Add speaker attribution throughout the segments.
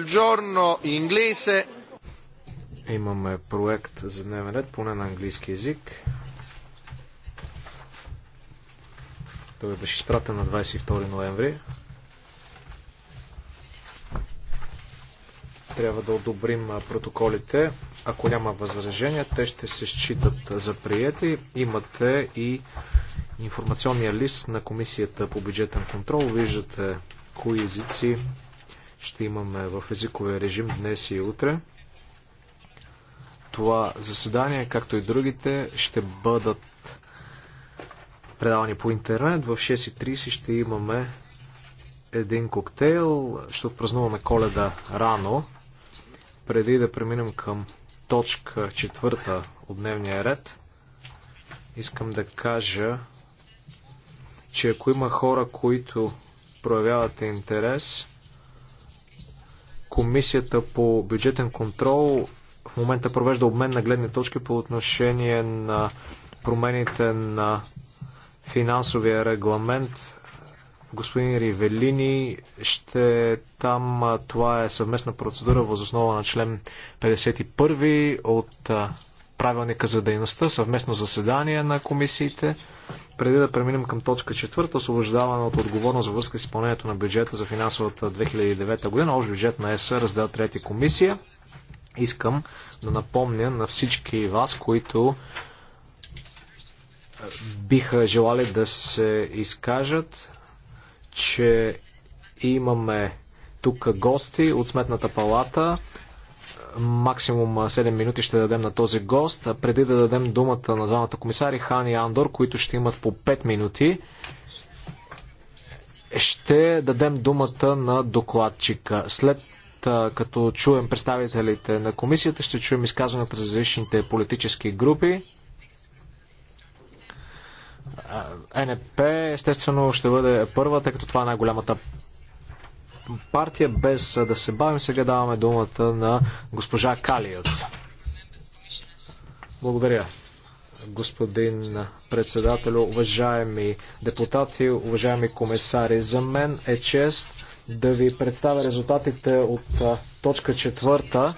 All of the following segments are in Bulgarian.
Speaker 1: giorno in inglese. Имаме проект за дневен ред, поне на английски язик. Той беше изпратен на 22 ноември. Трябва да одобрим протоколите. Ако няма възражения, те ще се считат за приети. Имате и информационния лист на Комисията по бюджетен контрол. Виждате кои езици ще имаме в езиковия режим днес и утре. Това заседание, както и другите, ще бъдат предавани по интернет. В 6.30 ще имаме един коктейл. Ще отпразнуваме коледа рано, преди да преминем към точка четвърта от дневния ред. Искам да кажа, че ако има хора, които проявявате интерес, Комисията по бюджетен контрол в момента провежда обмен на гледни точки по отношение на промените на финансовия регламент. Господин Ривелини ще там. Това е съвместна процедура възоснова на член 51 от правилника за дейността, съвместно заседание на комисиите. Преди да преминем към точка четвърта, освобождаване от отговорност за връзка с изпълнението на бюджета за финансовата 2009 година, общ бюджет на ЕС, раздел 3 комисия, искам да напомня на всички вас, които е, биха желали да се изкажат, че имаме тук гости от Сметната палата максимум 7 минути ще дадем на този гост, преди да дадем думата на двамата комисари Хан и Андор, които ще имат по 5 минути. Ще дадем думата на докладчика. След като чуем представителите на комисията, ще чуем изказване от различните политически групи. Е НП естествено ще бъде първа, тъй като това е най-голямата партия, без да се бавим. Сега даваме думата на госпожа Калиот. Благодаря, господин председател, уважаеми депутати, уважаеми комисари. За мен е чест да ви представя резултатите от точка четвърта.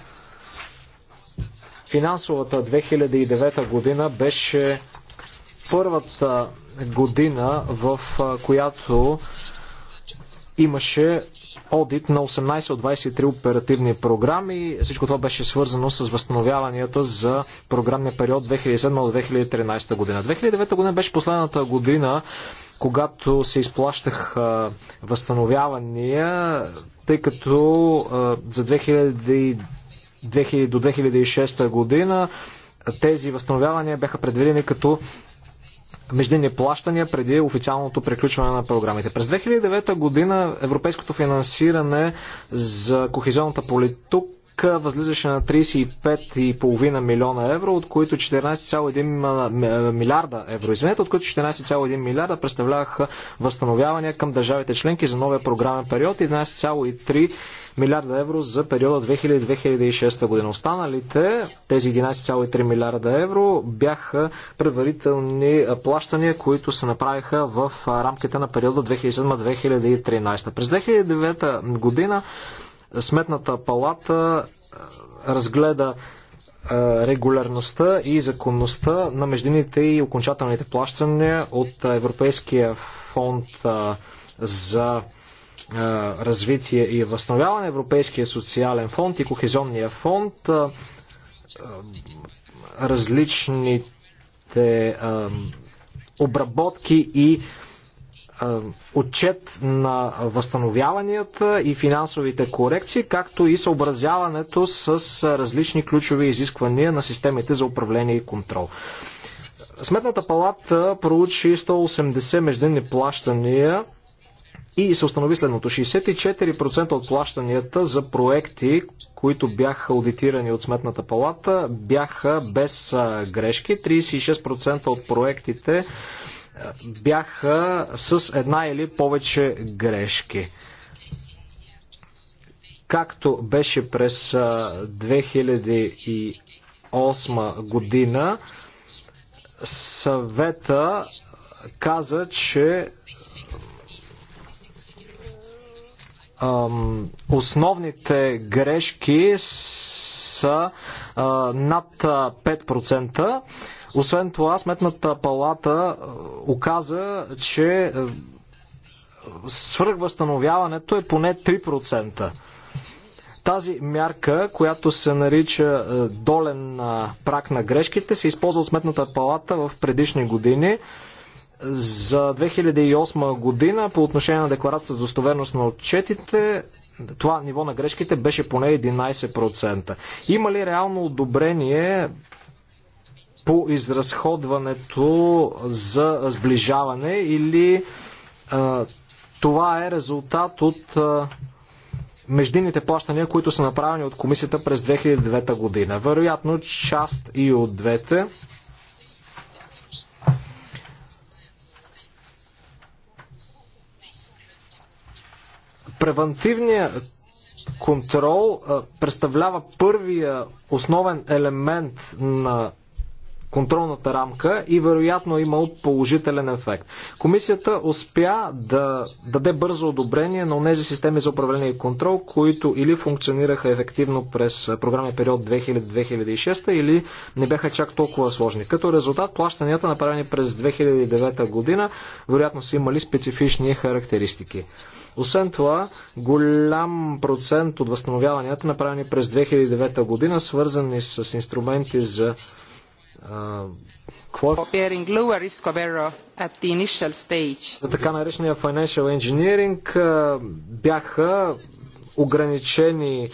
Speaker 1: Финансовата 2009 година беше първата година, в която имаше одит на 18 от 23 оперативни програми. Всичко това беше свързано с възстановяванията за програмния период 2007-2013 година. 2009 година беше последната година, когато се изплащах възстановявания, тъй като за 2000, 2000 до 2006 година тези възстановявания бяха предвидени като междинни плащания преди официалното приключване на програмите. През 2009 година европейското финансиране за кохезионната политика възлизаше на 35,5 милиона евро, от които 14,1 милиарда евро, извинете, от които 14,1 милиарда представляваха възстановявания към държавите членки за новия програмен период, и 11,3 милиарда евро за периода 2000-2006 година. Останалите, тези 11,3 милиарда евро, бяха предварителни плащания, които се направиха в рамките на периода 2007-2013. През 2009 година Сметната палата разгледа регулярността и законността на междините и окончателните плащания от Европейския фонд за развитие и възстановяване, Европейския социален фонд и Кохезионния фонд, различните обработки и е, отчет на възстановяванията и финансовите корекции, както и съобразяването с различни ключови изисквания на системите за управление и контрол. Сметната палата проучи 180 междинни плащания и се установи следното. 64% от плащанията за проекти, които бяха аудитирани от Сметната палата, бяха без грешки. 36% от проектите бяха с една или повече грешки. Както беше през 2008 година, съвета каза, че основните грешки са над 5%. Освен това, Сметната палата е, оказа, че е, свръхвъзстановяването е поне 3%. Тази мярка, която се нарича е, долен прак на грешките, се използва от Сметната палата в предишни години. За 2008 година по отношение на декларацията за достоверност на отчетите това ниво на грешките беше поне 11%. Има ли реално одобрение по изразходването за сближаване или а, това е резултат от а, междинните плащания, които са направени от комисията през 2009 година. Вероятно част и от двете. Превантивният контрол представлява първия основен елемент на контролната рамка и вероятно е имал положителен ефект. Комисията успя да даде бързо одобрение на тези системи за управление и контрол, които или функционираха ефективно през програмен период 2000-2006 или не бяха чак толкова сложни. Като резултат, плащанията, направени през 2009 година, вероятно са имали специфични характеристики. Освен това, голям процент от възстановяванията, направени през 2009 година, свързани с инструменти за е? За така наречения financial engineering бяха ограничени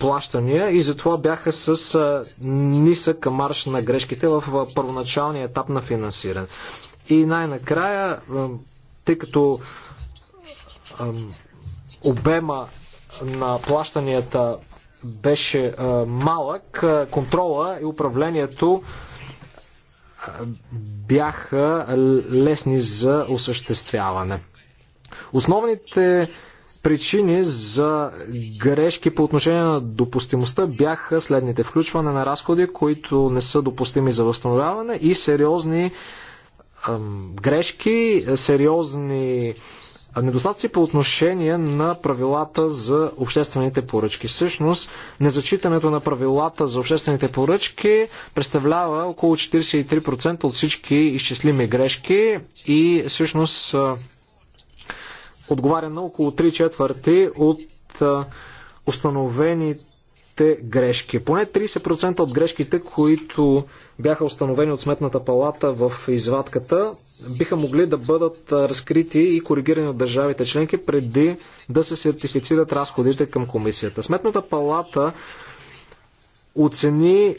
Speaker 1: плащания и затова бяха с нисък марш на грешките в първоначалния етап на финансиране. И най-накрая, тъй като обема на плащанията беше малък, контрола и управлението бяха лесни за осъществяване. Основните причини за грешки по отношение на допустимостта бяха следните. Включване на разходи, които не са допустими за възстановяване и сериозни а, грешки, сериозни недостатъци по отношение на правилата за обществените поръчки. Всъщност, незачитането на правилата за обществените поръчки представлява около 43% от всички изчислими грешки и всъщност отговаря на около 3 четвърти от установените те грешки. Поне 30% от грешките, които бяха установени от Сметната палата в извадката, биха могли да бъдат разкрити и коригирани от държавите членки преди да се сертифицират разходите към комисията. Сметната палата оцени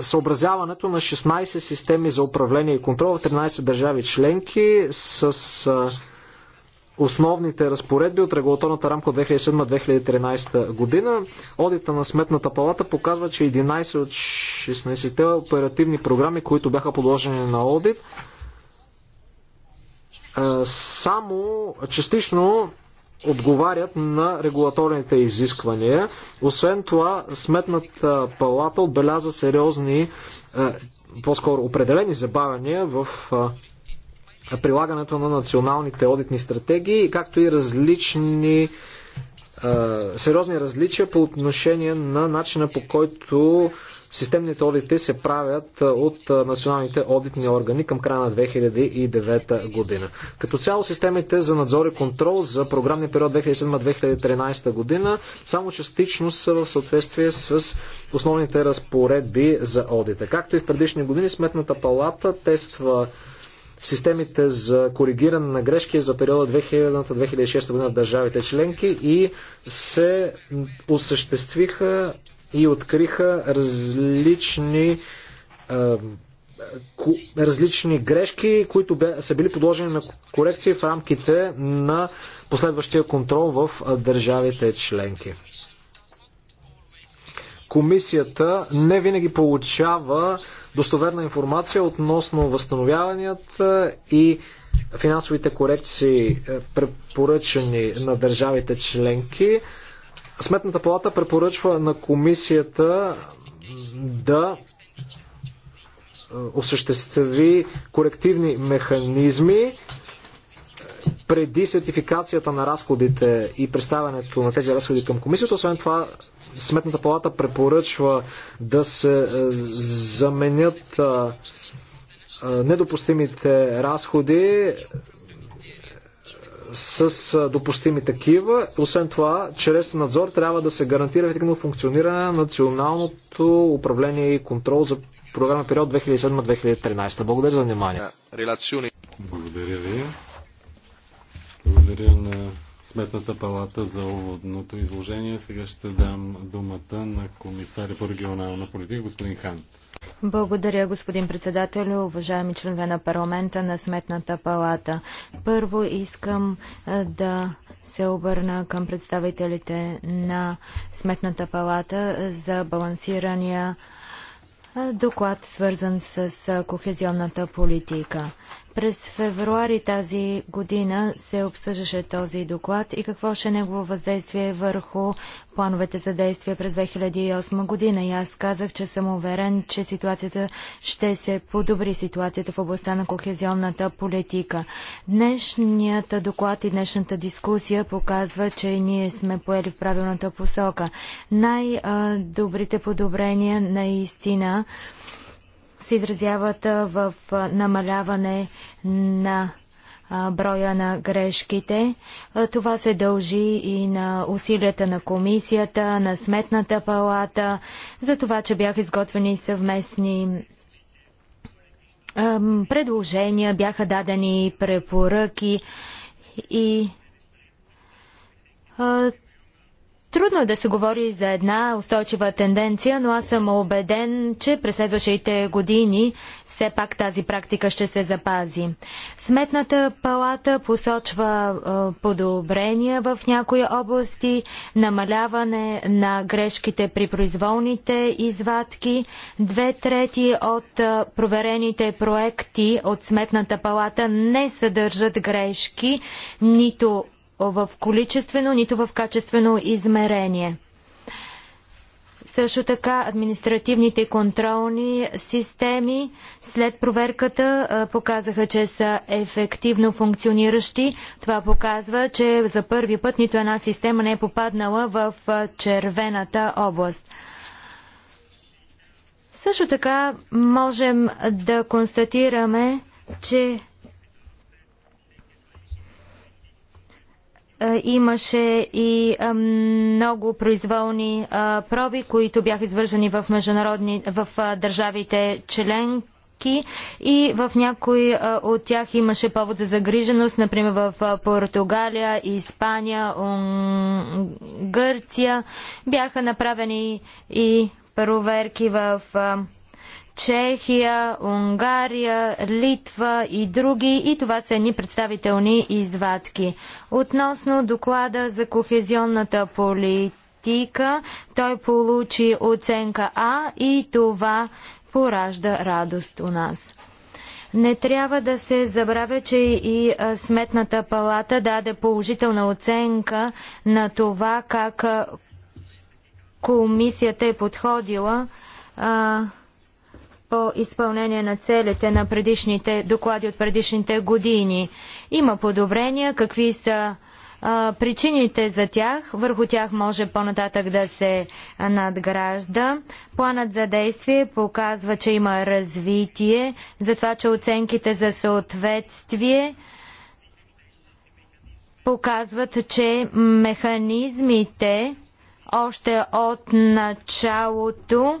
Speaker 1: съобразяването на 16 системи за управление и контрол в 13 държави членки с основните разпоредби от регулаторната рамка от 2007-2013 година. Одита на Сметната палата показва, че 11 от 16-те оперативни програми, които бяха подложени на одит, само частично отговарят на регулаторните изисквания. Освен това, Сметната палата отбеляза сериозни, по-скоро определени забавяния в прилагането на националните одитни стратегии, както и различни сериозни различия по отношение на начина по който системните одити се правят от националните одитни органи към края на 2009 година. Като цяло системите за надзор и контрол за програмния период 2007-2013 година само частично са в съответствие с основните разпоредби за одита. Както и в предишни години Сметната палата тества системите за коригиране на грешки за периода 2000-2006 година в държавите членки и се осъществиха и откриха различни различни грешки, които са били подложени на корекции в рамките на последващия контрол в държавите членки комисията не винаги получава достоверна информация относно възстановяванията и финансовите корекции, е, препоръчани на държавите членки. Сметната палата препоръчва на комисията да е, осъществи корективни механизми е, преди сертификацията на разходите и представянето на тези разходи към комисията. Освен това, Сметната палата препоръчва да се е, заменят е, е, недопустимите разходи с допустими такива. Освен това, чрез надзор трябва да се гарантира ефективно функциониране на националното управление и контрол за програмен период 2007-2013. Благодаря за внимание. Благодаря ви.
Speaker 2: Благодаря на Сметната палата за уводното изложение. Сега ще дам думата на комисаря по регионална политика, господин Хан.
Speaker 3: Благодаря, господин председател, уважаеми членове на парламента на Сметната палата. Първо искам да се обърна към представителите на Сметната палата за балансирания доклад, свързан с кохезионната политика. През февруари тази година се обсъждаше този доклад и какво ще е негово въздействие върху плановете за действие през 2008 година. И аз казах, че съм уверен, че ситуацията ще се подобри ситуацията в областта на кохезионната политика. Днешният доклад и днешната дискусия показва, че ние сме поели в правилната посока. Най-добрите подобрения наистина се изразяват в намаляване на броя на грешките. Това се дължи и на усилията на комисията, на сметната палата, за това, че бяха изготвени съвместни предложения, бяха дадени препоръки и Трудно е да се говори за една устойчива тенденция, но аз съм убеден, че през следващите години все пак тази практика ще се запази. Сметната палата посочва е, подобрения в някои области, намаляване на грешките при произволните извадки. Две трети от е, проверените проекти от Сметната палата не съдържат грешки, нито в количествено, нито в качествено измерение. Също така административните контролни системи след проверката показаха, че са ефективно функциониращи. Това показва, че за първи път нито една система не е попаднала в червената област. Също така можем да констатираме, че Е, имаше и е, много произволни е, проби, които бяха извършени в, международни, в държавите членки и в някои от тях имаше повод за загриженост, например в Португалия, Испания, Гърция. Бяха направени и проверки в Чехия, Унгария, Литва и други. И това са едни представителни извадки. Относно доклада за кохезионната политика, той получи оценка А и това поражда радост у нас. Не трябва да се забравя, че и Сметната палата даде положителна оценка на това как комисията е подходила а, по изпълнение на целите на предишните доклади от предишните години. Има подобрения, какви са а, причините за тях, върху тях може по-нататък да се надгражда. Планът за действие показва, че има развитие, затова, че оценките за съответствие показват, че механизмите още от началото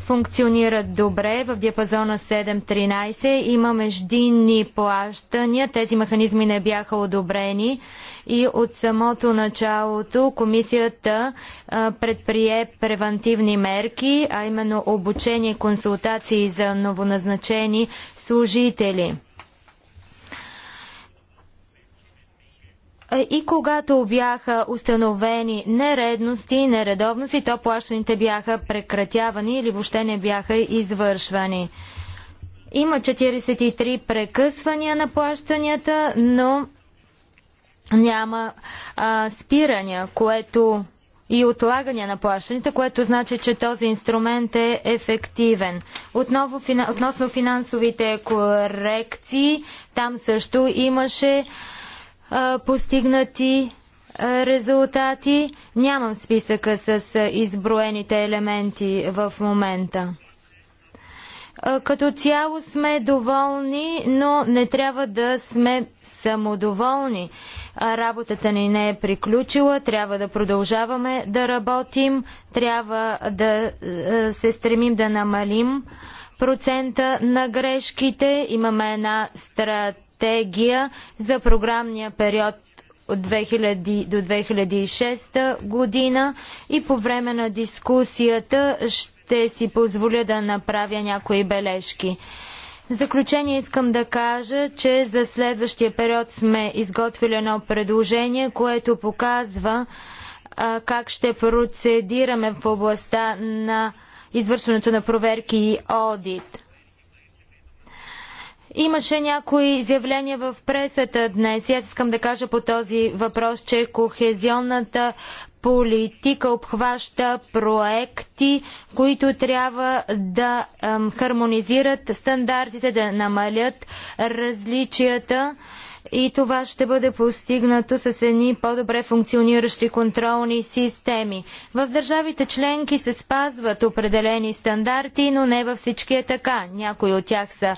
Speaker 3: функционират добре в диапазона 7-13. Има междинни плащания. Тези механизми не бяха одобрени и от самото началото комисията а, предприе превантивни мерки, а именно обучение и консултации за новоназначени служители. И когато бяха установени нередности, нередовности, то плащаните бяха прекратявани или въобще не бяха извършвани. Има 43 прекъсвания на плащанията, но няма а, спирания, което и отлагане на плащаните, което значи, че този инструмент е ефективен. Отново, фина, относно финансовите корекции, там също имаше а, постигнати резултати. Нямам списъка с изброените елементи в момента. Като цяло сме доволни, но не трябва да сме самодоволни. Работата ни не е приключила, трябва да продължаваме да работим, трябва да се стремим да намалим процента на грешките. Имаме една стратегия стратегия за програмния период от 2000 до 2006 година и по време на дискусията ще си позволя да направя някои бележки. В заключение искам да кажа, че за следващия период сме изготвили едно предложение, което показва а, как ще процедираме в областта на извършването на проверки и одит. Имаше някои изявления в пресата днес. Аз искам да кажа по този въпрос, че кохезионната политика обхваща проекти, които трябва да ем, хармонизират стандартите, да намалят различията и това ще бъде постигнато с едни по-добре функциониращи контролни системи. В държавите членки се спазват определени стандарти, но не във всички е така. Някои от тях са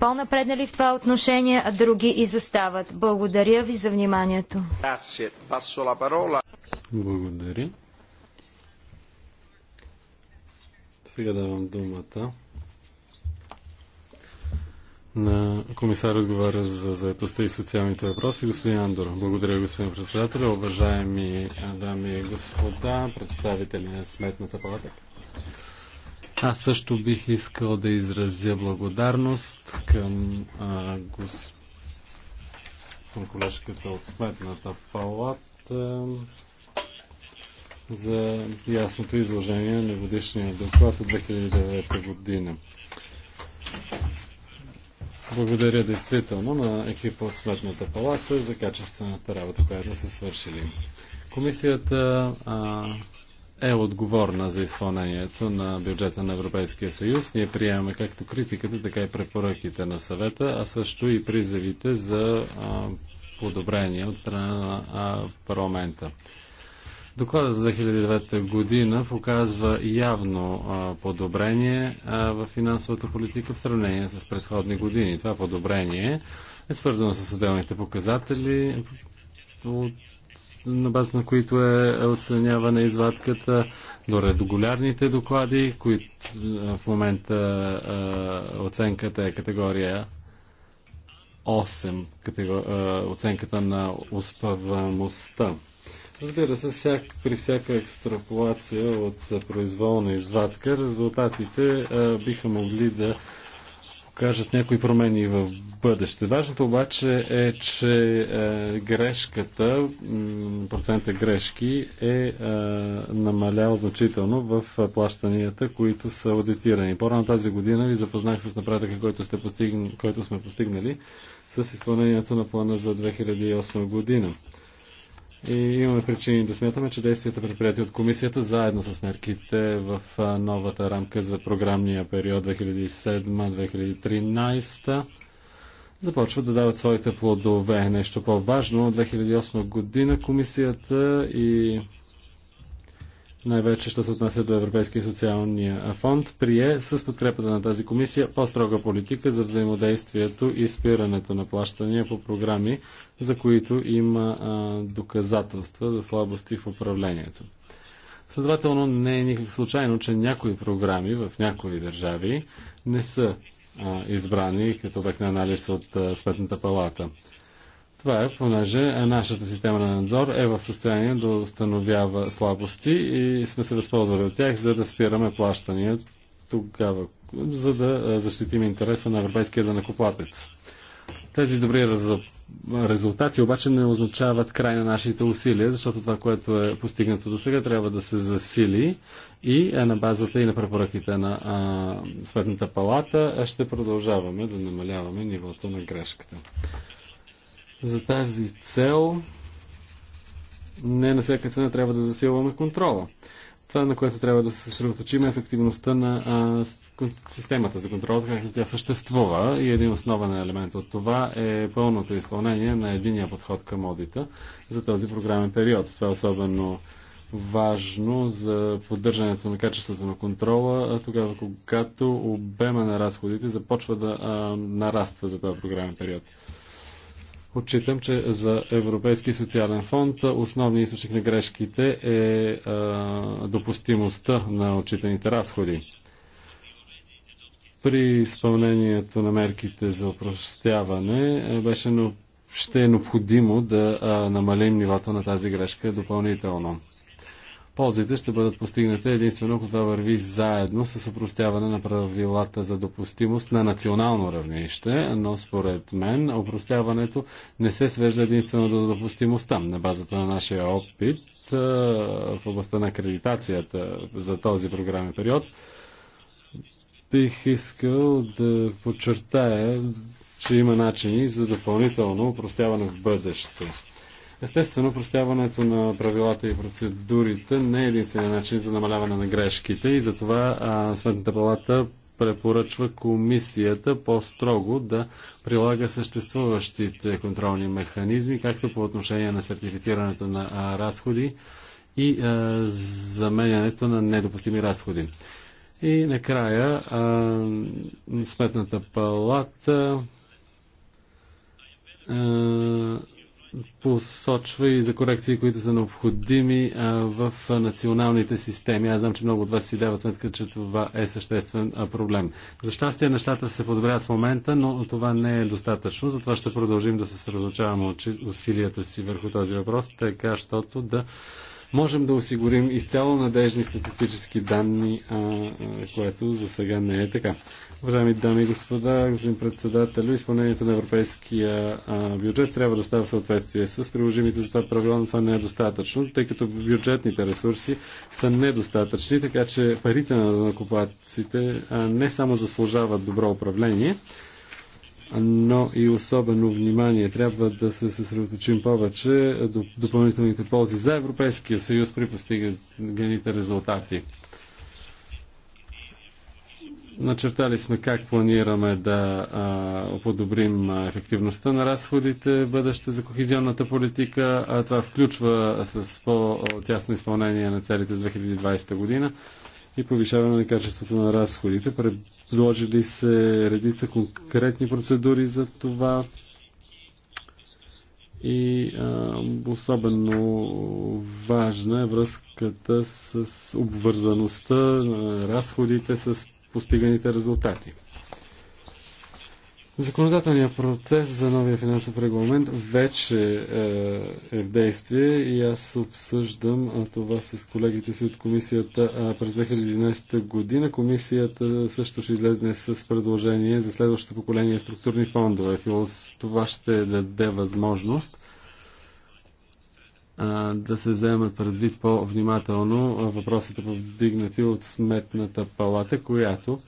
Speaker 3: по-напреднали в това отношение, а други изостават. Благодаря ви за вниманието.
Speaker 1: Благодаря.
Speaker 2: Сега давам думата на комисар отговаря за заедостта и социалните въпроси, господин Андор. Благодаря, господин председател. Уважаеми дами и господа, представители на Сметната палата. Аз също бих искал да изразя благодарност към към колежката от Сметната палата за ясното изложение на годишния доклад от 2009 година. Благодаря действително на екипа от Сметната палата за качествената работа, която са свършили. Комисията а, е отговорна за изпълнението на бюджета на Европейския съюз. Ние приемаме както критиката, така и препоръките на съвета, а също и призивите за а, подобрение от страна на а, парламента. Докладът за 2009 година показва явно а, подобрение а, в финансовата политика в сравнение с предходни години. Това подобрение е свързано с отделните показатели, от, на база на които е, е оценявана извадката до регулярните доклади, които в момента а, оценката е категория 8, категор... оценката на успеваемостта. Разбира се, всяк, при всяка екстраполация от произволна извадка, резултатите а, биха могли да покажат някои промени в бъдеще. Важното обаче е, че а, грешката, процента грешки е, а, намалял значително в плащанията, които са аудитирани. По-рано тази година ви запознах с напредъка, който, сте постигн... който сме постигнали с изпълнението на плана за 2008 година. И имаме причини да смятаме, че действията предприяти от комисията заедно с мерките в новата рамка за програмния период 2007-2013 започват да дават своите плодове. Нещо по-важно, от 2008 година комисията и най-вече ще се отнася до Европейския социалния фонд, прие с подкрепата на тази комисия по-строга политика за взаимодействието и спирането на плащания по програми, за които има а, доказателства за слабости в управлението. Следователно, не е никак случайно, че някои програми в някои държави не са а, избрани като обект на анализ от а, Сметната палата. Това е, понеже нашата система на надзор е в състояние да установява слабости и сме се възползвали от тях, за да спираме плащания тогава, за да защитим интереса на европейския данакоплатец. Тези добри резултати обаче не означават край на нашите усилия, защото това, което е постигнато до сега, трябва да се засили и на базата и на препоръките на а, Светната палата ще продължаваме да намаляваме нивото на грешката. За тази цел не на всяка цена трябва да засилваме контрола. Това, на което трябва да се съсредоточим е ефективността на а, системата за контрол, така както тя съществува. И един основен елемент от това е пълното изпълнение на единия подход към одита за този програмен период. Това е особено важно за поддържането на качеството на контрола, тогава когато обема на разходите започва да а, нараства за този програмен период. Отчитам, че за Европейски социален фонд основният източник на грешките е а, допустимостта на отчитаните разходи. При изпълнението на мерките за опростяване беше ще е необходимо да намалим нивото на тази грешка допълнително. Ползите ще бъдат постигнати единствено, когато върви заедно с упростяване на правилата за допустимост на национално равнище, но според мен упростяването не се свежда единствено до допустимостта. На базата на нашия опит в областта на акредитацията за този програмен период, бих искал да подчертая, че има начини за допълнително упростяване в бъдеще. Естествено, простяването на правилата и процедурите не е единствения начин за намаляване на грешките и затова Сметната палата препоръчва комисията по-строго да прилага съществуващите контролни механизми, както по отношение на сертифицирането на а, разходи и а, заменянето на недопустими разходи. И накрая а, Сметната палата посочва и за корекции, които са необходими а, в националните системи. Аз знам, че много от вас си дават сметка, че това е съществен а, проблем. За щастие нещата се подобряват в момента, но това не е достатъчно. Затова ще продължим да се съсредоточаваме усилията си върху този въпрос, така щото да можем да осигурим изцяло надежни статистически данни, а, а, което за сега не е така. Уважаеми дами и господа, господин председател, изпълнението на европейския бюджет трябва да става в съответствие с приложимите за това правила, но това не е достатъчно, тъй като бюджетните ресурси са недостатъчни, така че парите на накопаците не само заслужават добро управление, но и особено внимание трябва да се съсредоточим повече допълнителните ползи за Европейския съюз при постиганите резултати. Начертали сме как планираме да а, подобрим ефективността на разходите бъдеще за кохезионната политика. А това включва с по-тясно изпълнение на целите за 2020 година и повишаване на качеството на разходите. Предложили се редица конкретни процедури за това и а, особено важна е връзката с обвързаността на разходите с постиганите резултати. Законодателният процес за новия финансов регламент вече е, е в действие и аз обсъждам това с колегите си от комисията през 2011 година. Комисията също ще излезне с предложение за следващото поколение структурни фондове. Това ще даде възможност да се вземат предвид по-внимателно въпросите повдигнати от Сметната палата, която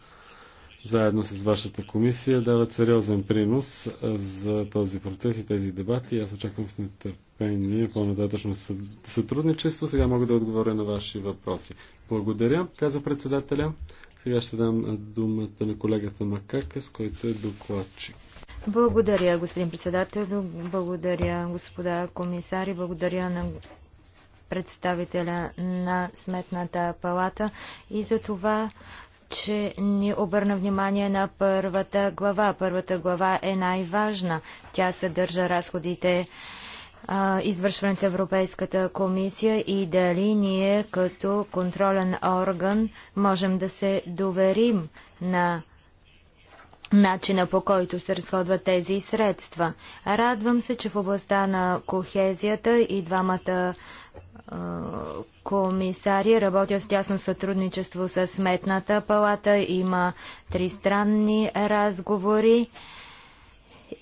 Speaker 2: заедно с вашата комисия дават сериозен принос за този процес и тези дебати. Аз очаквам с нетърпение по-нататъчно сътрудничество. Сега мога да отговоря на ваши въпроси. Благодаря, каза председателя. Сега ще дам думата на колегата с който е докладчик.
Speaker 3: Благодаря, господин председател. Благодаря, господа комисари. Благодаря на представителя на Сметната палата и за това, че ни обърна внимание на първата глава. Първата глава е най-важна. Тя съдържа разходите извършването Европейската комисия и дали ние като контролен орган можем да се доверим на начина по който се разходват тези средства. Радвам се, че в областта на кохезията и двамата комисари работят в тясно сътрудничество с Сметната палата. Има тристранни разговори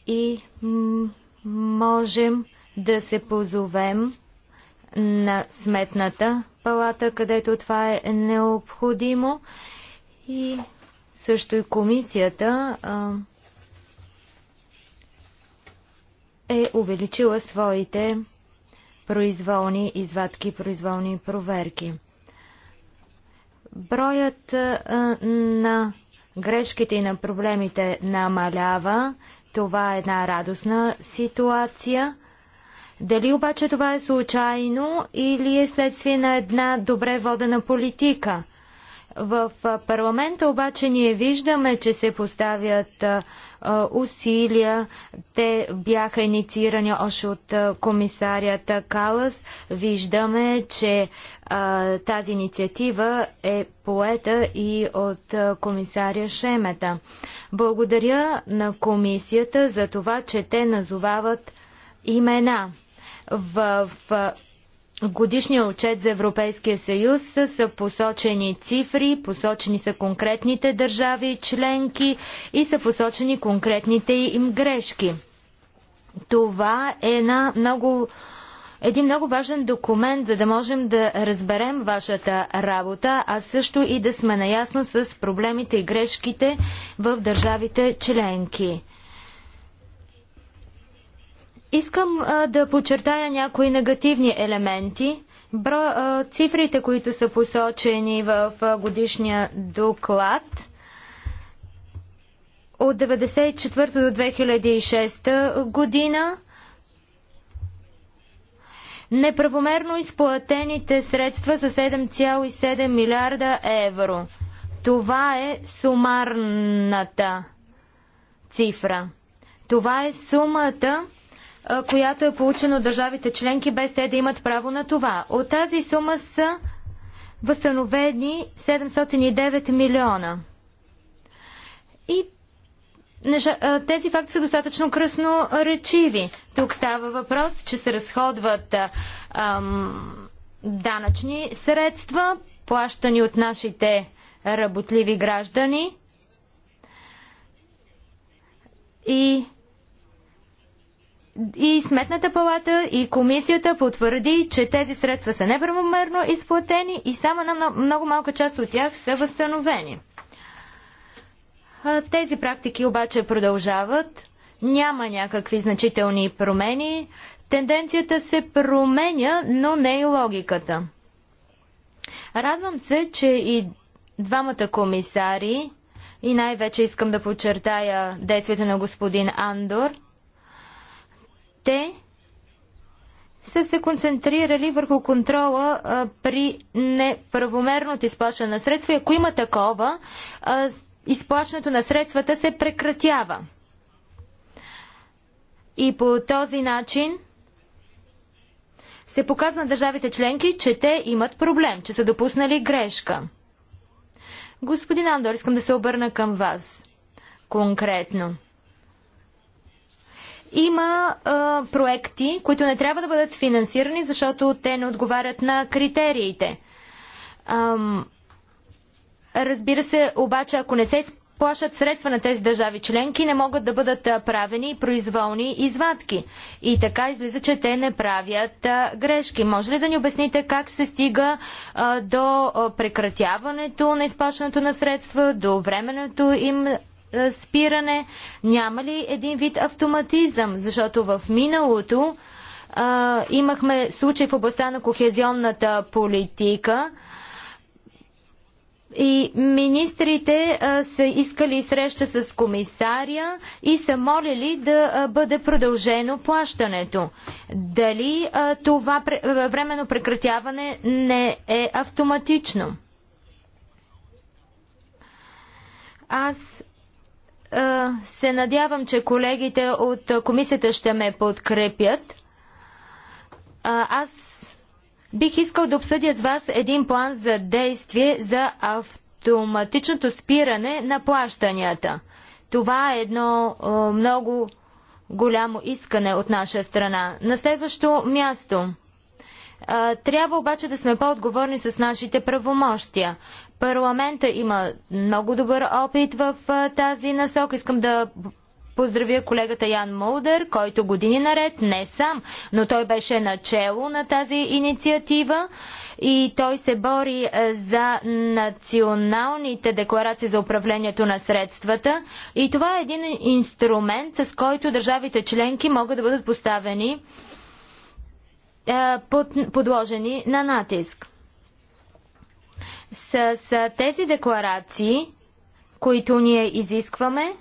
Speaker 3: и можем да се позовем на Сметната палата, където това е необходимо. И също и комисията а, е увеличила своите произволни извадки, произволни проверки. Броят а, на грешките и на проблемите намалява. Това е една радостна ситуация. Дали обаче това е случайно или е следствие на една добре водена политика? В парламента обаче ние виждаме, че се поставят усилия. Те бяха инициирани още от комисарията Калас. Виждаме, че а, тази инициатива е поета и от комисаря Шемета. Благодаря на комисията за това, че те назовават имена. В, в годишния отчет за Европейския съюз са посочени цифри, посочени са конкретните държави и членки и са посочени конкретните им грешки. Това е една много, един много важен документ, за да можем да разберем вашата работа, а също и да сме наясно с проблемите и грешките в държавите членки. Искам а, да подчертая някои негативни елементи. Бро, а, цифрите, които са посочени в а, годишния доклад от 1994 до 2006 година. Неправомерно изплатените средства са 7,7 милиарда евро. Това е сумарната цифра. Това е сумата, която е получена от държавите членки, без те да имат право на това. От тази сума са възстановени 709 милиона. И тези факти са достатъчно кръсно речиви. Тук става въпрос, че се разходват ам, данъчни средства, плащани от нашите работливи граждани. И и Сметната палата и комисията потвърди, че тези средства са неправомерно изплатени и само на много малка част от тях са възстановени. Тези практики обаче продължават. Няма някакви значителни промени. Тенденцията се променя, но не и логиката. Радвам се, че и двамата комисари, и най-вече искам да подчертая действията на господин Андор – те са се концентрирали върху контрола а, при неправомерното изплащане на средства. И ако има такова, а, изплащането на средствата се прекратява. И по този начин се показва на държавите членки, че те имат проблем, че са допуснали грешка. Господин Андор, искам да се обърна към вас конкретно. Има а, проекти, които не трябва да бъдат финансирани, защото те не отговарят на критериите. Ам, разбира се, обаче, ако не се плащат средства на тези държави членки, не могат да бъдат правени произволни извадки. И така излиза, че те не правят а, грешки. Може ли да ни обясните как се стига а, до прекратяването на изплащането на средства, до временното им е, спиране? Няма ли един вид автоматизъм? Защото в миналото а, е, имахме случай в областта на кохезионната политика и министрите а, е, са искали среща с комисаря и са молили да а, бъде продължено плащането. Дали а, това пре, временно прекратяване не е автоматично? Аз се надявам, че колегите от комисията ще ме подкрепят. Аз бих искал да обсъдя с вас един план за действие за автоматичното спиране на плащанията. Това е едно много голямо искане от наша страна. На следващо място. Трябва обаче да сме по-отговорни с нашите правомощия. Парламента има много добър опит в тази насок. Искам да поздравя колегата Ян Молдер, който години наред, не сам, но той беше начело на тази инициатива и той се бори за националните декларации за управлението на средствата. И това е един инструмент, с който държавите членки могат да бъдат поставени, подложени на натиск. С, с тези декларации, които ние изискваме,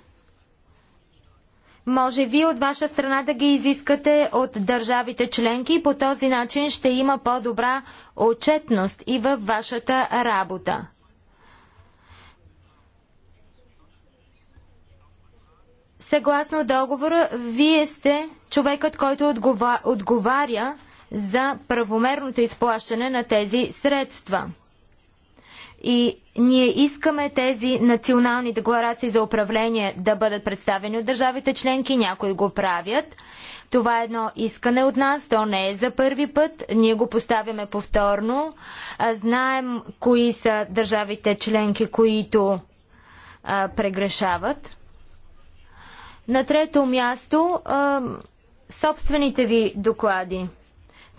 Speaker 3: може вие от ваша страна да ги изискате от държавите членки и по този начин ще има по-добра отчетност и във вашата работа. Съгласно договора, вие сте човекът, който отговаря за правомерното изплащане на тези средства. И ние искаме тези национални декларации за управление да бъдат представени от държавите членки, някои го правят. Това е едно искане от нас, то не е за първи път, ние го поставяме повторно. Знаем кои са държавите членки, които а, прегрешават. На трето място, а, собствените ви доклади.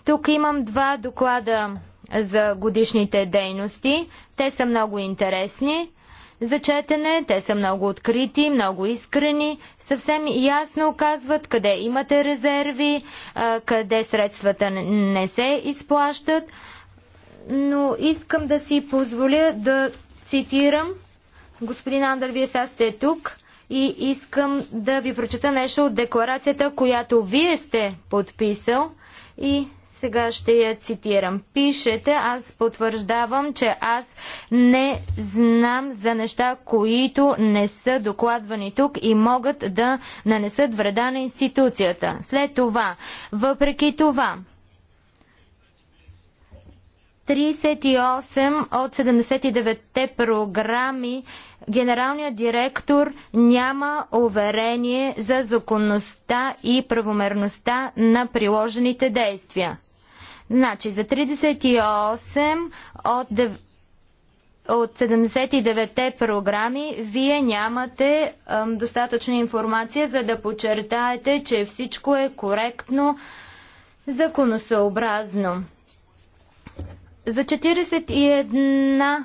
Speaker 3: Тук имам два доклада за годишните дейности. Те са много интересни за четене, те са много открити, много искрени, съвсем ясно казват къде имате резерви, къде средствата не се изплащат. Но искам да си позволя да цитирам. Господин Андър, вие сега сте тук и искам да ви прочета нещо от декларацията, която вие сте подписал и сега ще я цитирам. Пишете, аз потвърждавам, че аз не знам за неща, които не са докладвани тук и могат да нанесат вреда на институцията. След това, въпреки това, 38 от 79-те програми генералният директор няма уверение за законността и правомерността на приложените действия. Значи за 38 от, от 79-те програми вие нямате ам, достатъчна информация, за да подчертаете, че всичко е коректно, законосъобразно. За 41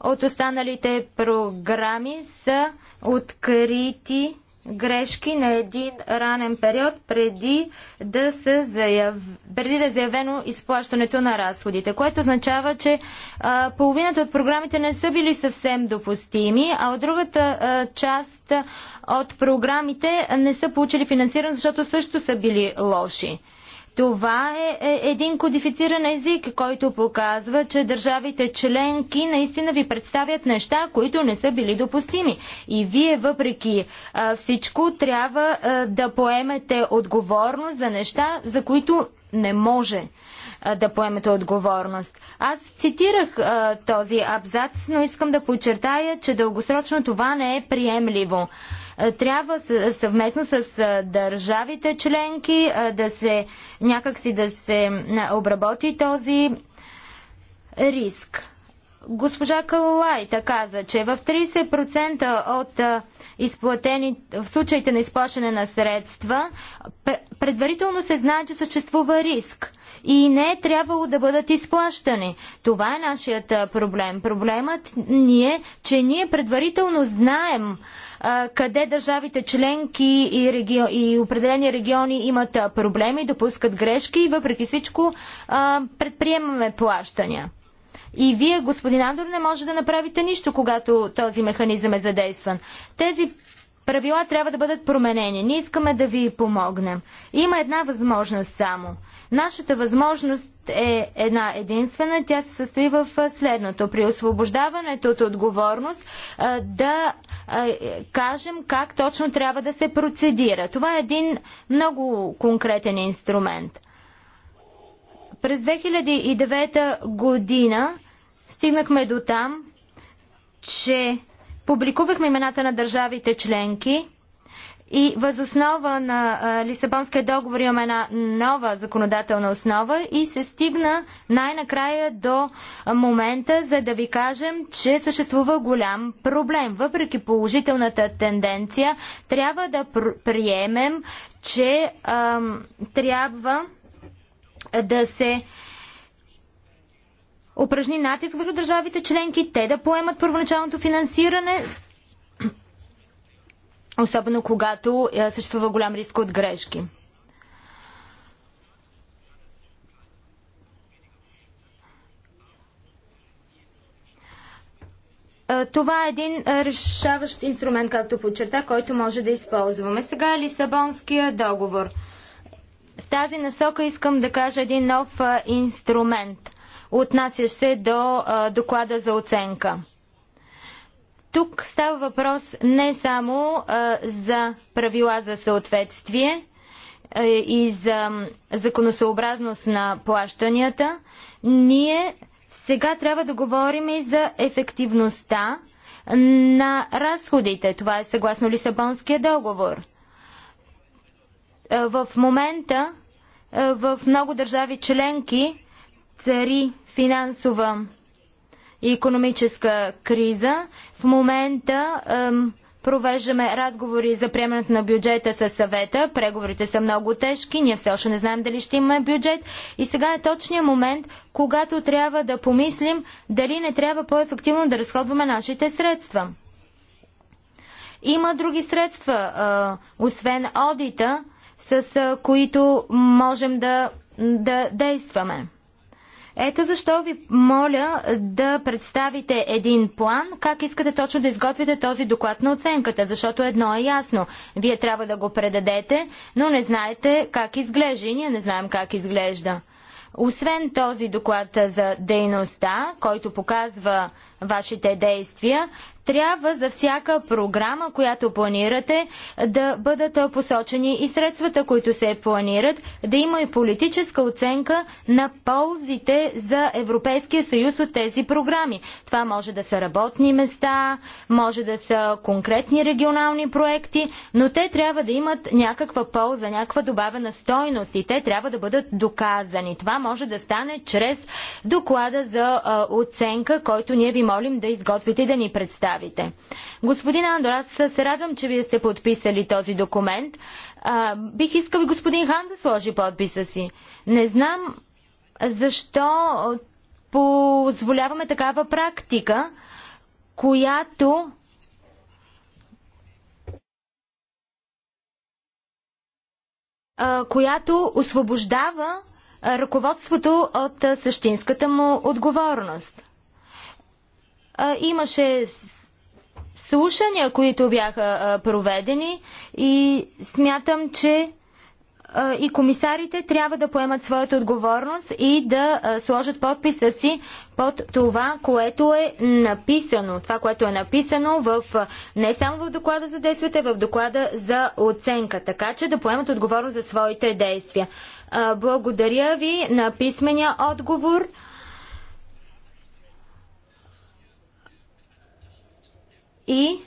Speaker 3: от останалите програми са открити грешки на един ранен период преди да, се заяв... преди да е заявено изплащането на разходите, което означава, че а, половината от програмите не са били съвсем допустими, а от другата а, част от програмите не са получили финансиране, защото също са били лоши. Това е, е един кодифициран език, който показва, че държавите членки наистина ви представят неща, които не са били допустими. И вие, въпреки всичко, трябва да поемете отговорност за неща, за които не може да поемете отговорност. Аз цитирах а, този абзац, но искам да подчертая, че дългосрочно това не е приемливо. Е, трябва съвместно с е, държавите членки е, да се някакси да се обработи този риск. Госпожа Калайта каза, че в 30% от изплатени, в случаите на изплащане на средства, предварително се знае, че съществува риск и не е трябвало да бъдат изплащани. Това е нашият проблем. Проблемът ни е, че ние предварително знаем къде държавите членки и, реги... и определени региони имат проблеми, допускат грешки и въпреки всичко предприемаме плащания. И вие, господин Андор, не може да направите нищо, когато този механизъм е задействан. Тези правила трябва да бъдат променени. Ние искаме да ви помогнем. Има една възможност само. Нашата възможност е една единствена. Тя се състои в следното. При освобождаването от отговорност да кажем как точно трябва да се процедира. Това е един много конкретен инструмент. През 2009 година стигнахме до там, че Публикувахме имената на държавите членки и възоснова на Лисабонския договор имаме една нова законодателна основа и се стигна най-накрая до момента, за да ви кажем, че съществува голям проблем. Въпреки положителната тенденция, трябва да приемем, че ам, трябва да се упражни натиск върху държавите членки, те да поемат първоначалното финансиране, особено когато е, съществува голям риск от грешки. Е, това е един е, решаващ инструмент, както подчерта, който може да използваме. Сега е Лисабонския договор. В тази насока искам да кажа един нов инструмент – отнасящ се до а, доклада за оценка. Тук става въпрос не само а, за правила за съответствие а, и за законосъобразност на плащанията. Ние сега трябва да говорим и за ефективността на разходите. Това е съгласно Лисабонския договор. Е, в момента е, в много държави членки цари финансова и економическа криза. В момента ем, провеждаме разговори за приемането на бюджета със съвета. Преговорите са много тежки, ние все още не знаем дали ще имаме бюджет. И сега е точният момент, когато трябва да помислим дали не трябва по-ефективно да разходваме нашите средства. Има други средства, е, освен одита, с е, които можем да, да действаме. Ето защо ви моля да представите един план, как искате точно да изготвите този доклад на оценката, защото едно е ясно. Вие трябва да го предадете, но не знаете как изглежда и ние не знаем как изглежда. Освен този доклад за дейността, който показва вашите действия. Трябва за всяка програма, която планирате, да бъдат посочени и средствата, които се планират, да има и политическа оценка на ползите за Европейския съюз от тези програми. Това може да са работни места, може да са конкретни регионални проекти, но те трябва да имат някаква полза, някаква добавена стойност и те трябва да бъдат доказани. Това може да стане чрез доклада за оценка, който ние ви молим да изготвите и да ни представите. Господин Андор, аз се радвам, че вие сте подписали този документ. А, бих искал и господин Хан да сложи подписа си. Не знам защо позволяваме такава практика, която която освобождава ръководството от същинската му отговорност. А, имаше слушания, които бяха а, проведени и смятам, че а, и комисарите трябва да поемат своята отговорност и да а, сложат подписа си под това, което е написано. Това, което е написано в, не само в доклада за действията, в доклада за оценка. Така че да поемат отговорност за своите действия. А, благодаря ви на писмения отговор. и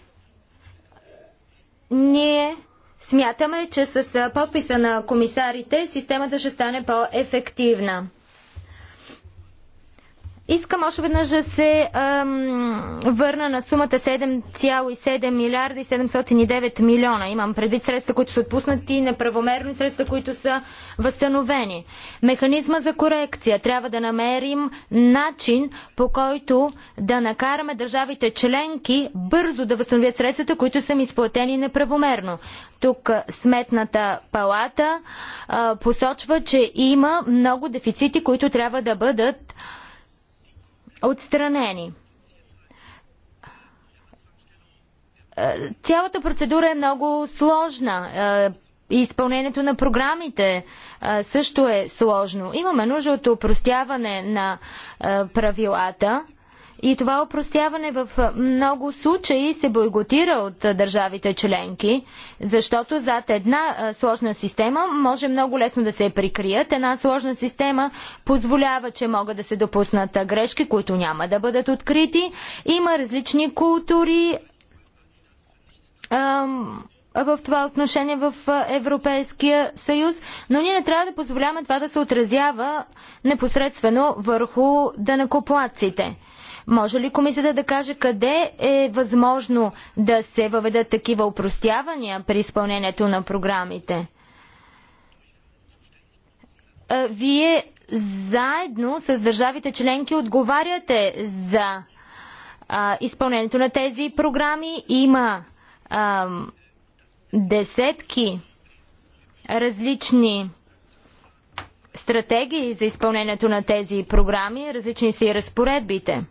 Speaker 3: ние смятаме, че с подписа на комисарите системата ще стане по-ефективна. Искам още веднъж да се ам, върна на сумата 7,7 милиарда и 709 милиона. Имам предвид средства, които са отпуснати, неправомерни средства, които са възстановени. Механизма за корекция. Трябва да намерим начин, по който да накараме държавите членки бързо да възстановят средствата, които са изплатени неправомерно. Тук сметната палата а, посочва, че има много дефицити, които трябва да бъдат отстранени. Е, цялата процедура е много сложна. И е, изпълнението на програмите е, също е сложно. Имаме нужда от упростяване на правилата. И това опростяване в много случаи се бойготира от държавите членки, защото зад една сложна система може много лесно да се е прикрият. Една сложна система позволява, че могат да се допуснат грешки, които няма да бъдат открити. Има различни култури в това отношение в Европейския съюз, но ние не трябва да позволяваме това да се отразява непосредствено върху данакоплаците. Да може ли комисията да каже къде е възможно да се въведат такива упростявания при изпълнението на програмите? Вие заедно с държавите членки отговаряте за а, изпълнението на тези програми. Има а, десетки различни стратегии за изпълнението на тези програми, различни са и разпоредбите.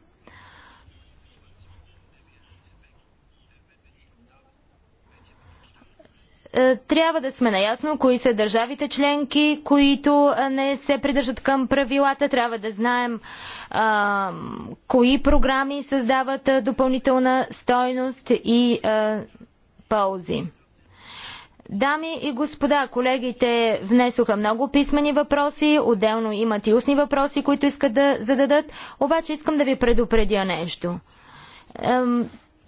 Speaker 3: Е, трябва да сме наясно кои са държавите членки, които е, не се придържат към правилата. Трябва да знаем а, кои програми създават е, допълнителна стойност и а, ползи. Дами и господа, колегите внесоха много писмени въпроси, отделно имат и устни въпроси, които искат да зададат, обаче искам да ви предупредя нещо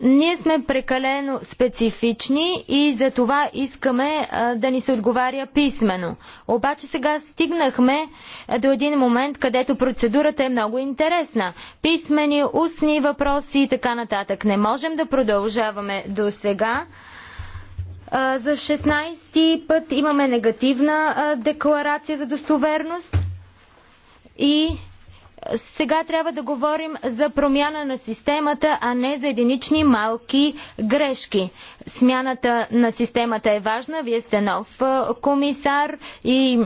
Speaker 3: ние сме прекалено специфични и за това искаме а, да ни се отговаря писменно. Обаче сега стигнахме до един момент, където процедурата е много интересна. Писмени, устни въпроси и така нататък. Не можем да продължаваме до сега. за 16 ти път имаме негативна декларация за достоверност и сега трябва да говорим за промяна на системата, а не за единични малки грешки. Смяната на системата е важна. Вие сте нов комисар и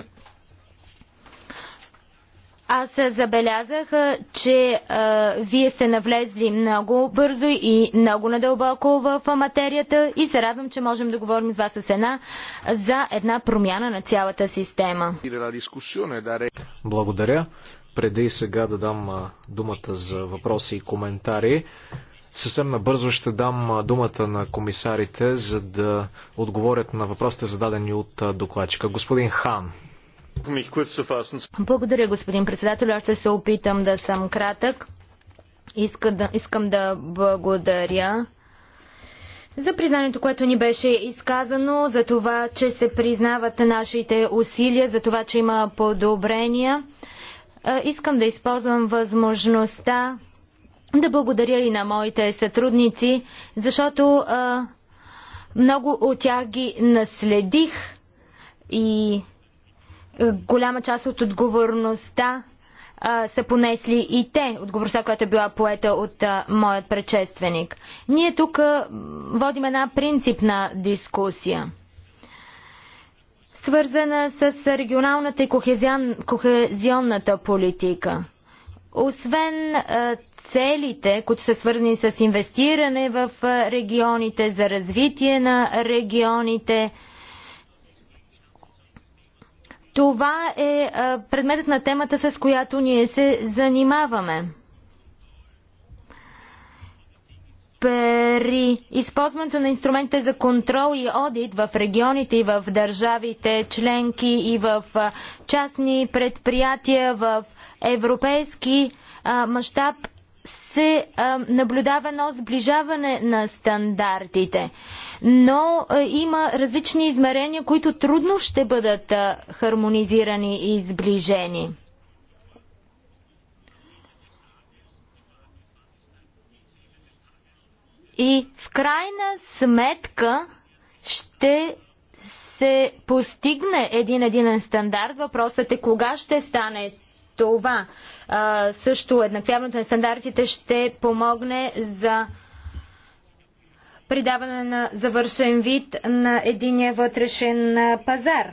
Speaker 3: аз забелязах, че а, вие сте навлезли много бързо и много надълбоко в материята и се радвам, че можем да говорим с вас с една за една промяна на цялата система.
Speaker 1: Благодаря преди сега да дам думата за въпроси и коментари, съвсем набързо ще дам думата на комисарите, за да отговорят на въпросите зададени от докладчика. Господин Хан.
Speaker 3: Благодаря, господин председател. Аз ще се опитам да съм кратък. Иска да, искам да благодаря за признанието, което ни беше изказано, за това, че се признават нашите усилия, за това, че има подобрения. Искам да използвам възможността да благодаря и на моите сътрудници, защото а, много от тях ги наследих и а, голяма част от отговорността а, са понесли и те, отговорността, която е била поета от а, моят предшественик. Ние тук а, водим една принципна дискусия свързана с регионалната и кохезион, кохезионната политика. Освен а, целите, които са свързани с инвестиране в регионите, за развитие на регионите, това е а, предметът на темата, с която ние се занимаваме. при използването на инструментите за контрол и одит в регионите и в държавите членки и в частни предприятия в европейски мащаб се а, наблюдава едно сближаване на стандартите. Но а, има различни измерения, които трудно ще бъдат а, хармонизирани и сближени. И в крайна сметка ще се постигне един единен стандарт. Въпросът е кога ще стане това. А, също еднаквяването на стандартите ще помогне за придаване на завършен вид на единия вътрешен пазар.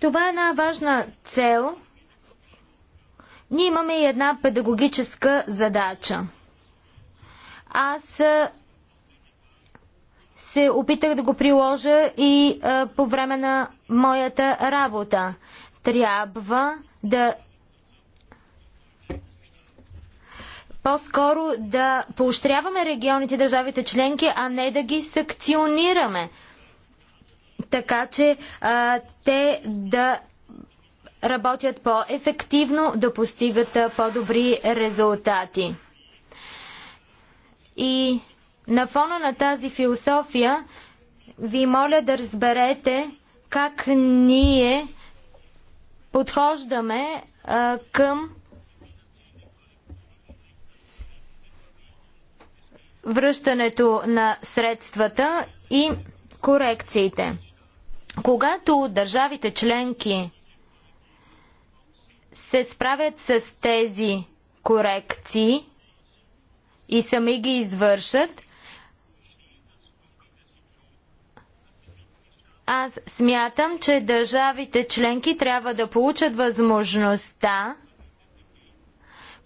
Speaker 3: Това е една важна цел – ние имаме и една педагогическа задача. Аз се опитах да го приложа и по време на моята работа. Трябва да по-скоро да поощряваме регионите, държавите членки, а не да ги санкционираме. Така че а, те да работят по-ефективно, да постигат по-добри резултати. И на фона на тази философия ви моля да разберете как ние подхождаме а, към връщането на средствата и корекциите. Когато държавите членки се справят с тези корекции и сами ги извършат, аз смятам, че държавите членки трябва да получат възможността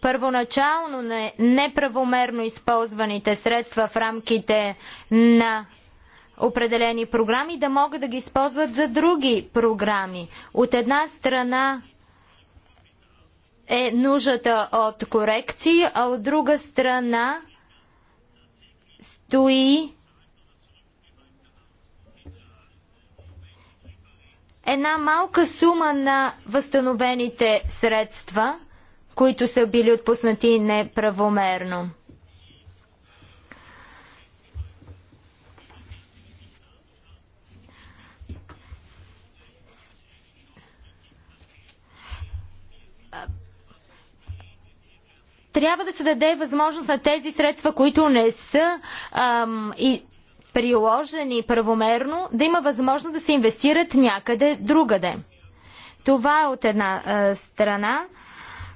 Speaker 3: първоначално на неправомерно използваните средства в рамките на определени програми да могат да ги използват за други програми. От една страна е нуждата от корекции, а от друга страна стои една малка сума на възстановените средства, които са били отпуснати неправомерно. Трябва да се даде възможност на тези средства, които не са ам, и приложени правомерно, да има възможност да се инвестират някъде другаде. Това е от една а, страна,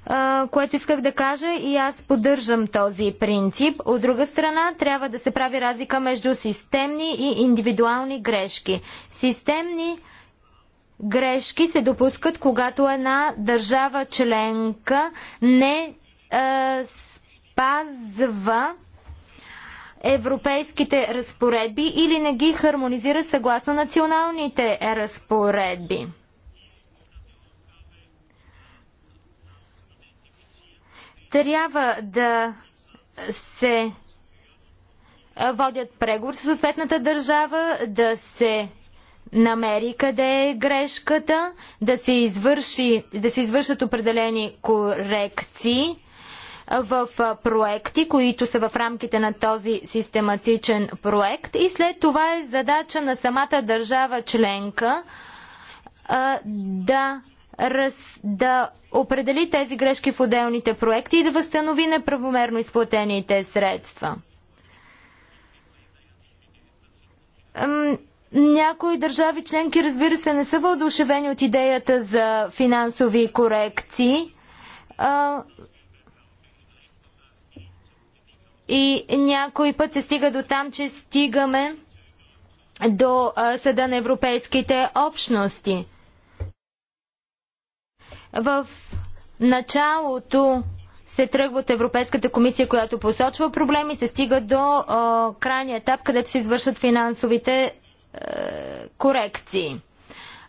Speaker 3: а, което исках да кажа и аз поддържам този принцип. От друга страна, трябва да се прави разлика между системни и индивидуални грешки. Системни грешки се допускат, когато една държава членка не е, спазва европейските разпоредби или не ги хармонизира съгласно националните разпоредби. Трябва да се е, водят преговори с съответната държава, да се намери къде е грешката, да се, извърши, да се извършат определени корекции в проекти, които са в рамките на този систематичен проект. И след това е задача на самата държава членка да раз, да определи тези грешки в отделните проекти и да възстанови неправомерно изплатените средства. Някои държави членки, разбира се, не са въодушевени от идеята за финансови корекции. И някой път се стига до там, че стигаме до съда на европейските общности. В началото се тръгва от Европейската комисия, която посочва проблеми, се стига до а, крайния етап, където се извършват финансовите а, корекции.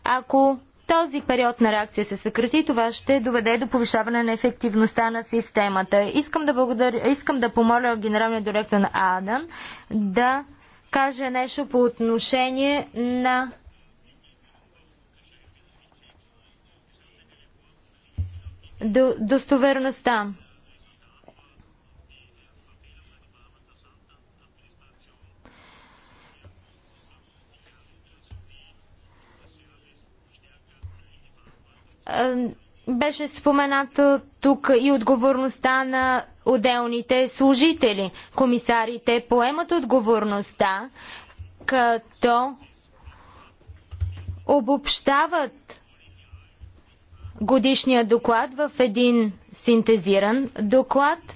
Speaker 3: Ако този период на реакция се съкрати, това ще доведе до повишаване на ефективността на системата. Искам да, благодаря, искам да помоля генералния директор на АДАН да каже нещо по отношение на достоверността. Е, беше спомената тук и отговорността на отделните служители. Комисарите поемат отговорността, като обобщават годишния доклад в един синтезиран доклад –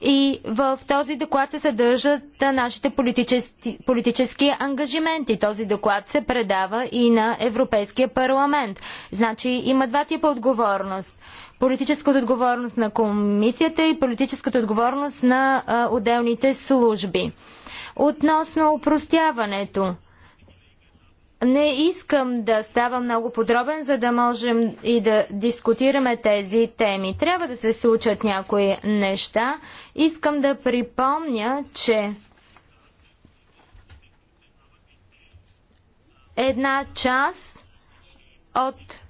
Speaker 3: и в този доклад се съдържат нашите политически, политически ангажименти. Този доклад се предава и на Европейския парламент. Значи има два типа отговорност. Политическата отговорност на комисията и политическата отговорност на а, отделните служби. Относно упростяването. Не искам да става много подробен, за да можем и да дискутираме тези теми. Трябва да се случат някои неща. Искам да припомня, че една част от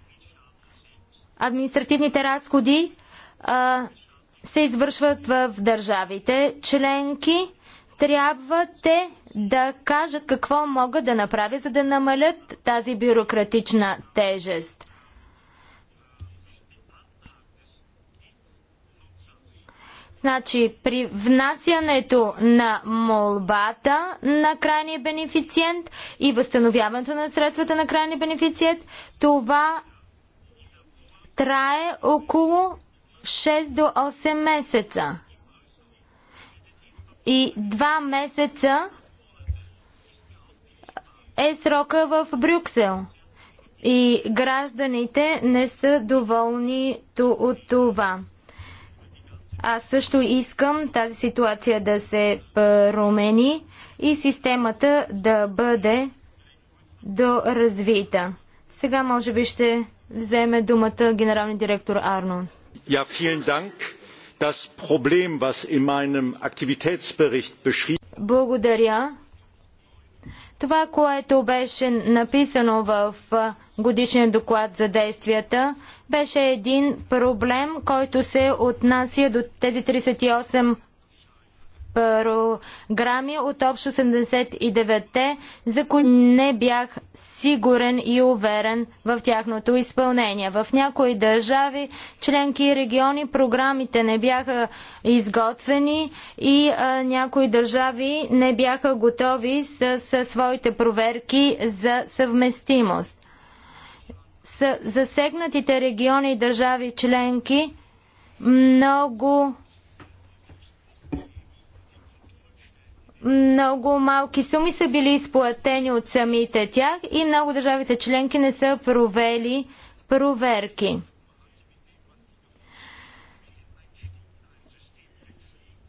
Speaker 3: административните разходи а, се извършват в държавите членки. Трябва те да кажат какво могат да направят, за да намалят тази бюрократична тежест. Значи, при внасянето на молбата на крайния бенефициент и възстановяването на средствата на крайния бенефициент, това трае около 6 до 8 месеца. И 2 месеца е срока в Брюксел. И гражданите не са доволни от това. Аз също искам тази ситуация да се промени и системата да бъде доразвита. Сега може би ще вземе думата генерален директор Арно.
Speaker 4: Ja, vielen Dank. Das Problem, was in meinem Aktivitätsbericht beschrieben
Speaker 3: Благодаря. Това, което беше написано в годишния доклад за действията, беше един проблем, който се отнася до тези 38 програми от общо 79-те, за които не бях сигурен и уверен в тяхното изпълнение. В някои държави, членки и региони програмите не бяха изготвени и а, някои държави не бяха готови с, с своите проверки за съвместимост. С засегнатите региони и държави членки много много малки суми са били изплатени от самите тях и много държавите членки не са провели проверки.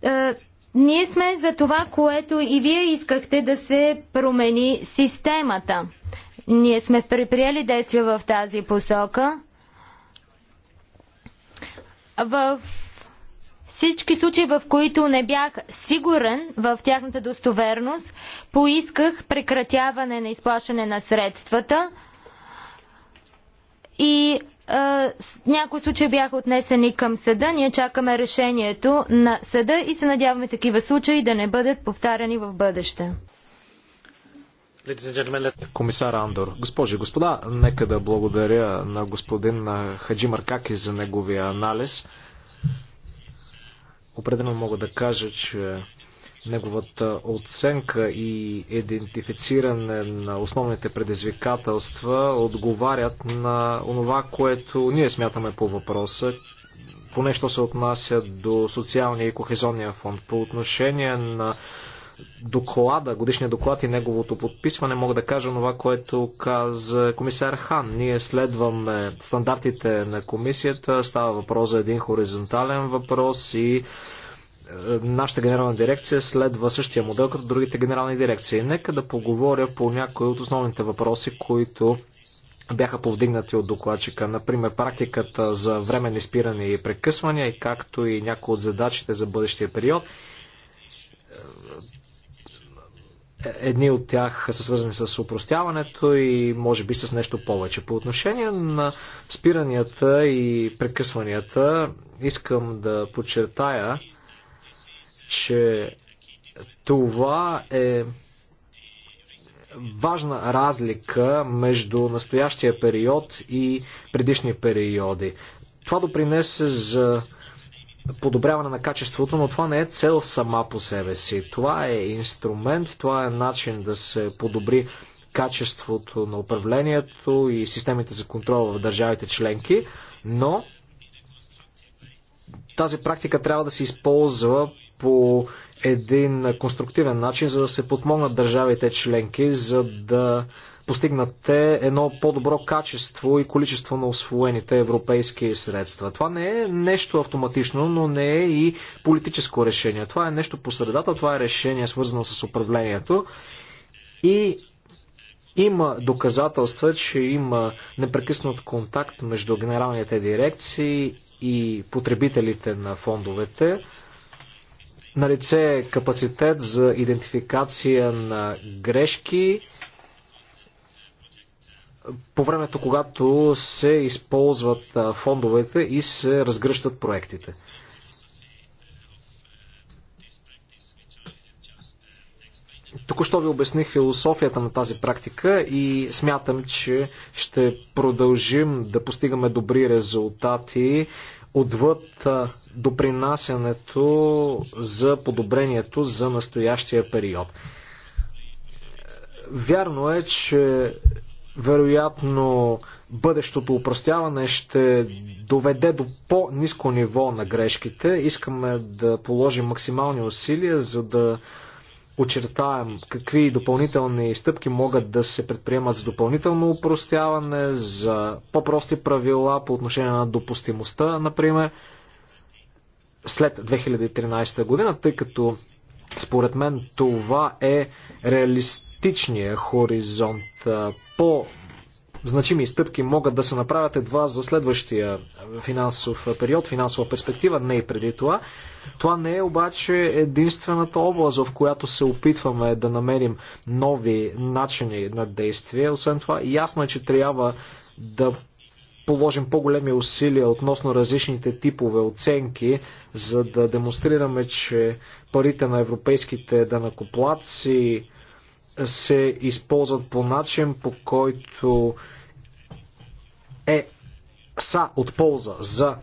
Speaker 3: Е, ние сме за това, което и вие искахте да се промени системата. Ние сме предприели действия в тази посока. В всички случаи, в които не бях сигурен в тяхната достоверност, поисках прекратяване на изплащане на средствата и някои случаи бяха отнесени към съда. Ние чакаме решението на съда и се надяваме такива случаи да не бъдат повтаряни в бъдеще.
Speaker 1: Комисар Андор, госпожи и господа, нека да благодаря на господин Хаджи Маркаки за неговия анализ определено мога да кажа, че неговата оценка и идентифициране на основните предизвикателства отговарят на онова, което ние смятаме по въпроса, поне що се отнася до социалния и кохезонния фонд. По отношение на доклада, годишния доклад и неговото подписване, мога да кажа това, което каза комисар Хан. Ние следваме стандартите на комисията, става въпрос за един хоризонтален въпрос и е, нашата генерална дирекция следва същия модел като другите генерални дирекции. Нека да поговоря по някои от основните въпроси, които бяха повдигнати от докладчика. Например, практиката за временни спиране и прекъсвания, както и някои от задачите за бъдещия период Едни от тях са свързани с упростяването и може би с нещо повече. По отношение на спиранията и прекъсванията, искам да подчертая, че това е важна разлика между настоящия период и предишни периоди. Това допринесе за подобряване на качеството, но това не е цел сама по себе си. Това е инструмент, това е начин да се подобри качеството на управлението и системите за контрол в държавите членки, но тази практика трябва да се използва по един конструктивен начин, за да се подмогнат държавите членки, за да постигнате едно по-добро качество и количество на освоените европейски средства. Това не е нещо автоматично, но не е и политическо решение. Това е нещо по средата, това е решение свързано с управлението. И има доказателства, че има непрекъснат контакт между генералните дирекции и потребителите на фондовете. Налице е капацитет за идентификация на грешки по времето, когато се използват фондовете и се разгръщат проектите. Току-що ви обясних философията на тази практика и смятам, че ще продължим да постигаме добри резултати отвъд допринасянето за подобрението за настоящия период. Вярно е, че вероятно, бъдещото упростяване ще доведе до по-низко ниво на грешките. Искаме да положим максимални усилия, за да очертаем какви допълнителни стъпки могат да се предприемат за допълнително упростяване, за по-прости правила по отношение на допустимостта, например, след 2013 година, тъй като според мен това е реалистичният хоризонт по значими стъпки могат да се направят едва за следващия финансов период, финансова перспектива, не и преди това. Това не е обаче единствената област, в която се опитваме да намерим нови начини на действие. Освен това, ясно е, че трябва да положим по-големи усилия относно различните типове оценки, за да демонстрираме, че парите на европейските данакоплаци, се използват по начин, по който е са от полза за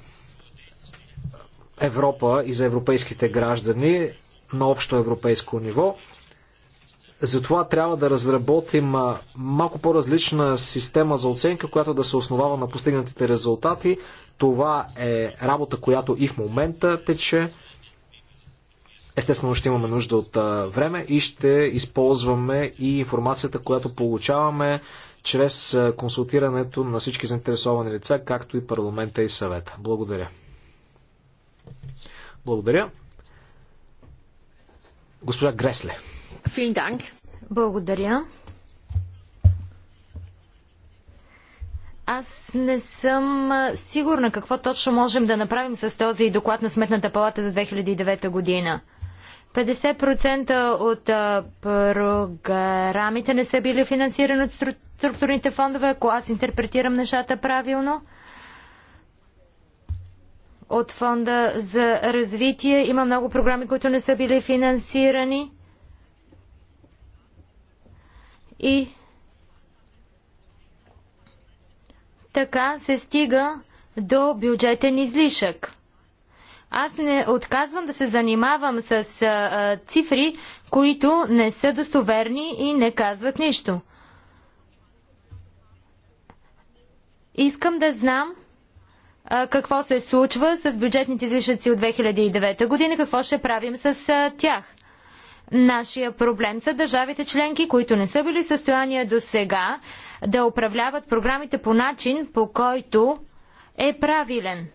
Speaker 1: Европа и за европейските граждани на общо европейско ниво. Затова трябва да разработим малко по-различна система за оценка, която да се основава на постигнатите резултати. Това е работа, която и в момента тече. Естествено ще имаме нужда от време и ще използваме и информацията, която получаваме чрез консултирането на всички заинтересовани лица, както и парламента и съвета. Благодаря. Благодаря. Госпожа Гресле.
Speaker 3: Благодаря. Аз не съм сигурна какво точно можем да направим с този доклад на Сметната палата за 2009 година. 50% от програмите не са били финансирани от структурните фондове, ако аз интерпретирам нещата правилно. От фонда за развитие има много програми, които не са били финансирани. И така се стига до бюджетен излишък. Аз не отказвам да се занимавам с а, цифри, които не са достоверни и не казват нищо. Искам да знам а, какво се случва с бюджетните излишъци от 2009 година, какво ще правим с а, тях. Нашия проблем са държавите членки, които не са били в състояние до сега да управляват програмите по начин, по който е правилен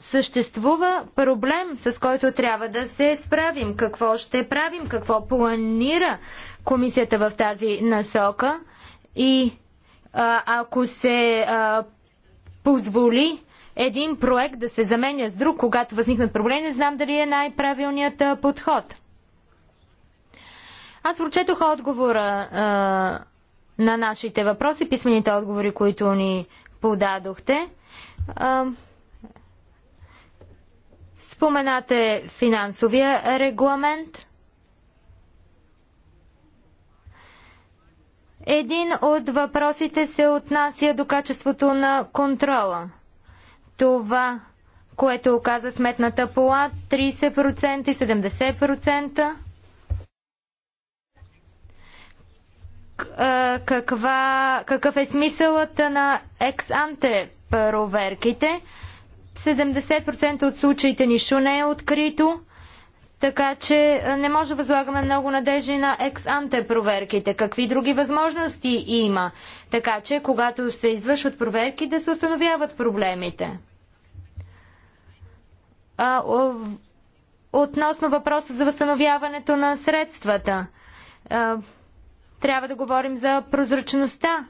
Speaker 3: съществува проблем, с който трябва да се справим. Какво ще правим? Какво планира комисията в тази насока? И а, ако се а, позволи един проект да се заменя с друг, когато възникнат проблеми, не знам дали е най-правилният подход. Аз прочетох отговора а, на нашите въпроси, писмените отговори, които ни подадохте. А, Споменате финансовия регламент. Един от въпросите се отнася до качеството на контрола. Това, което оказа сметната пола, 30% и 70%. Каква, какъв е смисълът на екс-анте проверките? 70% от случаите нищо не е открито, така че не може да възлагаме много надежди на екс-анте проверките. Какви други възможности има? Така че, когато се извършват проверки, да се установяват проблемите. А, относно въпроса за възстановяването на средствата, а, трябва да говорим за прозрачността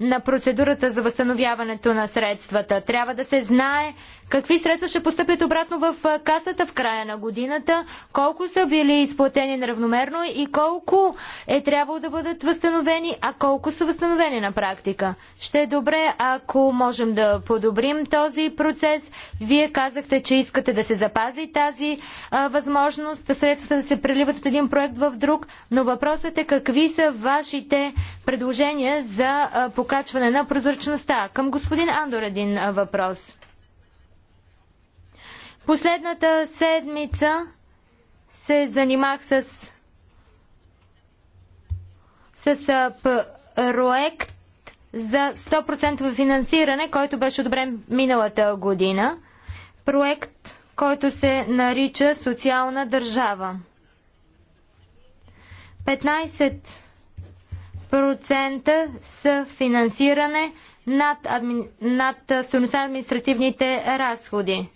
Speaker 3: на процедурата за възстановяването на средствата. Трябва да се знае Какви средства ще постъпят обратно в касата в края на годината? Колко са били изплатени неравномерно и колко е трябвало да бъдат възстановени, а колко са възстановени на практика? Ще е добре, ако можем да подобрим този процес. Вие казахте, че искате да се запази тази а, възможност, средствата да се преливат от един проект в друг, но въпросът е какви са вашите предложения за а, покачване на прозрачността. Към господин Андор един а, въпрос. Последната седмица се занимах с, с проект за 100% финансиране, който беше одобрен миналата година. Проект, който се нарича Социална държава. 15% са финансиране над, адми... над стоеността на административните разходи.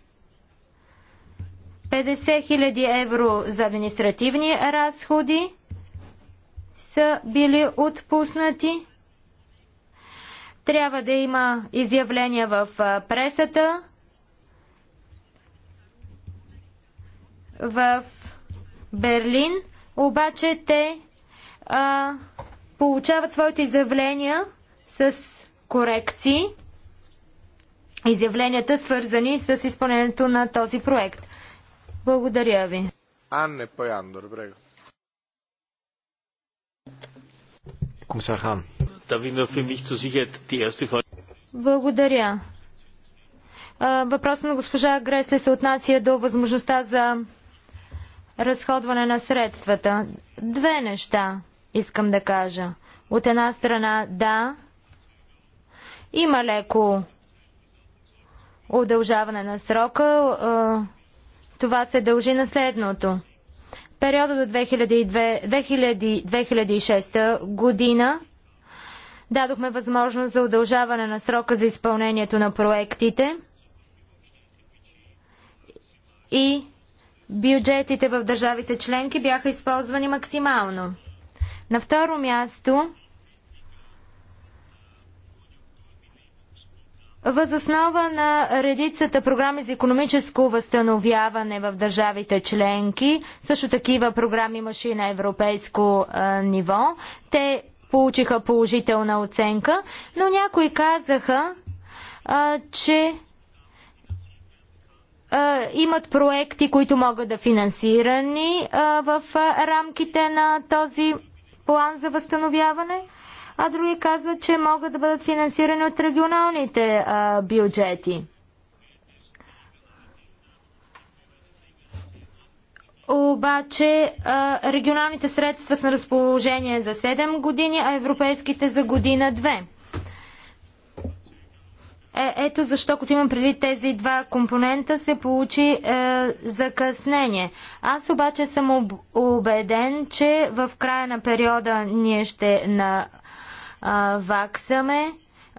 Speaker 3: 50 000 евро за административни разходи са били отпуснати. Трябва да има изявления в пресата. В Берлин обаче те а, получават своите изявления с корекции. Изявленията свързани с изпълнението на този проект. Благодаря ви.
Speaker 1: Анне Паяндор, прего.
Speaker 2: Комисар Хан.
Speaker 3: Благодаря. Въпросът на госпожа Гресле се отнася до възможността за разходване на средствата. Две неща искам да кажа. От една страна, да, има леко удължаване на срока. Това се дължи на следното. Периода до 2006 година дадохме възможност за удължаване на срока за изпълнението на проектите и бюджетите в държавите членки бяха използвани максимално. На второ място Възоснова на редицата програми за економическо възстановяване в държавите членки, също такива програми имаше и на европейско а, ниво, те получиха положителна оценка, но някои казаха, а, че а, имат проекти, които могат да финансирани а, в а, рамките на този план за възстановяване а други казват, че могат да бъдат финансирани от регионалните а, бюджети. Обаче а, регионалните средства са на разположение за 7 години, а европейските за година 2. Е, ето защо, като имам предвид тези два компонента, се получи е, закъснение. Аз обаче съм убеден, че в края на периода ние ще на а, ваксаме.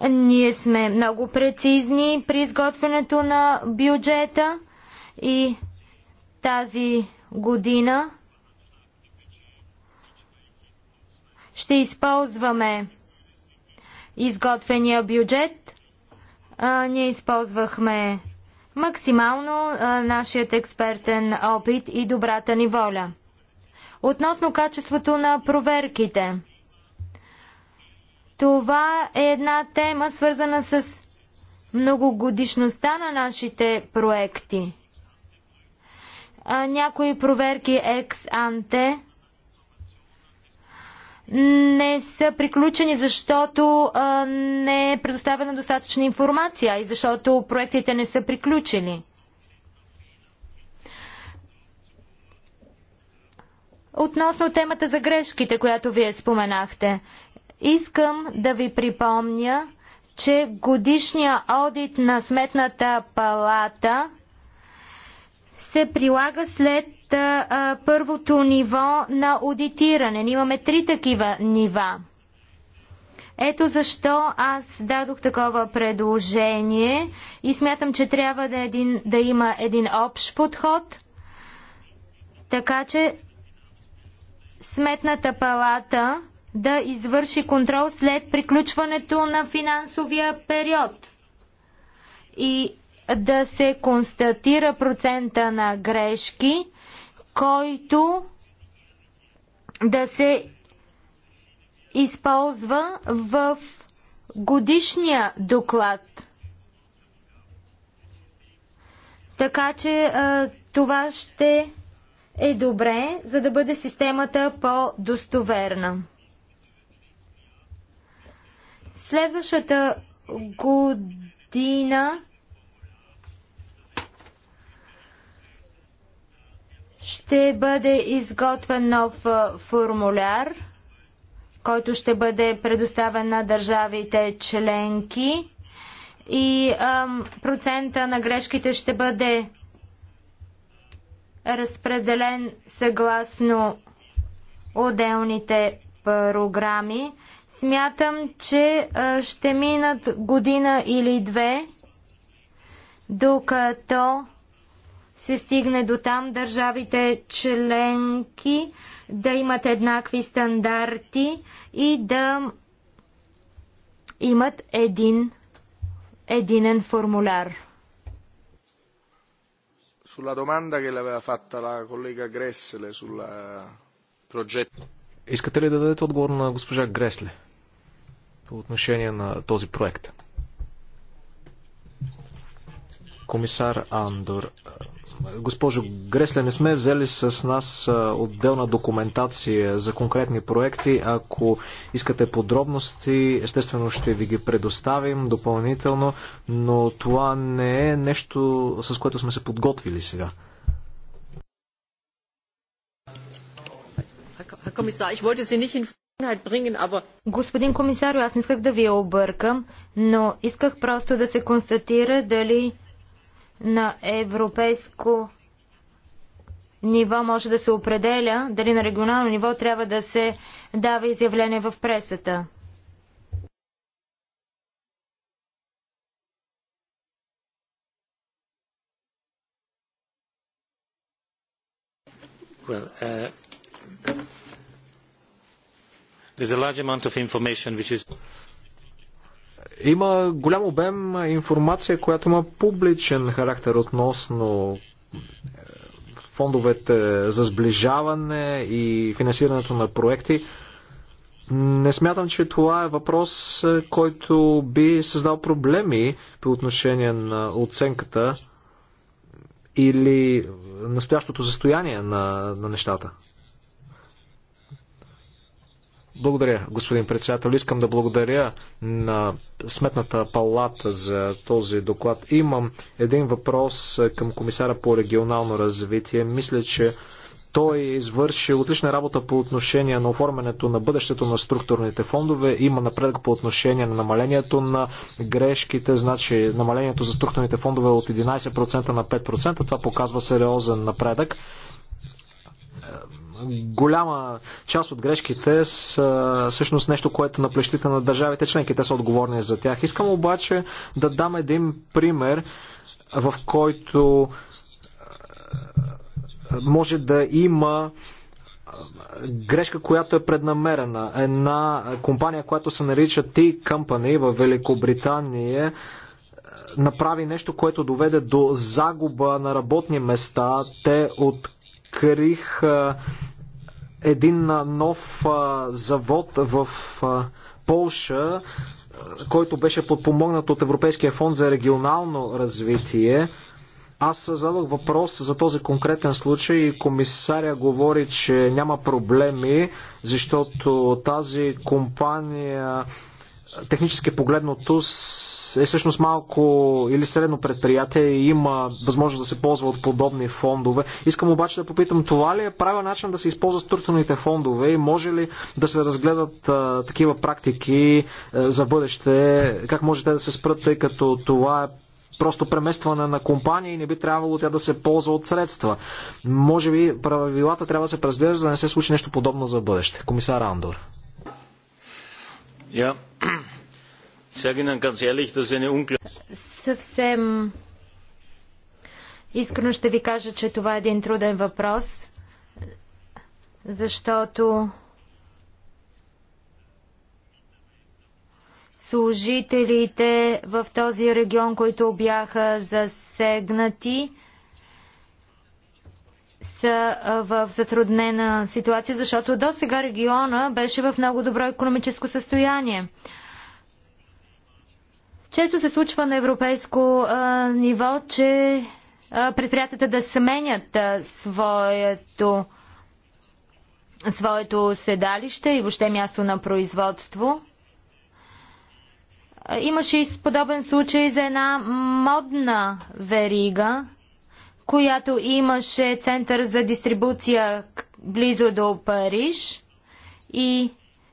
Speaker 3: Ние сме много прецизни при изготвянето на бюджета и тази година ще използваме изготвения бюджет. А, ние използвахме максимално а, нашият експертен опит и добрата ни воля. Относно качеството на проверките, това е една тема, свързана с многогодишността на нашите проекти. А, някои проверки екс-анте не са приключени, защото а, не е предоставена достатъчна информация и защото проектите не са приключени. Относно темата за грешките, която вие споменахте, Искам да ви припомня, че годишния одит на Сметната палата се прилага след а, а, първото ниво на аудитиране. Ние имаме три такива нива. Ето защо аз дадох такова предложение и смятам, че трябва да, един, да има един общ подход, така че Сметната палата да извърши контрол след приключването на финансовия период и да се констатира процента на грешки, който да се използва в годишния доклад. Така че това ще е добре, за да бъде системата по-достоверна. Следващата година ще бъде изготвен нов формуляр, който ще бъде предоставен на държавите членки и ам, процента на грешките ще бъде разпределен съгласно отделните програми. Смятам, че ще минат година или две, докато се стигне до там държавите членки да имат еднакви стандарти и да имат един единен формуляр. Sulla
Speaker 1: domanda che l'aveva fatta la collega Gressle sul progetto. Искате ли да дадете отговор на госпожа Гресле? по отношение на този проект. Комисар Андор, госпожо Гресле, не сме взели с нас отделна документация за конкретни проекти. Ако искате подробности, естествено ще ви ги предоставим допълнително, но това не е нещо, с което сме се подготвили сега.
Speaker 4: Herr Kommissar, ich wollte Sie nicht in
Speaker 3: Господин комисар, аз не исках да ви объркам, но исках просто да се констатира дали на европейско ниво може да се определя, дали на регионално ниво трябва да се дава изявление в пресата.
Speaker 1: Well, uh, има голям обем информация, която има публичен характер относно е, фондовете за сближаване и финансирането на проекти. Не смятам, че това е въпрос, е, който би създал проблеми по отношение на оценката или настоящото състояние на, на нещата. Благодаря, господин председател. Искам да благодаря на Сметната палата за този доклад. Имам един въпрос е, към комисара по регионално развитие. Мисля, че той извърши отлична работа по отношение на оформянето на бъдещето на структурните фондове. Има напредък по отношение на намалението на грешките, значи намалението за структурните фондове е от 11% на 5%. Това показва сериозен напредък Ами, голяма част от грешките са всъщност нещо, което на плещите на държавите членки. Те са отговорни за тях. Искам обаче да дам един пример, в който може да има грешка, която е преднамерена. Една компания, която се нарича T Company в Великобритания, направи нещо, което доведе до загуба на работни места. Те от открих един нов завод в Полша, който беше подпомогнат от Европейския фонд за регионално развитие. Аз зададох въпрос за този конкретен случай и комисаря говори, че няма проблеми, защото тази компания технически погледното е всъщност малко или средно предприятие и има възможност да се ползва от подобни фондове. Искам обаче да попитам, това ли е правил начин да се използват структурните фондове и може ли да се разгледат а, такива практики а, за бъдеще? Как може те да се спрат, тъй като това е просто преместване на компания и не би трябвало тя да се ползва от средства. Може би правилата трябва да се преразглеждат, за да не се случи нещо подобно за бъдеще. Комисар Андор.
Speaker 2: Съвсем
Speaker 3: искрено ще ви кажа, че това е един труден въпрос, защото служителите в този регион, които бяха засегнати, са в затруднена ситуация, защото до сега региона беше в много добро економическо състояние. Често се случва на европейско а, ниво, че а, предприятията да сменят а, своето, своето седалище и въобще място на производство. Имаше и подобен случай за една модна верига, която имаше център за дистрибуция близо до Париж и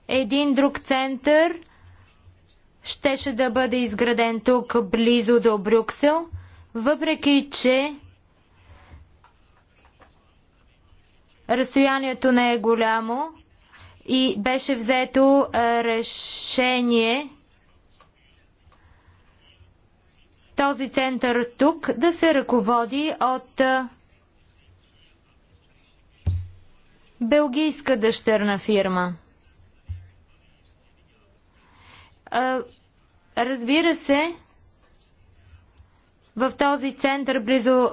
Speaker 3: един друг център щеше да бъде изграден тук близо до Брюксел, въпреки че разстоянието не е голямо и беше взето решение този център тук да се ръководи от белгийска дъщерна фирма. Разбира се, в този център близо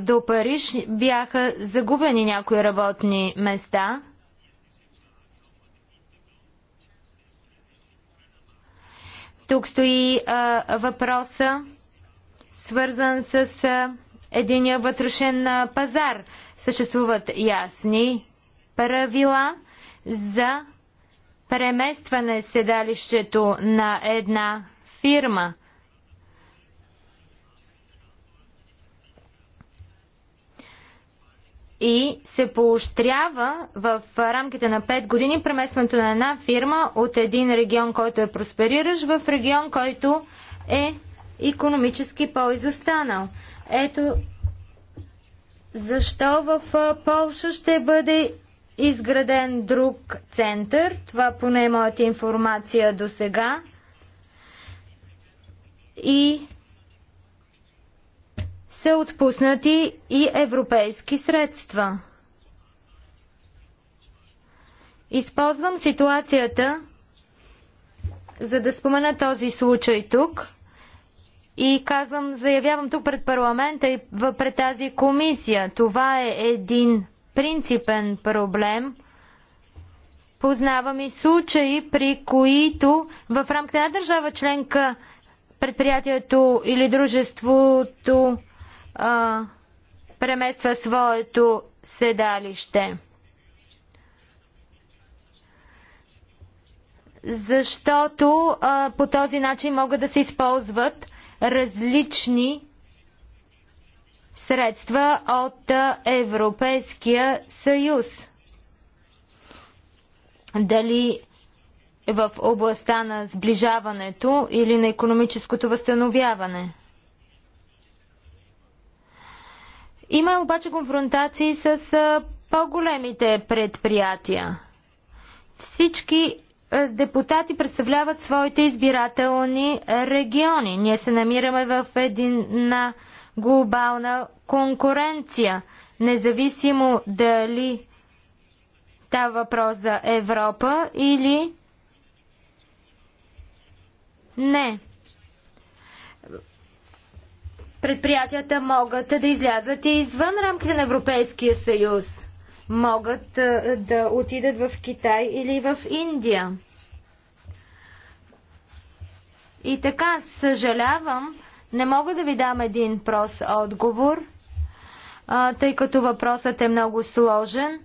Speaker 3: до Париж бяха загубени някои работни места. Тук стои а, въпроса свързан с единия вътрешен пазар. Съществуват ясни правила за преместване седалището на една фирма. И се поощрява в рамките на 5 години преместването на една фирма от един регион, който е проспериращ, в регион, който е економически по-изостанал. Ето защо в Полша ще бъде изграден друг център. Това поне е моята информация до сега. И са отпуснати и европейски средства. Използвам ситуацията, за да спомена този случай тук – и казвам, заявявам тук пред парламента и пред тази комисия. Това е един принципен проблем. Познавам и случаи, при които в рамките на държава членка предприятието или дружеството а, премества своето седалище. Защото а, по този начин могат да се използват различни средства от Европейския съюз. Дали в областта на сближаването или на економическото възстановяване. Има обаче конфронтации с по-големите предприятия. Всички е, депутати представляват своите избирателни региони. Ние се намираме в една глобална конкуренция, независимо дали става въпрос за Европа или не. Предприятията могат да излязат и извън рамките на Европейския съюз могат да отидат в Китай или в Индия. И така, съжалявам, не мога да ви дам един прост отговор, тъй като въпросът е много сложен.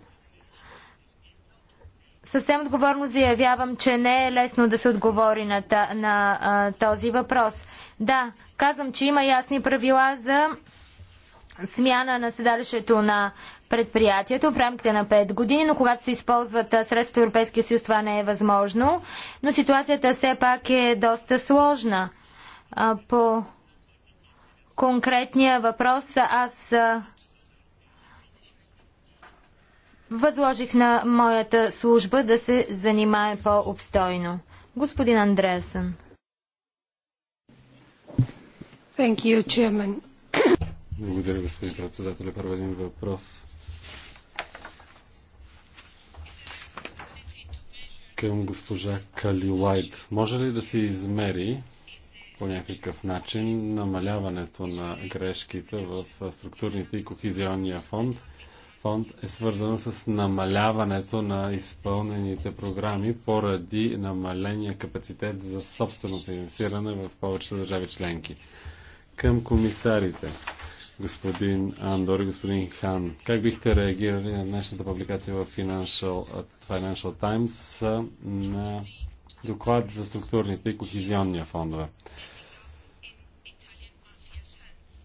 Speaker 3: Съвсем отговорно заявявам, че не е лесно да се отговори на, на, а, този въпрос. Да, казвам, че има ясни правила за смяна на седалището на предприятието в рамките на 5 години, но когато се използват средства Европейския съюз, това не е възможно. Но ситуацията все пак е доста сложна. По конкретния въпрос аз възложих на моята служба да се занимае по-обстойно. Господин Андреасън.
Speaker 4: Thank you, Chairman.
Speaker 2: Благодаря, господин председател. Първо един въпрос. към госпожа Калилайт. Може ли да се измери по някакъв начин намаляването на грешките в структурните и кохизионния фонд? Фонд е свързано с намаляването на изпълнените програми поради намаления капацитет за собствено финансиране в повечето държави членки. Към комисарите господин Андор и господин Хан. Как бихте реагирали на днешната публикация в Financial, Financial Times на доклад за структурните и кохизионния фондове?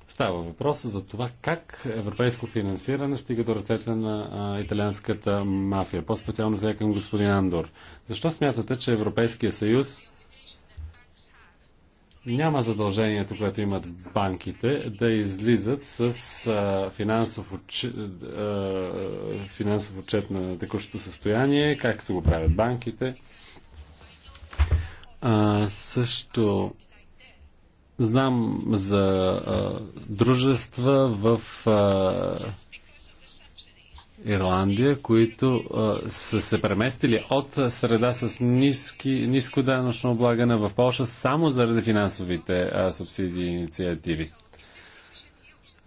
Speaker 2: Става въпрос за това как европейско финансиране стига до ръцете на а, италианската мафия. По-специално сега към господин Андор. Защо смятате, че Европейския съюз няма задължението, което имат банките, да излизат с а, финансов, отчет, а, финансов отчет на текущото състояние, както го правят банките. А, също знам за а, дружества в а, Ирландия, които а, са се преместили от среда с ниски, ниско данъчно облагане в Польша само заради финансовите а, субсидии и инициативи.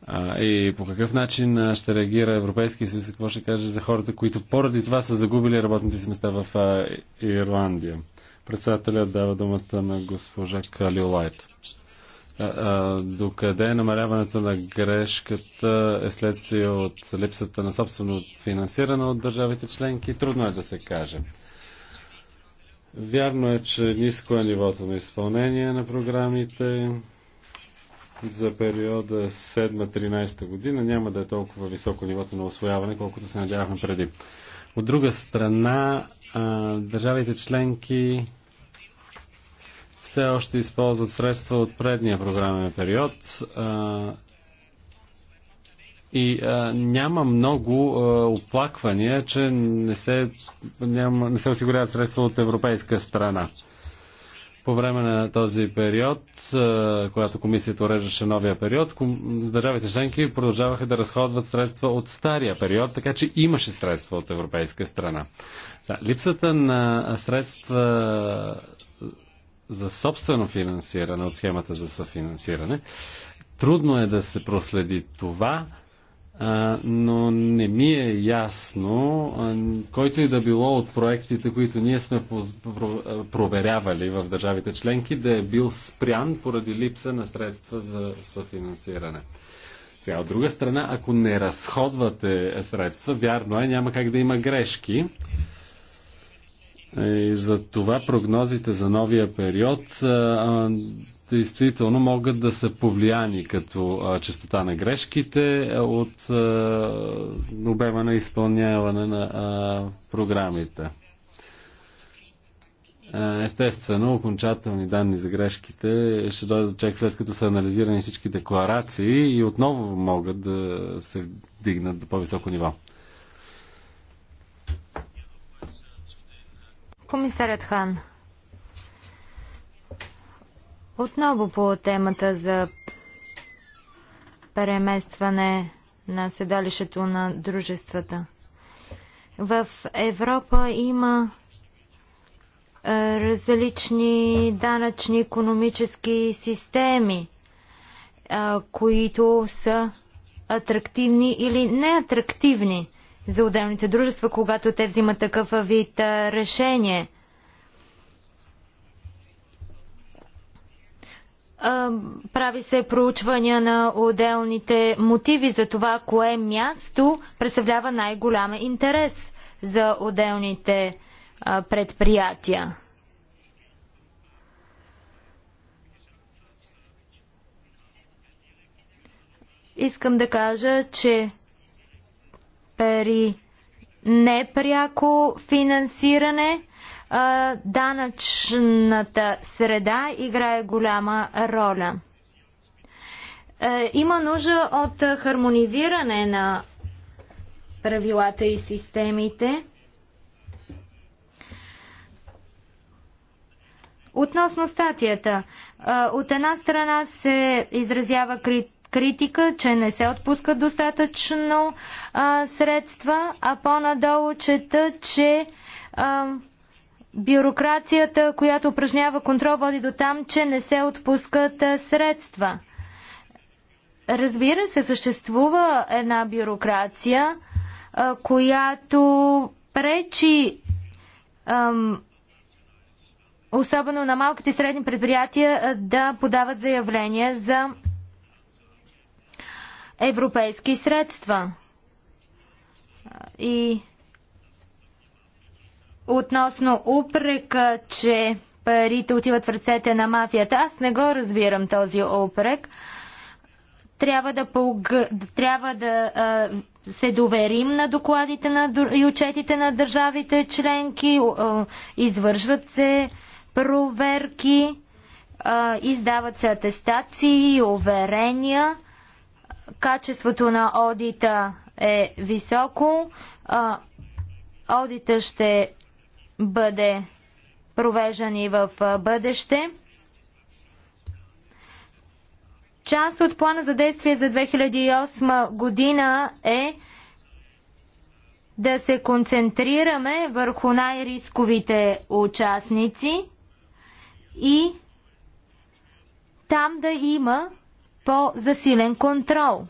Speaker 2: А, и по какъв начин ще реагира Европейския съюз и какво ще каже за хората, които поради това са загубили работните си места в а, Ирландия? Председателят дава думата на госпожа Калилайт. Лайт докъде намаляването на грешката е следствие от липсата на собствено финансиране от държавите членки, трудно е да се каже. Вярно е, че ниско е нивото на изпълнение на програмите за периода 7-13 година. Няма да е толкова високо нивото на освояване, колкото се надявахме преди. От друга страна, държавите членки все още използват средства от предния програмен период а, и а, няма много а, оплаквания, че не се, няма, не се осигуряват средства от европейска страна. По време на този период, а, когато комисията уреждаше новия период, ком... държавите членки продължаваха да разходват средства от стария период, така че имаше средства от европейска страна. Да, липсата на средства за собствено финансиране от схемата за съфинансиране. Трудно е да се проследи това, но не ми е ясно, който и да било от проектите, които ние сме проверявали в държавите членки, да е бил спрян поради липса на средства за съфинансиране. Сега, от друга страна, ако не разходвате средства, вярно е, няма как да има грешки. И за това прогнозите за новия период а, действително могат да са повлияни като частота на грешките от а, обема на изпълняване на а, програмите. Естествено, окончателни данни за грешките ще дойдат чак след като са анализирани всички декларации и отново могат да се вдигнат до по-високо ниво.
Speaker 3: Комисарят Хан. Отново по темата за преместване на седалището на дружествата. В Европа има е, различни данъчни економически системи, е, които са атрактивни или неатрактивни за отделните дружества, когато те взимат такъв вид решение. прави се проучвания на отделните мотиви за това, кое място представлява най-голям интерес за отделните предприятия. Искам да кажа, че пери непряко финансиране, данъчната среда играе голяма роля. Е, има нужда от хармонизиране на правилата и системите. Относно статията, е, от една страна се изразява критика критика, че не се отпускат достатъчно а, средства, а по-надолу чета, че а, бюрокрацията, която упражнява контрол, води до там, че не се отпускат а, средства. Разбира се, съществува една бюрокрация, а, която пречи ам, особено на малките и средни предприятия да подават заявления за европейски средства. И относно упрека, че парите отиват в ръцете на мафията, аз не го разбирам този упрек. Трябва да, полг... трябва да а, се доверим на докладите на... и отчетите на държавите членки, а, извършват се проверки, а, издават се атестации и уверения Качеството на одита е високо. А, одита ще бъде провеждан и в бъдеще. Част от плана за действие за 2008 година е да се концентрираме върху най-рисковите участници и там да има по-засилен контрол.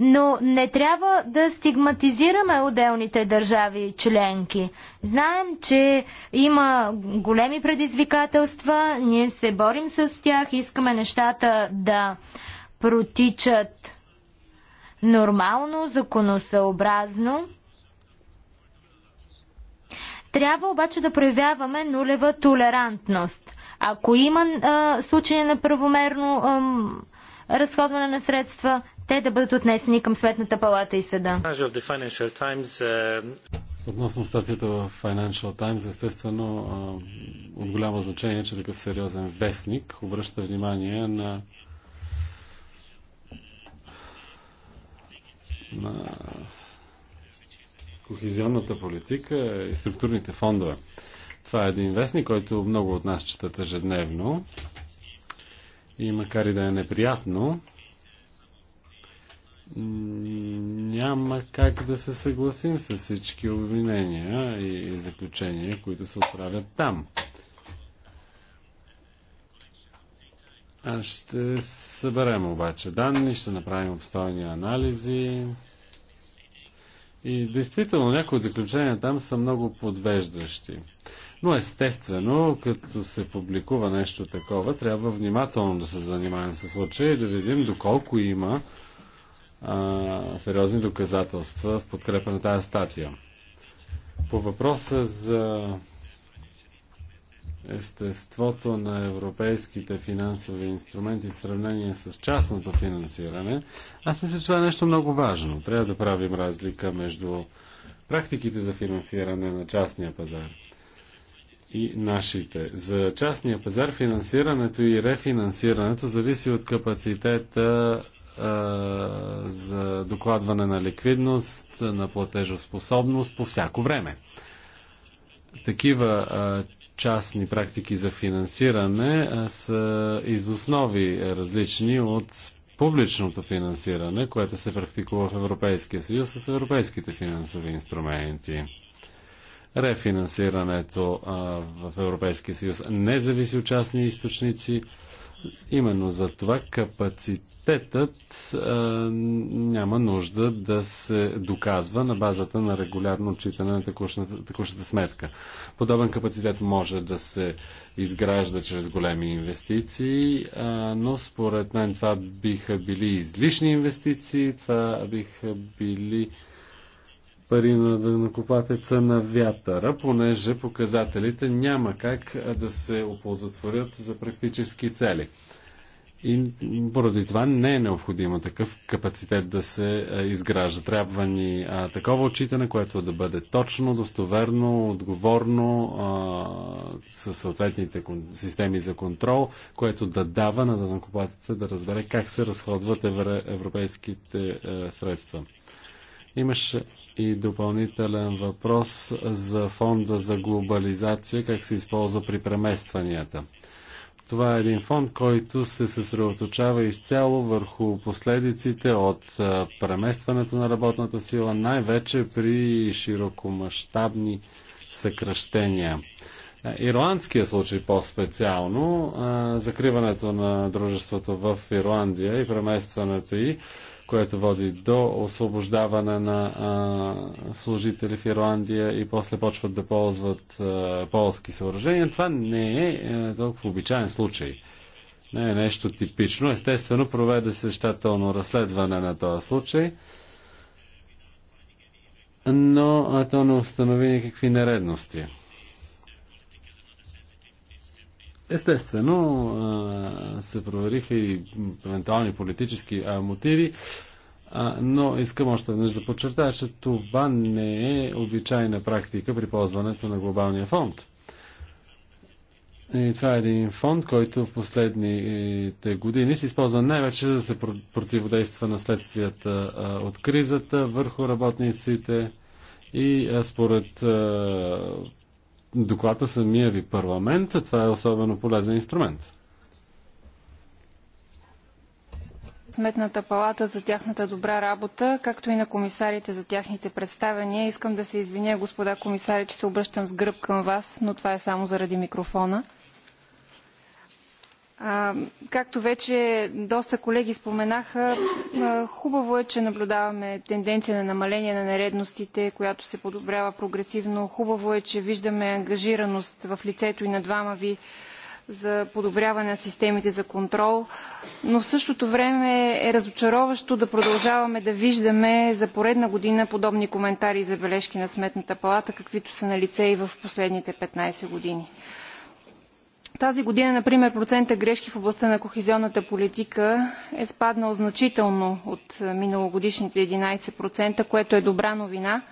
Speaker 3: Но не трябва да стигматизираме отделните държави и членки. Знаем, че има големи предизвикателства, ние се борим с тях, искаме нещата да протичат нормално, законосъобразно. Трябва обаче да проявяваме нулева толерантност. Ако има а, случай на правомерно а, разходване на средства, те да бъдат отнесени към Светната палата и съда.
Speaker 2: Е, Относно статията в Financial Times, естествено, а, от голямо значение, че такъв сериозен вестник обръща внимание на на кохезионната политика и структурните фондове. Това е един вестник, който много от нас четат ежедневно. И макар и да е неприятно, няма как да се съгласим с всички обвинения и заключения, които се отправят там. Ще съберем обаче данни, ще направим обстойни анализи. И действително някои от заключения там са много подвеждащи. Но естествено, като се публикува нещо такова, трябва внимателно да се занимаем с случая и да видим доколко има а, сериозни доказателства в подкрепа на тази статия. По въпроса за естеството на европейските финансови инструменти в сравнение с частното финансиране, аз мисля, че това е нещо много важно. Трябва да правим разлика между практиките за финансиране на частния пазар и нашите. За частния пазар финансирането и рефинансирането зависи от капацитета за докладване на ликвидност, на платежоспособност по всяко време. Такива частни практики за финансиране са из основи е, различни от публичното финансиране, което се практикува в Европейския съюз с европейските финансови инструменти. Рефинансирането в Европейския съюз не зависи от частни източници. Именно за това капацитетът няма нужда да се доказва на базата на регулярно отчитане на текущата, текущата сметка. Подобен капацитет може да се изгражда чрез големи инвестиции, но според мен това биха били излишни инвестиции, това биха били пари на накопатеца на вятъра, понеже показателите няма как да се оползотворят за практически цели. И поради това не е необходимо такъв капацитет да се изгражда. Трябва ни а, такова отчитане, което да бъде точно, достоверно, отговорно, а, със съответните системи за контрол, което да дава на данакоплатеца да разбере как се разходват евро, европейските а, средства. Имаше и допълнителен въпрос за фонда за глобализация, как се използва при преместванията. Това е един фонд, който се съсредоточава изцяло върху последиците от преместването на работната сила, най-вече при широкомащабни съкръщения. Ирландския случай по-специално, закриването на дружеството в Ирландия и преместването и което води до освобождаване на а, служители в Ирландия и после почват да ползват а, полски съоръжения. Това не е а, е, толкова обичайен случай. Не е нещо типично. Естествено, проведе се щателно разследване на този случай, но а, то не установи никакви нередности. Естествено, се провериха и евентуални политически мотиви, но искам още веднъж да подчертая, че това не е обичайна практика при ползването на глобалния фонд. И това е един фонд, който в последните години се използва най-вече да се противодейства на следствията от кризата върху работниците и според доклад на самия ви парламент, това е особено полезен инструмент.
Speaker 4: Сметната палата за тяхната добра работа, както и на комисарите за тяхните представения. Искам да се извиня, господа комисари, че се обръщам с гръб към вас, но това е само заради микрофона. Както вече доста колеги споменаха, хубаво е, че наблюдаваме тенденция на намаление на нередностите, която се подобрява прогресивно. Хубаво е, че виждаме ангажираност в лицето и на двама ви за подобряване на системите за контрол, но в същото време е разочароващо да продължаваме да виждаме за поредна година подобни коментари и забележки на Сметната палата, каквито са на лице и в последните 15 години. Тази година, например, процента грешки в областта на кохезионната политика е спаднал значително от е, миналогодишните 11%, което е добра новина,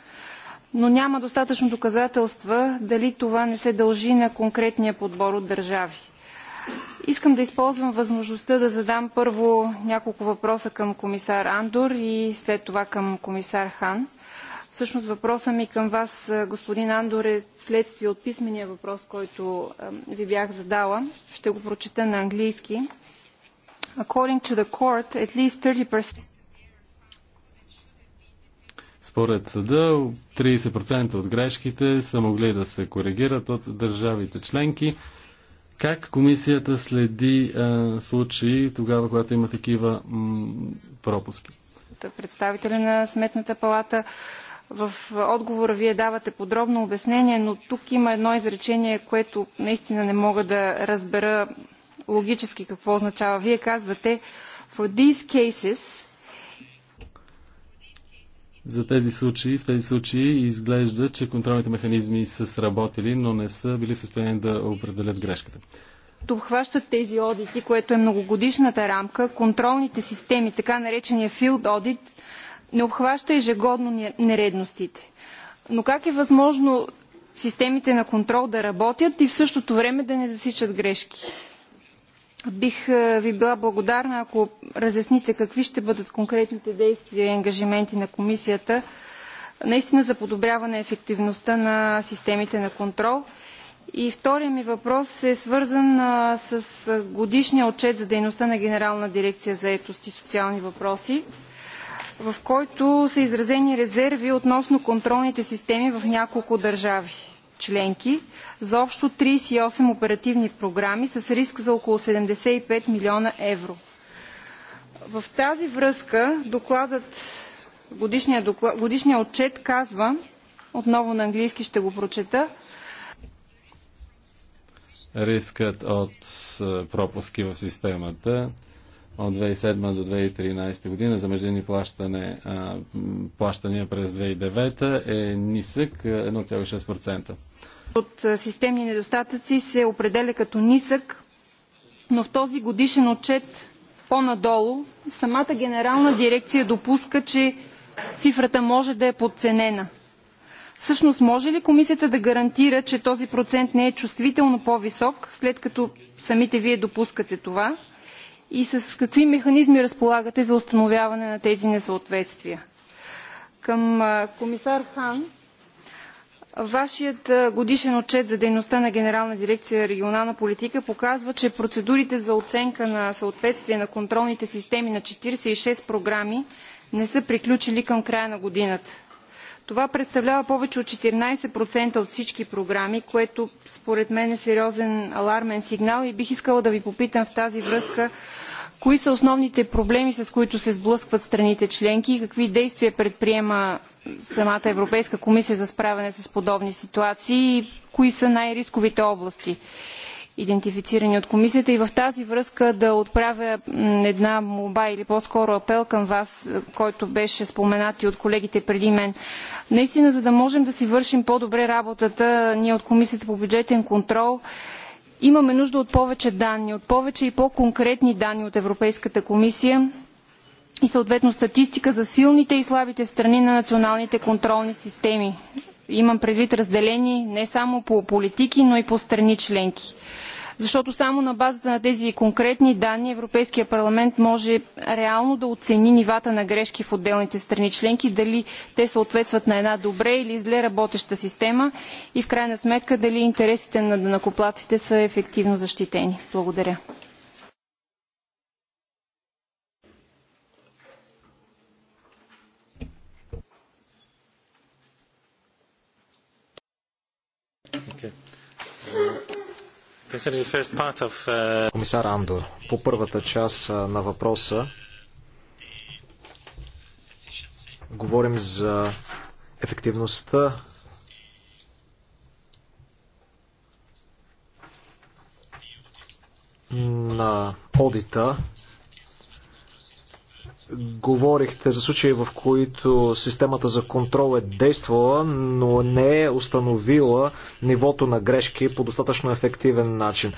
Speaker 4: но няма достатъчно доказателства дали това не се дължи на конкретния подбор от държави. Искам да използвам възможността да задам първо няколко въпроса към комисар Андор и след това към комисар Хан – Всъщност въпросът ми към вас, е, господин Андор, е следствие от писмения въпрос, който ви бях задала. Ще го прочета на английски. According to the court, at least 30%
Speaker 2: според съда 30% от грешките са могли да се коригират от държавите членки. Как комисията следи е, случаи тогава, когато има такива м,
Speaker 4: пропуски? Представителя на Сметната палата в отговора вие давате подробно обяснение, но тук има едно изречение, което наистина не мога да разбера логически какво означава. Вие казвате For these cases
Speaker 2: за тези случаи, в тези случаи изглежда, че контролните механизми са сработили, но не са били в състояние да определят грешката.
Speaker 4: Обхващат тези одити, което е многогодишната рамка, контролните системи, така наречения field audit, не обхваща ежегодно нередностите. Но как е възможно системите на контрол да работят и в същото време да не засичат грешки? Бих е, ви била благодарна, ако разясните какви ще бъдат конкретните действия и ангажименти на комисията наистина за подобряване ефективността на системите на контрол. И втория ми въпрос е свързан с годишния отчет за дейността на Генерална дирекция за етост и социални въпроси в който са изразени резерви относно контролните системи в няколко държави членки за общо 38 оперативни програми с риск за около 75 милиона евро. В тази връзка докладът, годишният, доклад, годишния отчет казва, отново на английски ще го прочета,
Speaker 2: рискът от е, пропуски в системата от 2007 до 2013 година за междинни плащане, плащания през 2009 е нисък 1,6%.
Speaker 4: От системни недостатъци се определя като нисък, но в този годишен отчет по-надолу самата генерална дирекция допуска, че цифрата може да е подценена. Всъщност, може ли комисията да гарантира, че този процент не е чувствително по-висок, след като самите вие допускате това? и с какви механизми разполагате за установяване на тези несъответствия? Към комисар Хан, Вашият годишен отчет за дейността на Генерална дирекция регионална политика показва, че процедурите за оценка на съответствие на контролните системи на 46 програми не са приключили към края на годината. Това представлява повече от 14% от всички програми, което според мен е сериозен алармен сигнал и бих искала да ви попитам в тази връзка кои са основните проблеми, с които се сблъскват страните членки и какви действия предприема самата Европейска комисия за справяне с подобни ситуации и кои са най-рисковите области идентифицирани от комисията и в тази връзка да отправя една молба или по-скоро апел към вас, е, който беше споменат и от колегите преди мен. Наистина, за да можем да си вършим по-добре работата, ние от комисията по бюджетен контрол имаме нужда от повече данни, от повече и по-конкретни данни от Европейската комисия и съответно статистика за силните и слабите страни на националните контролни системи Имам предвид разделени не само по политики, но и по страни членки. Защото само на базата на тези конкретни данни Европейския парламент може реално да оцени нивата на грешки в отделните страни членки, дали те съответстват на една добре или зле работеща система и в крайна сметка дали интересите на данакоплаците са ефективно защитени. Благодаря.
Speaker 2: Uh,
Speaker 1: Комисар Андор, по първата част на въпроса говорим за ефективността на одита говорихте за случаи, в които системата за контрол е действала, но не е установила нивото на грешки по достатъчно ефективен начин.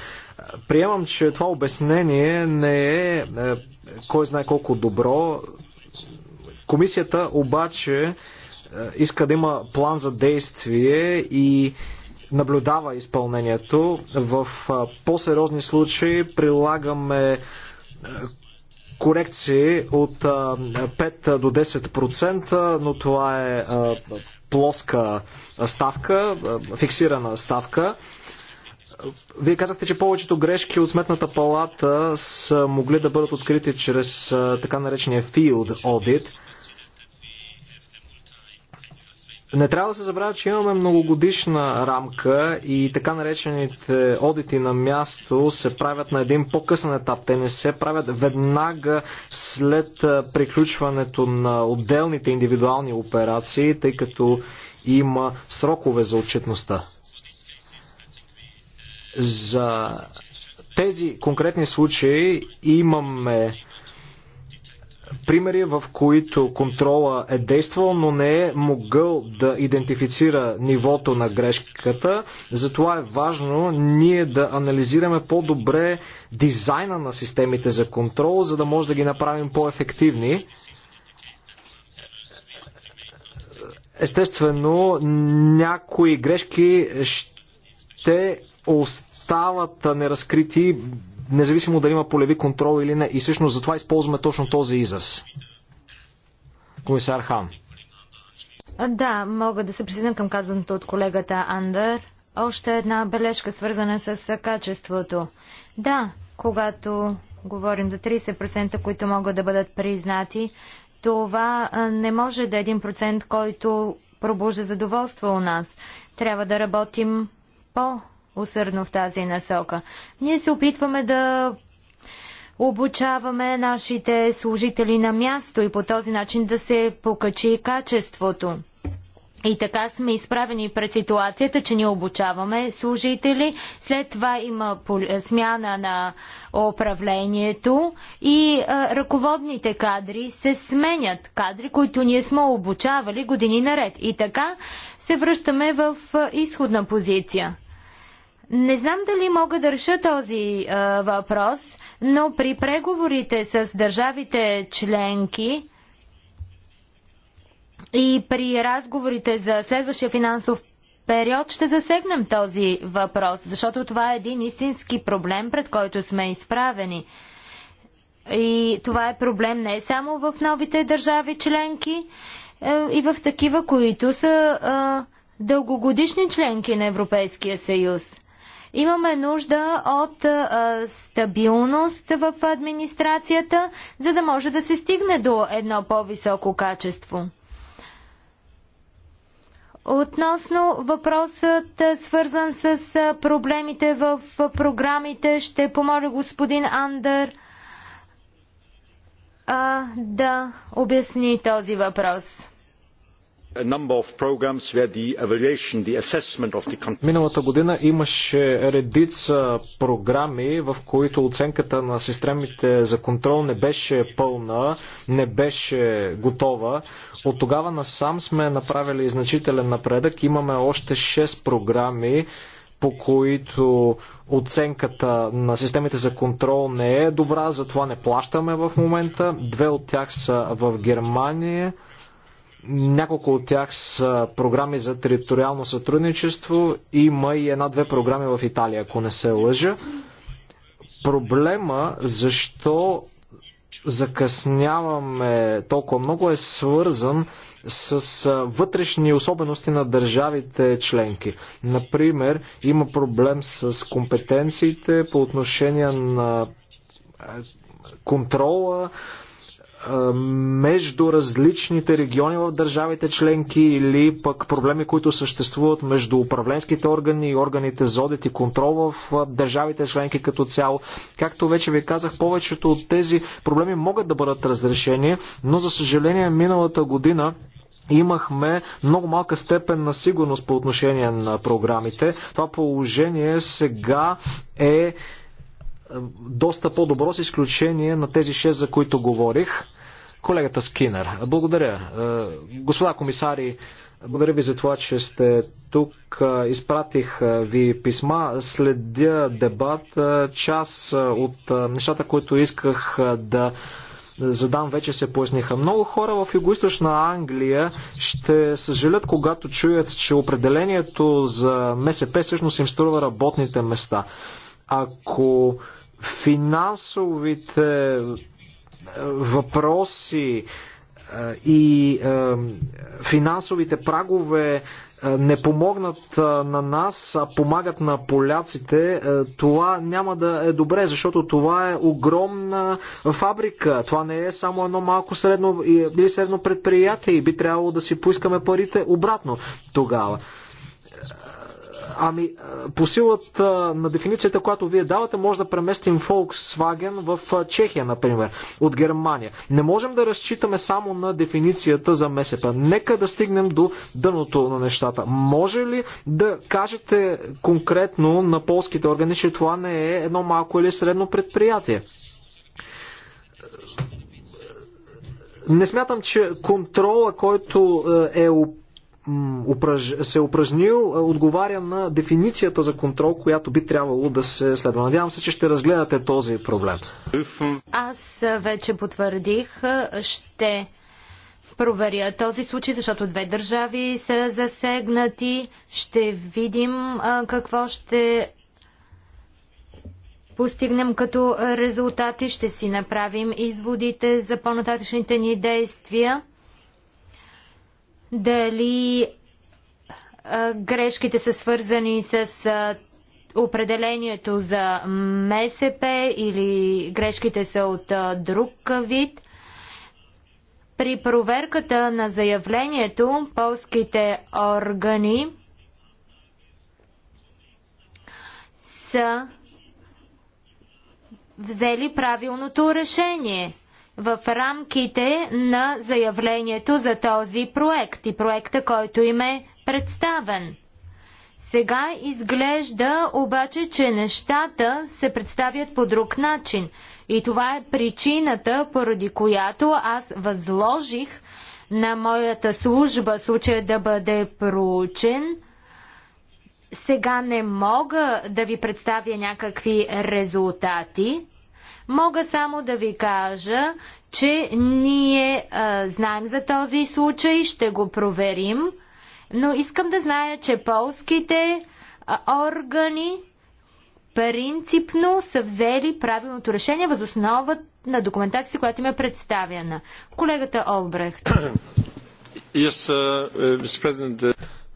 Speaker 1: Приемам, че това обяснение не е, е кой знае колко добро. Комисията обаче е, иска да има план за действие и наблюдава изпълнението. В е, по-сериозни случаи прилагаме корекции от 5 до 10%, но това е плоска ставка, фиксирана ставка. Вие казахте, че повечето грешки от сметната палата са могли да бъдат открити чрез така наречения field audit – Не трябва да се забравя, че имаме многогодишна рамка и така наречените одити на място се правят на един по-късен етап. Те не се правят веднага след приключването на отделните индивидуални операции, тъй като има срокове за отчетността. За тези конкретни случаи имаме примери, в които контрола е действал, но не е могъл да идентифицира нивото на грешката. Затова е важно ние да анализираме по-добре дизайна на системите за контрол, за да може да ги направим по-ефективни. Естествено, някои грешки ще остават неразкрити независимо дали има полеви контрол или не. И всъщност затова използваме точно този израз. Комисар Хан.
Speaker 3: Да, мога да се присъединя към казаното от колегата Андър. Още една бележка, свързана с качеството. Да, когато говорим за 30%, които могат да бъдат признати, това не може да е един процент, който пробужда задоволство у нас. Трябва да работим по усърдно в тази насока. Ние се опитваме да обучаваме нашите служители на място и по този начин да се покачи качеството. И така сме изправени пред ситуацията, че ние обучаваме служители, след това има е, смяна на управлението и а, е, ръководните кадри се сменят. Кадри, които ние сме обучавали години наред. И така се връщаме в е, изходна позиция. Не знам дали мога да реша този а, въпрос, но при преговорите с държавите членки и при разговорите за следващия финансов период ще засегнем този въпрос, защото това е един истински проблем, пред който сме изправени. И това е проблем не само в новите държави членки, е, и в такива, които са а, дългогодишни членки на Европейския съюз. Имаме нужда от стабилност в администрацията, за да може да се стигне до едно по-високо качество. Относно въпросът, свързан с проблемите в програмите, ще помоля господин Андър а, да обясни този въпрос.
Speaker 1: Миналата година имаше редица програми, в които оценката на системите за контрол не беше пълна, не беше готова. От тогава насам сме направили значителен напредък. Имаме още 6 програми, по които оценката на системите за контрол не е добра, затова не плащаме в момента. Две от тях са в Германия – няколко от тях са програми за териториално сътрудничество. Има и една-две програми в Италия, ако не се лъжа. Проблема защо закъсняваме толкова много е свързан с вътрешни особености на държавите членки. Например, има проблем с компетенциите по отношение на контрола, между различните региони в държавите членки или пък проблеми, които съществуват между управленските органи и органите за одит и контрол в държавите членки като цяло. Както вече ви казах, повечето от тези проблеми могат да бъдат разрешени, но за съжаление миналата година имахме много малка степен на сигурност по отношение на програмите. Това положение сега е доста по-добро, с изключение на тези 6, за които говорих. Колегата Скинер, благодаря. Е, господа комисари, благодаря ви за това, че сте тук. Е, изпратих е, ви писма. Следя дебат. Част от нещата, които исках да задам, вече се поясниха. Много хора в юго Англия ще съжалят, когато чуят, че определението за МСП всъщност им струва работните места. Ако финансовите е, въпроси е, и е, финансовите прагове не помогнат на нас, а помагат на поляците, това няма да е добре, защото това е огромна фабрика. Това не е само едно малко средно или средно предприятие и би трябвало да си поискаме парите обратно тогава. Ами, е, по силата е, на дефиницията, която вие давате, може да преместим Volkswagen в е, Чехия, например, от Германия. Не можем да разчитаме само на дефиницията за МСП. Нека да стигнем до дъното на нещата. Може ли да кажете конкретно на полските органи, че това не е едно малко или средно предприятие? Не смятам, че контрола, който е описан, упраж... се е упражнил, е, отговаря на дефиницията за контрол, която би трябвало да се следва. Надявам се, че ще разгледате този проблем.
Speaker 3: Аз вече потвърдих, е, ще проверя този случай, защото две държави са засегнати. Ще видим е, какво ще постигнем като резултати. Ще си направим изводите за по-нататъчните ни действия дали грешките са свързани с определението за МСП или грешките са от друг вид. При проверката на заявлението полските органи са взели правилното решение в рамките на заявлението за този проект и проекта, който им е представен. Сега изглежда обаче, че нещата се представят по друг начин. И това е причината, поради която аз възложих на моята служба случая да бъде проучен. Сега не мога да ви представя някакви резултати, Мога само да ви кажа, че ние а, знаем за този случай, ще го проверим, но искам да зная, че полските а, органи принципно са взели правилното решение въз основа на документацията, която им е представена. Колегата Олбрехт.
Speaker 1: Yes, uh, uh, uh,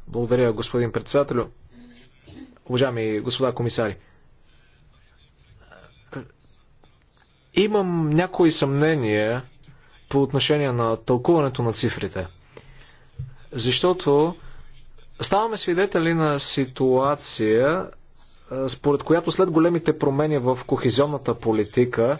Speaker 1: Благодаря, господин председател. Уважаеми господа комисари. Имам някои съмнения по отношение на тълкуването на цифрите. Защото ставаме свидетели на ситуация, според която след големите промени в кохезионната политика,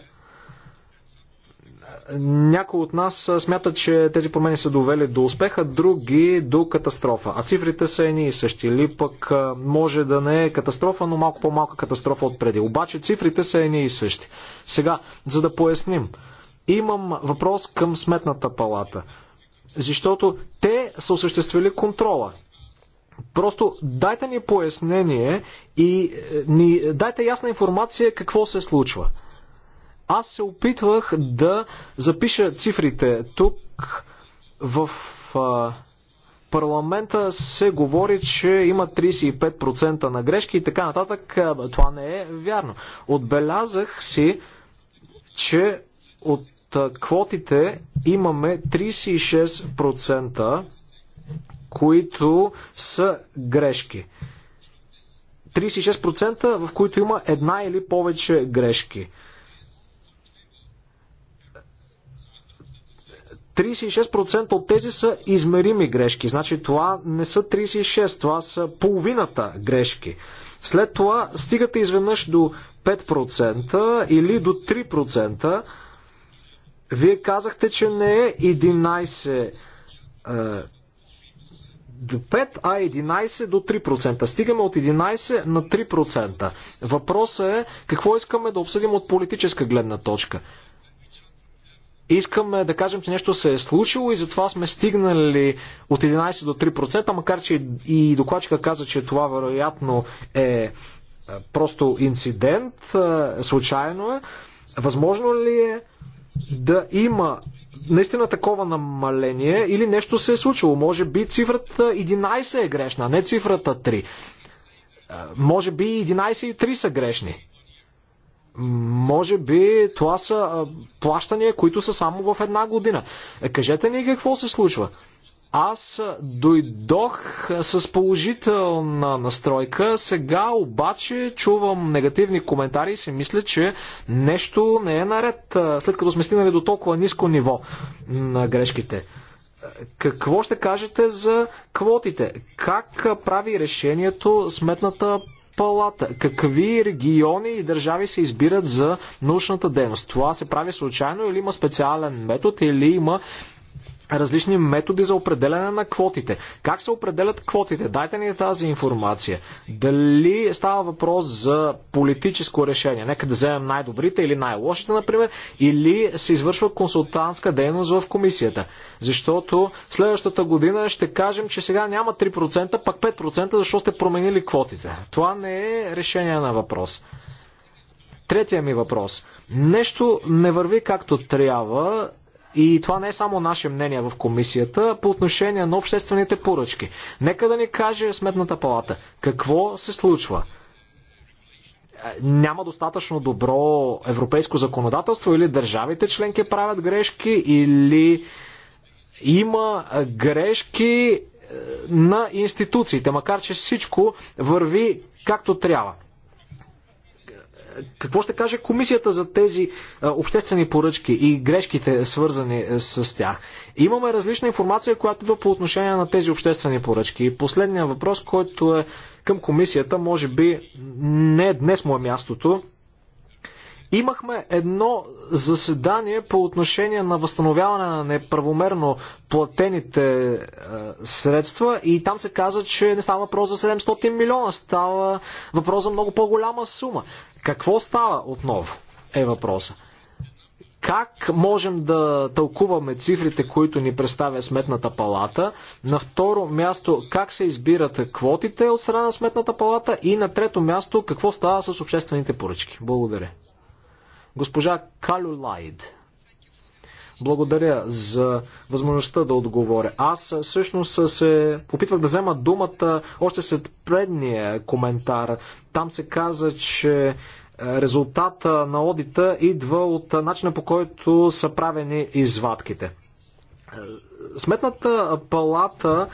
Speaker 1: някои от нас смятат, че тези промени са довели до успеха, други до катастрофа. А цифрите са едни и същи. Или пък може да не е катастрофа, но малко по-малка катастрофа от преди. Обаче цифрите са едни и същи. Сега, за да поясним, имам въпрос към Сметната палата. Защото те са осъществили контрола. Просто дайте ни пояснение и е, ни дайте ясна информация какво се случва. Аз се опитвах да запиша цифрите. Тук в а, парламента се говори, че има 35% на грешки и така нататък. Това не е вярно. Отбелязах си, че от квотите имаме 36%, които са грешки. 36% в които има една или повече грешки. 36% от тези са измерими грешки. Значи това не са 36, това са половината грешки. След това стигате изведнъж до 5% или до 3%. Вие казахте, че не е 11 е, до 5, а 11 до 3%. Стигаме от 11 на 3%. Въпросът е какво искаме да обсъдим от политическа гледна точка. Искаме да кажем, че нещо се е случило и затова сме стигнали от 11 до 3%, макар че и докладчика каза, че това вероятно е, е просто инцидент, е, случайно е. Възможно ли е да има наистина такова намаление или нещо се е случило? Може би цифрата 11 е грешна, а не цифрата 3. Е, може би 11 и 3 са грешни. Може би това са плащания, които са само в една година. Е, кажете ни какво се случва. Аз дойдох с положителна настройка, сега обаче чувам негативни коментари и си мисля, че нещо не е наред, след като сме стигнали до толкова ниско ниво на грешките. Е, какво ще кажете за квотите? Как прави решението сметната палата. Какви региони и държави се избират за научната дейност? Това се прави случайно или има специален метод, или има различни методи за определяне на квотите. Как се определят квотите? Дайте ни тази информация. Дали става въпрос за политическо решение? Нека да вземем най-добрите или най-лошите, например, или се извършва консултантска дейност в комисията. Защото следващата година ще кажем, че сега няма 3%, пак 5%, защо сте променили квотите. Това не е решение на въпрос. Третия ми въпрос. Нещо не върви както трябва и това не е само наше мнение в комисията по отношение на обществените поръчки. Нека да ни каже Сметната палата какво се случва. Е, няма достатъчно добро европейско законодателство или държавите членки правят грешки или има грешки е, на институциите, макар че всичко върви както трябва. Какво ще каже комисията за тези обществени поръчки и грешките, свързани е, с тях? Имаме различна информация, която идва по отношение на тези обществени поръчки. И последния въпрос, който е към комисията, може би не е днес му е мястото, Имахме едно заседание по отношение на възстановяване на неправомерно платените е, средства и там се каза, че не става въпрос за 700 милиона, става въпрос за много по-голяма сума. Какво става отново е въпроса. Как можем да тълкуваме цифрите, които ни представя Сметната палата? На второ място, как се избират квотите от страна на Сметната палата? И на трето място, какво става с обществените поръчки? Благодаря. Госпожа Калюлайд. Лайд. Благодаря за възможността да отговоря. Аз всъщност се опитвах да взема думата още след предния коментар. Там се каза, че резултата на одита идва от начина по който са правени извадките. Сметната палата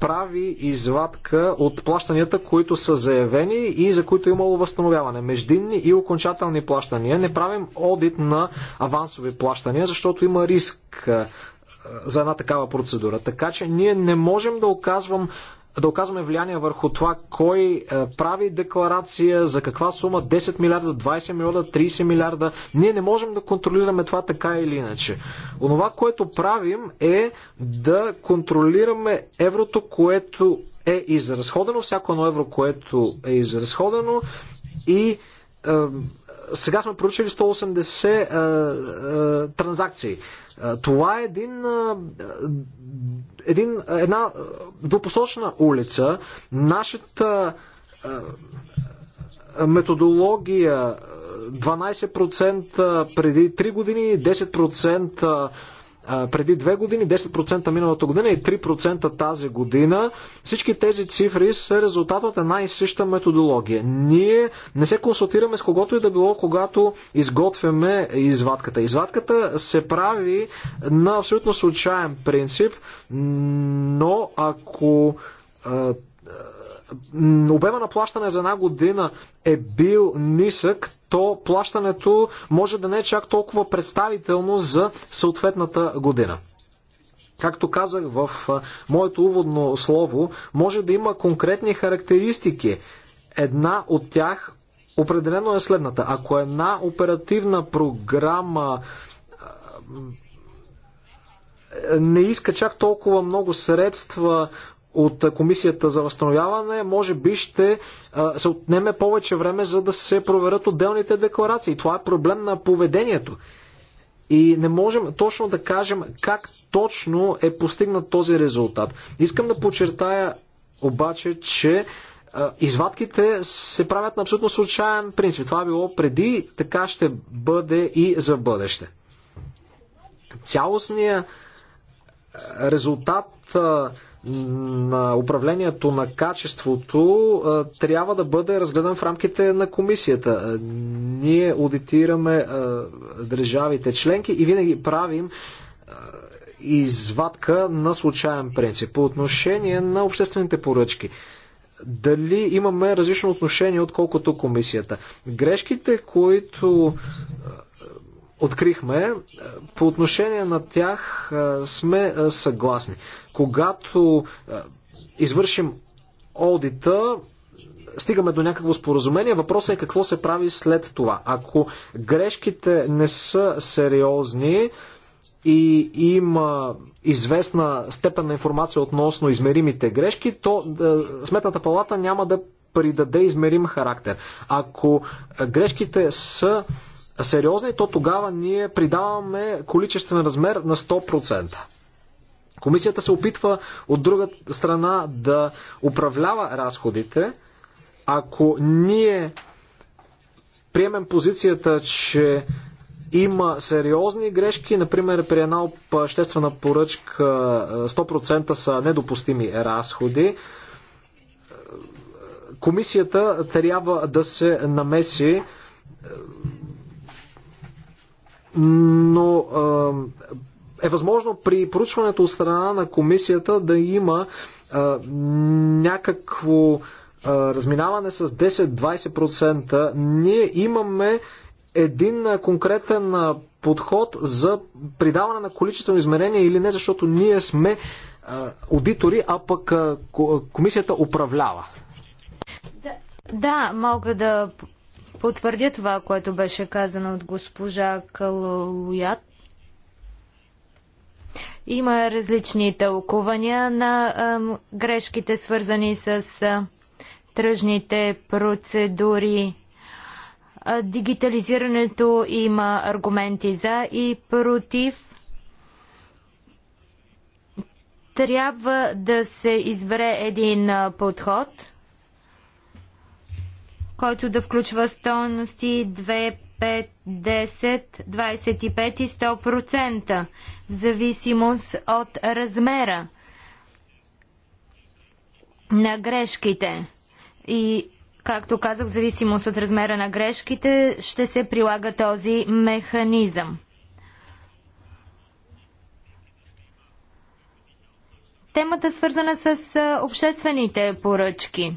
Speaker 1: прави извадка от плащанията, които са заявени и за които е имало възстановяване. Междинни и окончателни плащания. Не правим одит на авансови плащания, защото има риск за една такава процедура. Така че ние не можем да оказвам да оказваме влияние върху това кой е, прави декларация, за каква сума 10 милиарда, 20 милиарда, 30 милиарда. Ние не можем да контролираме това така или иначе. Онова, което правим е да контролираме еврото, което е изразходено, всяко едно евро, което е изразходено и е, сега сме проучили 180 е, е, транзакции. Това е един, един, една двупосочна улица. Нашата методология 12% преди 3 години, 10% преди две години, 10% миналата година и 3% тази година. Всички тези цифри са резултат от една и съща методология. Ние не се консултираме с когото и да било, когато изготвяме извадката. Извадката се прави на абсолютно случайен принцип, но ако обема на плащане за една година е бил нисък, то плащането може да не е чак толкова представително за съответната година. Както казах в моето уводно слово, може да има конкретни характеристики. Една от тях определено е следната. Ако една оперативна програма не иска чак толкова много средства от Комисията за възстановяване, може би ще се отнеме повече време, за да се проверят отделните декларации. Това е проблем на поведението. И не можем точно да кажем как точно е постигнат този резултат. Искам да подчертая обаче, че извадките се правят на абсолютно случайен принцип. Това е било преди, така ще бъде и за бъдеще. Цялостният резултат на управлението на качеството трябва да бъде разгледан в рамките на комисията. Ние аудитираме държавите членки и винаги правим извадка на случайен принцип. По отношение на обществените поръчки дали имаме различно отношение, отколкото комисията. Грешките, които открихме, е, по отношение на тях е, сме е, съгласни. Когато извършим одита, стигаме до някакво споразумение. Въпросът е какво се прави след това. Ако грешките не са сериозни и има известна степен на информация относно измеримите грешки, то Сметната палата няма да придаде измерим характер. Ако грешките са сериозни, то тогава ние придаваме количествен размер на 100%. Комисията се опитва от друга страна да управлява разходите. Ако ние приемем позицията, че има сериозни грешки, например при една обществена поръчка 100% е, са недопустими разходи, комисията трябва да се намеси е, но е възможно при проучването от страна на комисията да има някакво разминаване с 10-20%. Ние имаме един конкретен подход за придаване на количествено измерение или не, защото ние сме аудитори, а пък комисията управлява.
Speaker 3: да мога да потвърдя това, което беше казано от госпожа Калоят. Има различни тълкувания на ам, грешките, свързани с а, тръжните процедури. А, дигитализирането има аргументи за и против. Трябва да се избере един а, подход – който да включва стойности 2, 5, 10, 25 и 100%, в зависимост от размера на грешките. И, както казах, в зависимост от размера на грешките ще се прилага този механизъм. Темата свързана с обществените поръчки.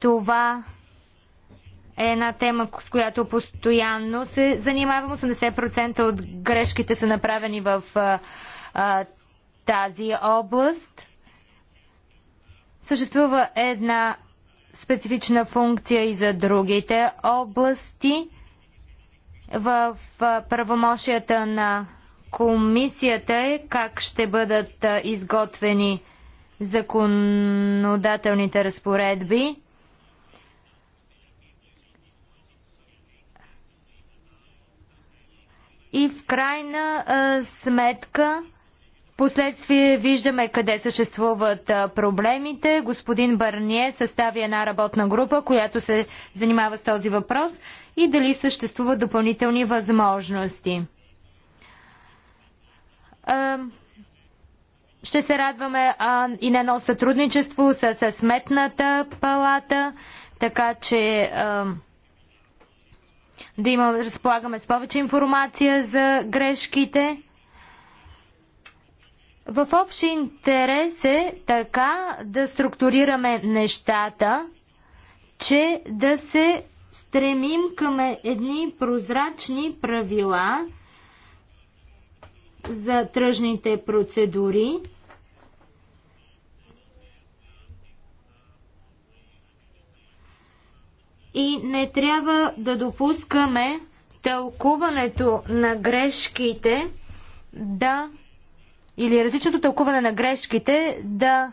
Speaker 3: Това е една тема, с която постоянно се занимавам. 80% от грешките са направени в а, а, тази област. Съществува една специфична функция и за другите области. В правомощията на комисията е как ще бъдат изготвени законодателните разпоредби. крайна а, сметка Последствие виждаме къде съществуват а, проблемите. Господин Барние състави една работна група, която се занимава с този въпрос и дали съществуват допълнителни възможности. А, ще се радваме а, и на едно сътрудничество с, с Сметната палата, така че да има, разполагаме с повече информация за грешките. В общ интерес е така да структурираме нещата, че да се стремим към едни прозрачни правила за тръжните процедури. и не трябва да допускаме тълкуването на грешките да или различното тълкуване на грешките да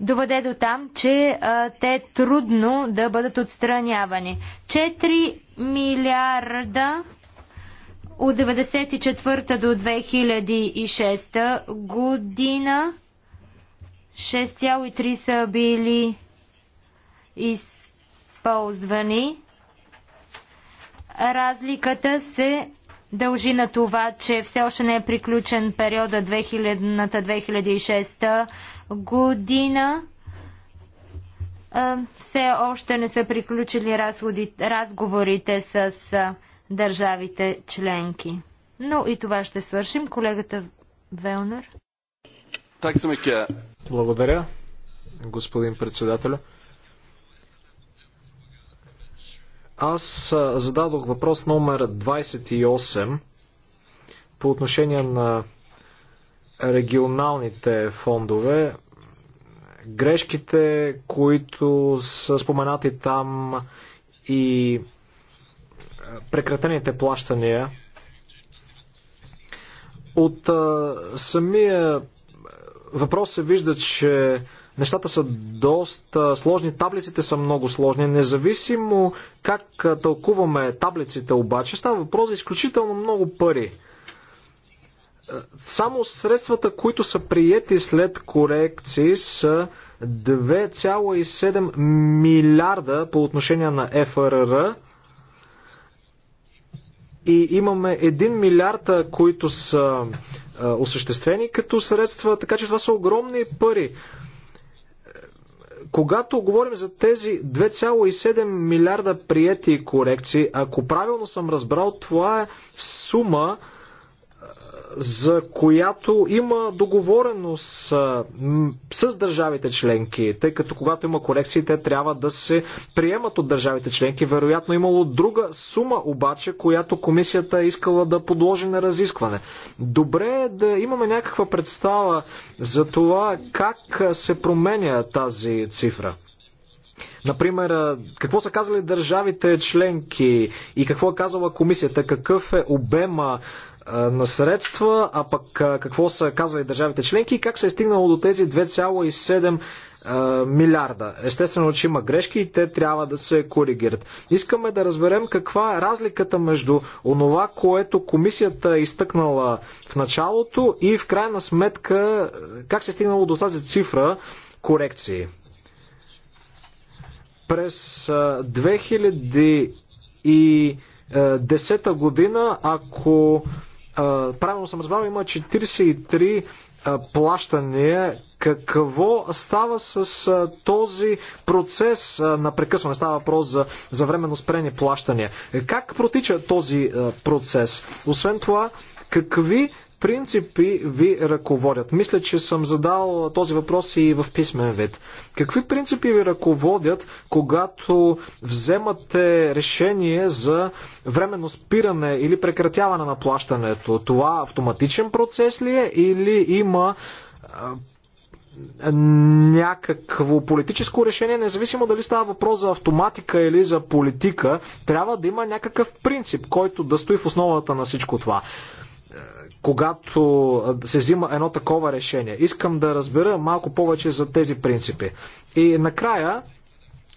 Speaker 3: доведе до там, че а, те трудно да бъдат отстранявани. 4 милиарда от 94 до 2006 година 6,3 са били из използвани. Разликата се дължи на това, че все още не е приключен периода 2000-2006 година. Все още не са приключили разходи, разговорите с държавите членки. Но и това ще свършим. Колегата Велнер.
Speaker 1: Благодаря, господин председател. Аз зададох въпрос номер 28 по отношение на регионалните фондове. Грешките, които са споменати там и прекратените плащания от самия въпрос се вижда, че Нещата са доста сложни, таблиците са много сложни. Независимо как тълкуваме таблиците обаче, става въпрос за изключително много пари. Само средствата, които са приети след корекции са 2,7 милиарда по отношение на ФРР и имаме 1 милиарда, които са осъществени като средства, така че това са огромни пари когато говорим за тези 2,7 милиарда приети корекции, ако правилно съм разбрал, това е сума, за която има договореност с държавите членки, тъй като когато има корекции, те трябва да се приемат от държавите членки. Вероятно имало друга сума обаче, която комисията е искала да подложи на разискване. Добре е да имаме някаква представа за това как се променя тази цифра. Например, какво са казали държавите членки и какво е казала комисията, какъв е обема на средства, а пък какво са казали държавите членки и как се е стигнало до тези 2,7 милиарда. Естествено, че има грешки и те трябва да се коригират. Искаме да разберем каква е разликата между онова, което комисията е изтъкнала в началото и в крайна сметка как се е стигнало до тази цифра корекции. През 2010 година, ако правилно съм разбрал, има 43 плащания. Какво става с този процес на прекъсване? Става въпрос за, за временно спрени плащания. Как протича този процес? Освен това, какви принципи ви ръководят? Мисля, че съм задал този въпрос и в писмен вид. Какви принципи ви ръководят, когато вземате решение за временно спиране или прекратяване на плащането? Това автоматичен процес ли е или има някакво политическо решение, независимо дали става въпрос за автоматика или за политика, трябва да има някакъв принцип, който да стои в основата на всичко това когато се взима едно такова решение. Искам да разбера малко повече за тези принципи. И накрая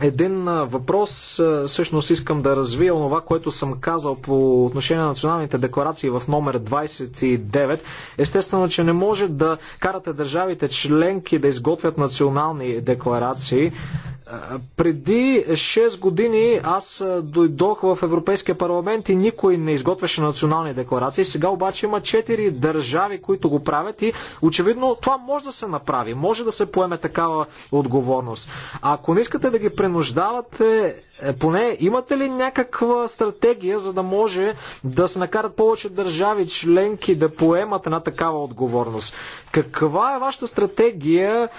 Speaker 1: един въпрос. Всъщност искам да развия онова, което съм казал по отношение на националните декларации в номер 29. Естествено, че не може да карате държавите членки да изготвят национални декларации. Преди 6 години аз дойдох в Европейския парламент и никой не изготвяше национални декларации. Сега обаче има 4 държави, които го правят и очевидно това може да се направи. Може да се поеме такава отговорност. А ако не искате да ги принуждавате, е, поне имате ли някаква стратегия, за да може да се накарат повече държави членки да поемат една такава отговорност? Каква е вашата стратегия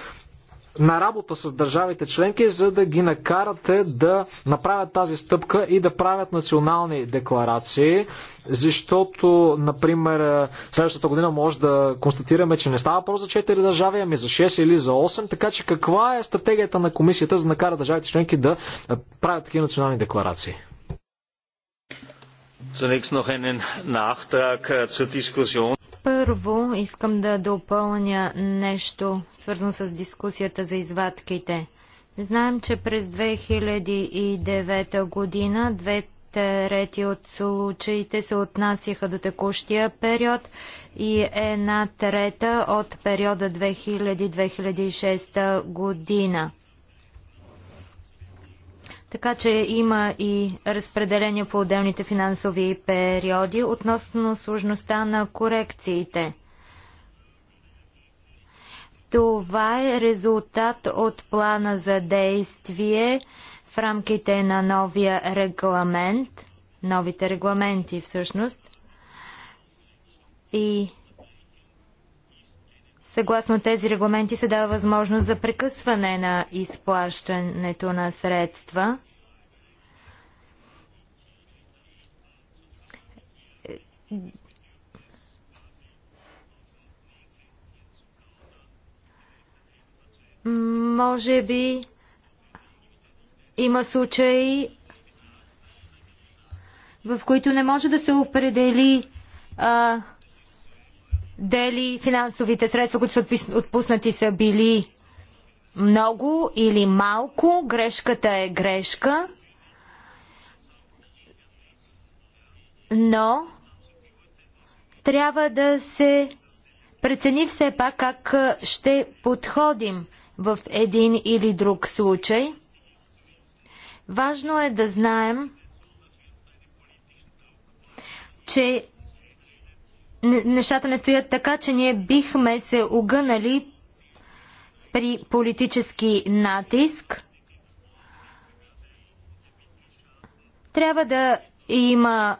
Speaker 1: на работа с държавите членки, за да ги накарате да направят тази стъпка и да правят национални декларации, защото, например, следващата година може да констатираме, че не става просто за 4 държави, ами за 6 или за 8, така че каква е стратегията на комисията за да накара държавите членки да правят такива национални декларации? Zunächst noch einen Nachtrag äh, zur Diskussion.
Speaker 3: Първо искам да допълня нещо, свързано с дискусията за извадките. Знаем, че през 2009 година две трети от случаите се отнасяха до текущия период и една трета от периода 2000-2006 година. Така че има и разпределение по отделните финансови периоди относно сложността на корекциите. Това е резултат от плана за действие в рамките на новия регламент, новите регламенти всъщност. И Съгласно тези регламенти се дава възможност за прекъсване на изплащането на средства. Може би има случаи, в които не може да се определи а, дали финансовите средства, които са отпуснати, са били много или малко. Грешката е грешка. Но трябва да се прецени все пак как ще подходим в един или друг случай. Важно е да знаем, че нещата не стоят така, че ние бихме се огънали при политически натиск. Трябва да има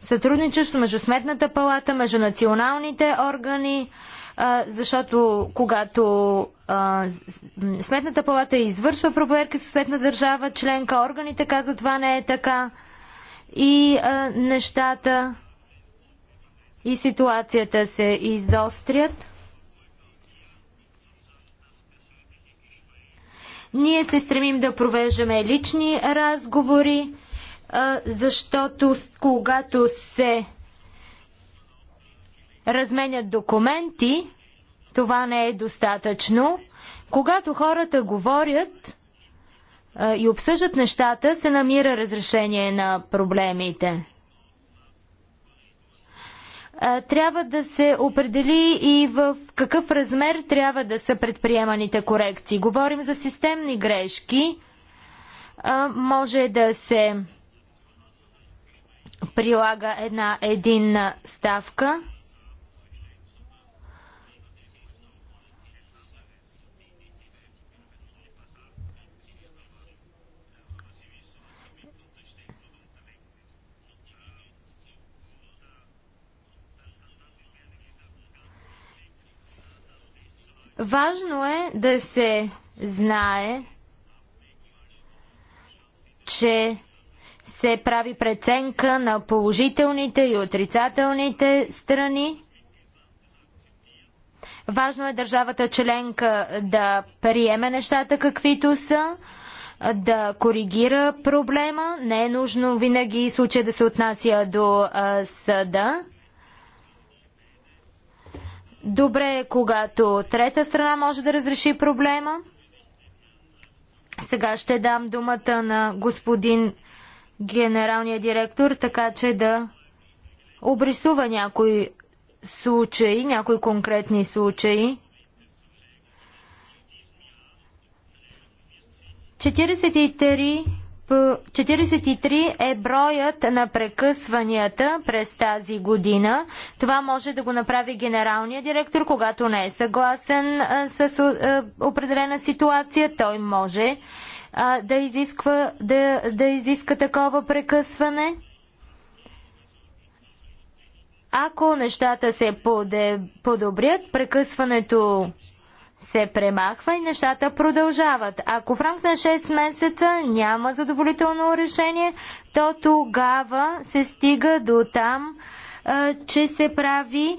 Speaker 3: сътрудничество между Сметната палата, между националните органи, защото когато Сметната палата извършва проверки съответна държава, членка, органите казват това не е така и нещата и ситуацията се изострят. Ние се стремим да провеждаме лични разговори, защото когато се разменят документи, това не е достатъчно. Когато хората говорят и обсъждат нещата, се намира разрешение на проблемите трябва да се определи и в какъв размер трябва да са предприеманите корекции. Говорим за системни грешки. Може да се прилага една единна ставка. Важно е да се знае, че се прави преценка на положителните и отрицателните страни. Важно е държавата членка да приеме нещата каквито са, да коригира проблема. Не е нужно винаги случая да се отнася до съда. Добре е, когато трета страна може да разреши проблема. Сега ще дам думата на господин генералния директор, така че да обрисува някои случаи, някои конкретни случаи. 43 43 е броят на прекъсванията през тази година. Това може да го направи генералният директор, когато не е съгласен с определена ситуация. Той може да, изисква, да, да изиска такова прекъсване. Ако нещата се подобрят, прекъсването се премахва и нещата продължават. Ако в рамките на 6 месеца няма задоволително решение, то тогава се стига до там, че се прави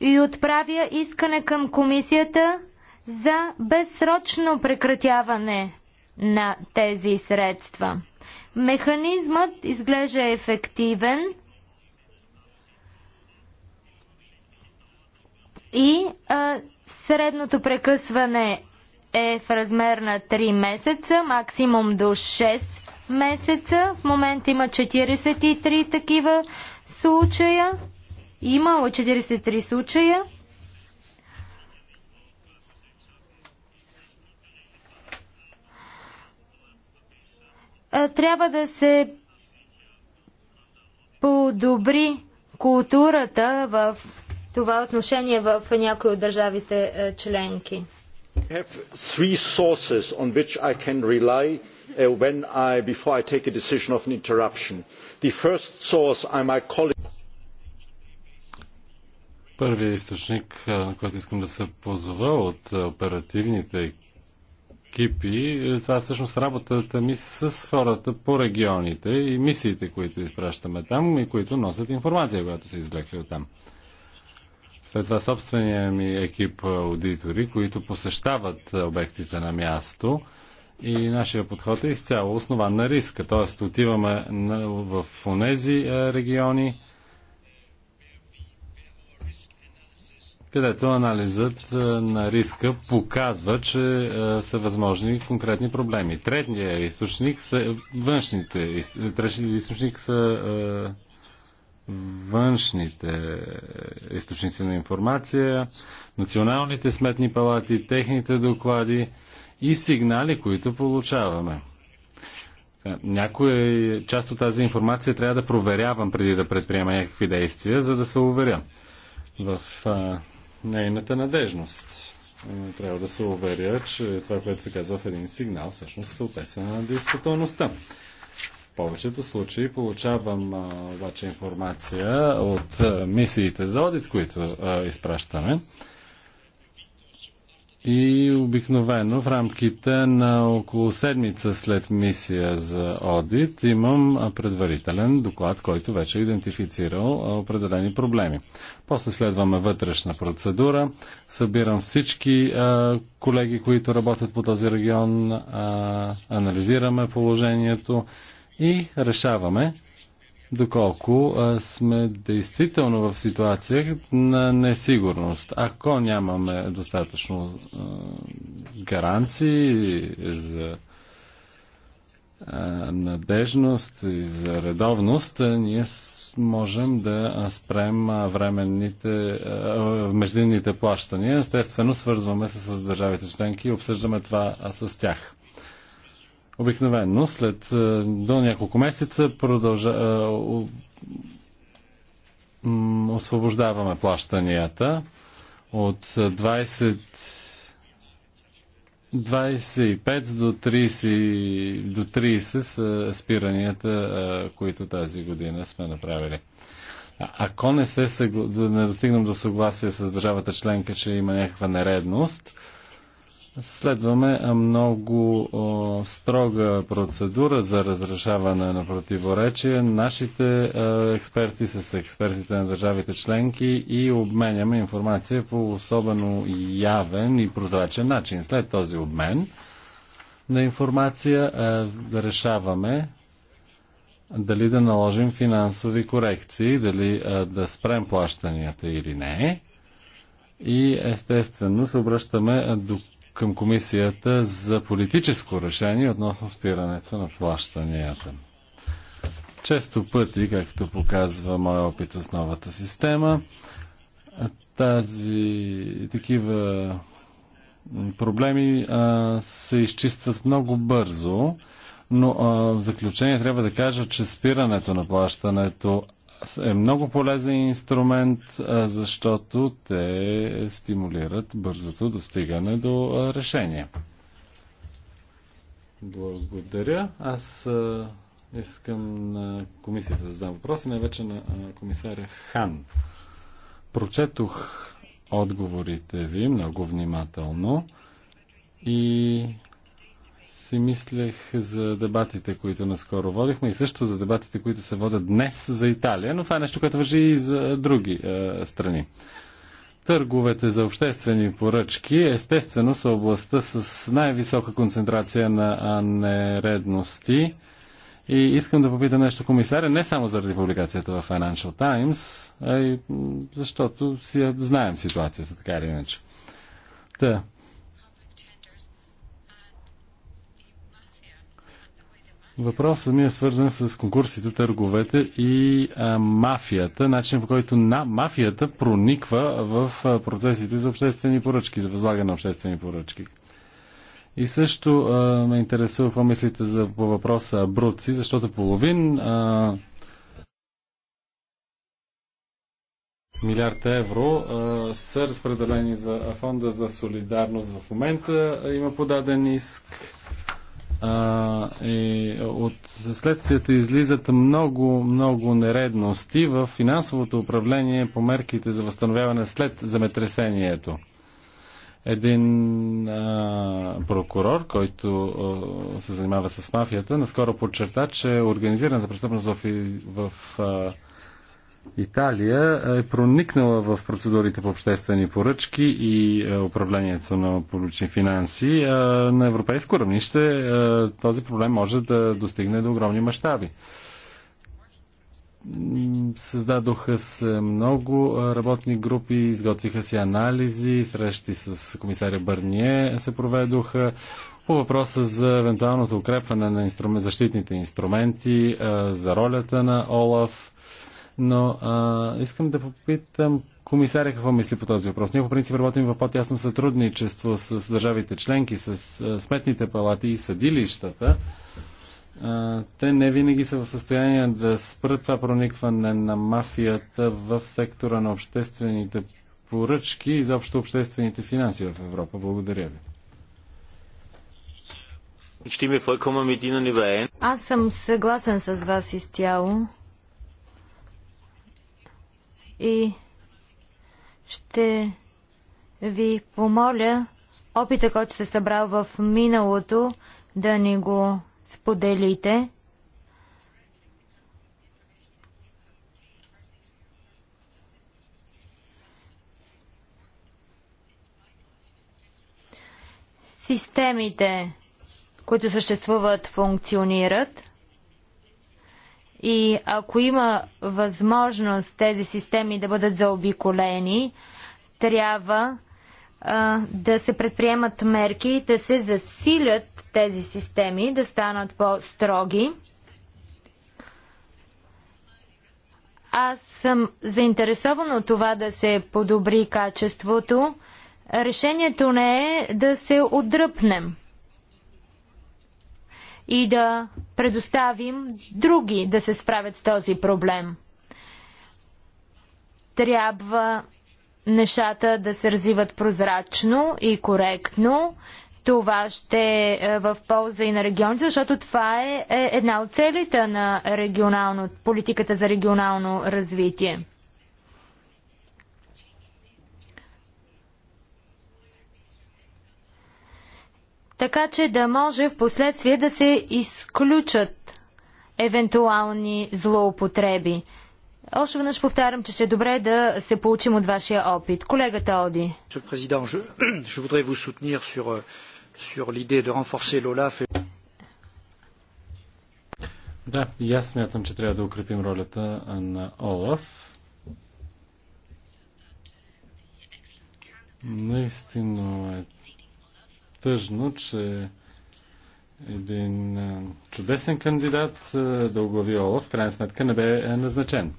Speaker 3: и отправя искане към комисията за безсрочно прекратяване на тези средства. Механизмът изглежда ефективен – и а, средното прекъсване е в размер на 3 месеца, максимум до 6 месеца. В момента има 43 такива случая. Имало 43 случая. Трябва да се подобри културата в това отношение в някои от държавите членки.
Speaker 2: I, before
Speaker 1: I take a decision of an interruption. The first source
Speaker 2: Първият източник, на който искам да се позова от оперативните екипи, е, това е всъщност работата ми с хората по регионите и мисиите, които изпращаме там и които носят информация, която се извлекли от там. След това собствения ми екип аудитори, които посещават обектите на място и нашия подход е изцяло основан на риска. Т.е. отиваме в онези е, региони, където анализът е, на риска показва, че е, са възможни конкретни проблеми. Третият източник са външните, източник са външните източници на информация, националните сметни палати, техните доклади и сигнали, които получаваме. Някоя част от тази информация трябва да проверявам преди да предприема някакви действия, за да се уверя в а, нейната надежност. Трябва да се уверя, че това, което се казва в един сигнал, всъщност е съответства на действителността повечето случаи получавам а, обаче информация от а, мисиите за одит, които а, изпращаме. И обикновено в рамките на около седмица след мисия за одит имам предварителен доклад, който вече е идентифицирал определени проблеми. После следваме вътрешна процедура. Събирам всички а, колеги, които работят по този регион, а, анализираме положението и решаваме доколко сме действително в ситуация на несигурност. Ако нямаме достатъчно гаранции за надежност и за редовност, ние можем да спрем временните, междинните плащания. Естествено, свързваме се с държавите членки и обсъждаме това с тях. Обикновено след е, до няколко месеца продължа, е, освобождаваме плащанията от 20 25 до 30, до 30 са спиранията, е, които тази година сме направили. Ако не, се, съгла... не достигнем до съгласие с държавата членка, че има някаква нередност, Следваме много о, строга процедура за разрешаване на противоречия. Нашите е, експерти с експертите на държавите членки и обменяме информация по особено явен и прозрачен начин. След този обмен на информация е, да решаваме дали да наложим финансови корекции, дали е, да спрем плащанията или не. И естествено се обръщаме до към комисията за политическо решение относно спирането на плащанията. Често пъти, както показва моя опит с новата система, тази такива проблеми а, се изчистват много бързо, но а, в заключение трябва да кажа, че спирането на плащането е много полезен инструмент, защото те стимулират бързото достигане до решение. Благодаря. Аз искам на комисията да задам въпроси, най-вече на комисаря Хан. Прочетох отговорите ви много внимателно и си мислех за дебатите, които наскоро водихме и също за дебатите, които се водят днес за Италия, но това е нещо, което въжи и за други е, страни. Търговете за обществени поръчки естествено са областта с най-висока концентрация на нередности. И искам да попитам нещо комисаря, не само заради публикацията в Financial Times, а и защото си, знаем ситуацията, така или иначе. Та, Въпросът ми е свързан с конкурсите, търговете и а, мафията, начин по който на мафията прониква в а, процесите за обществени поръчки, за възлагане на обществени поръчки. И също а, ме интересува какво мислите за, по въпроса Абруци, защото половин а, милиард евро а, са разпределени за фонда за солидарност в момента. Има подаден иск а, и от следствието излизат много, много нередности в финансовото управление по мерките за възстановяване след земетресението. Един а, прокурор, който а, се занимава с мафията, наскоро подчерта, че организираната престъпност в, в а, Италия е проникнала в процедурите по обществени поръчки и управлението на публични финанси. На европейско равнище този проблем може да достигне до огромни мащаби. Създадоха се много работни групи, изготвиха си анализи, срещи с комисаря Бърние се проведоха. По въпроса за евентуалното укрепване на инструмент, защитните инструменти, за ролята на ОЛАФ, но а, искам да попитам комисаря какво мисли по този въпрос. Ние по принцип работим в по-тясно сътрудничество с държавите членки, с а, сметните палати и съдилищата. А, те не винаги са в състояние да спрат това проникване на мафията в сектора на обществените поръчки и заобщо обществените финанси в Европа. Благодаря ви. Е?
Speaker 3: Аз съм съгласен с вас изцяло и ще ви помоля опита, който се събрал в миналото, да ни го споделите. Системите, които съществуват, функционират – и ако има възможност тези системи да бъдат заобиколени, трябва а, да се предприемат мерки, да се засилят тези системи, да станат по-строги. Аз съм заинтересован от това да се подобри качеството. Решението не е да се отдръпнем и да предоставим други да се справят с този проблем. Трябва нещата да се развиват прозрачно и коректно. Това ще е в полза и на регионите, защото това е, е една от целите на политиката за регионално развитие. така че да може в последствие да се изключат евентуални злоупотреби. Още веднъж повтарям, че ще е добре да се получим от вашия опит. Колегата Оди.
Speaker 4: Euh,
Speaker 2: да, и аз смятам, че трябва да укрепим ролята на Олаф. Наистина е тъжно, че един чудесен кандидат да оглави ОЛАФ, в крайна сметка не бе назначен.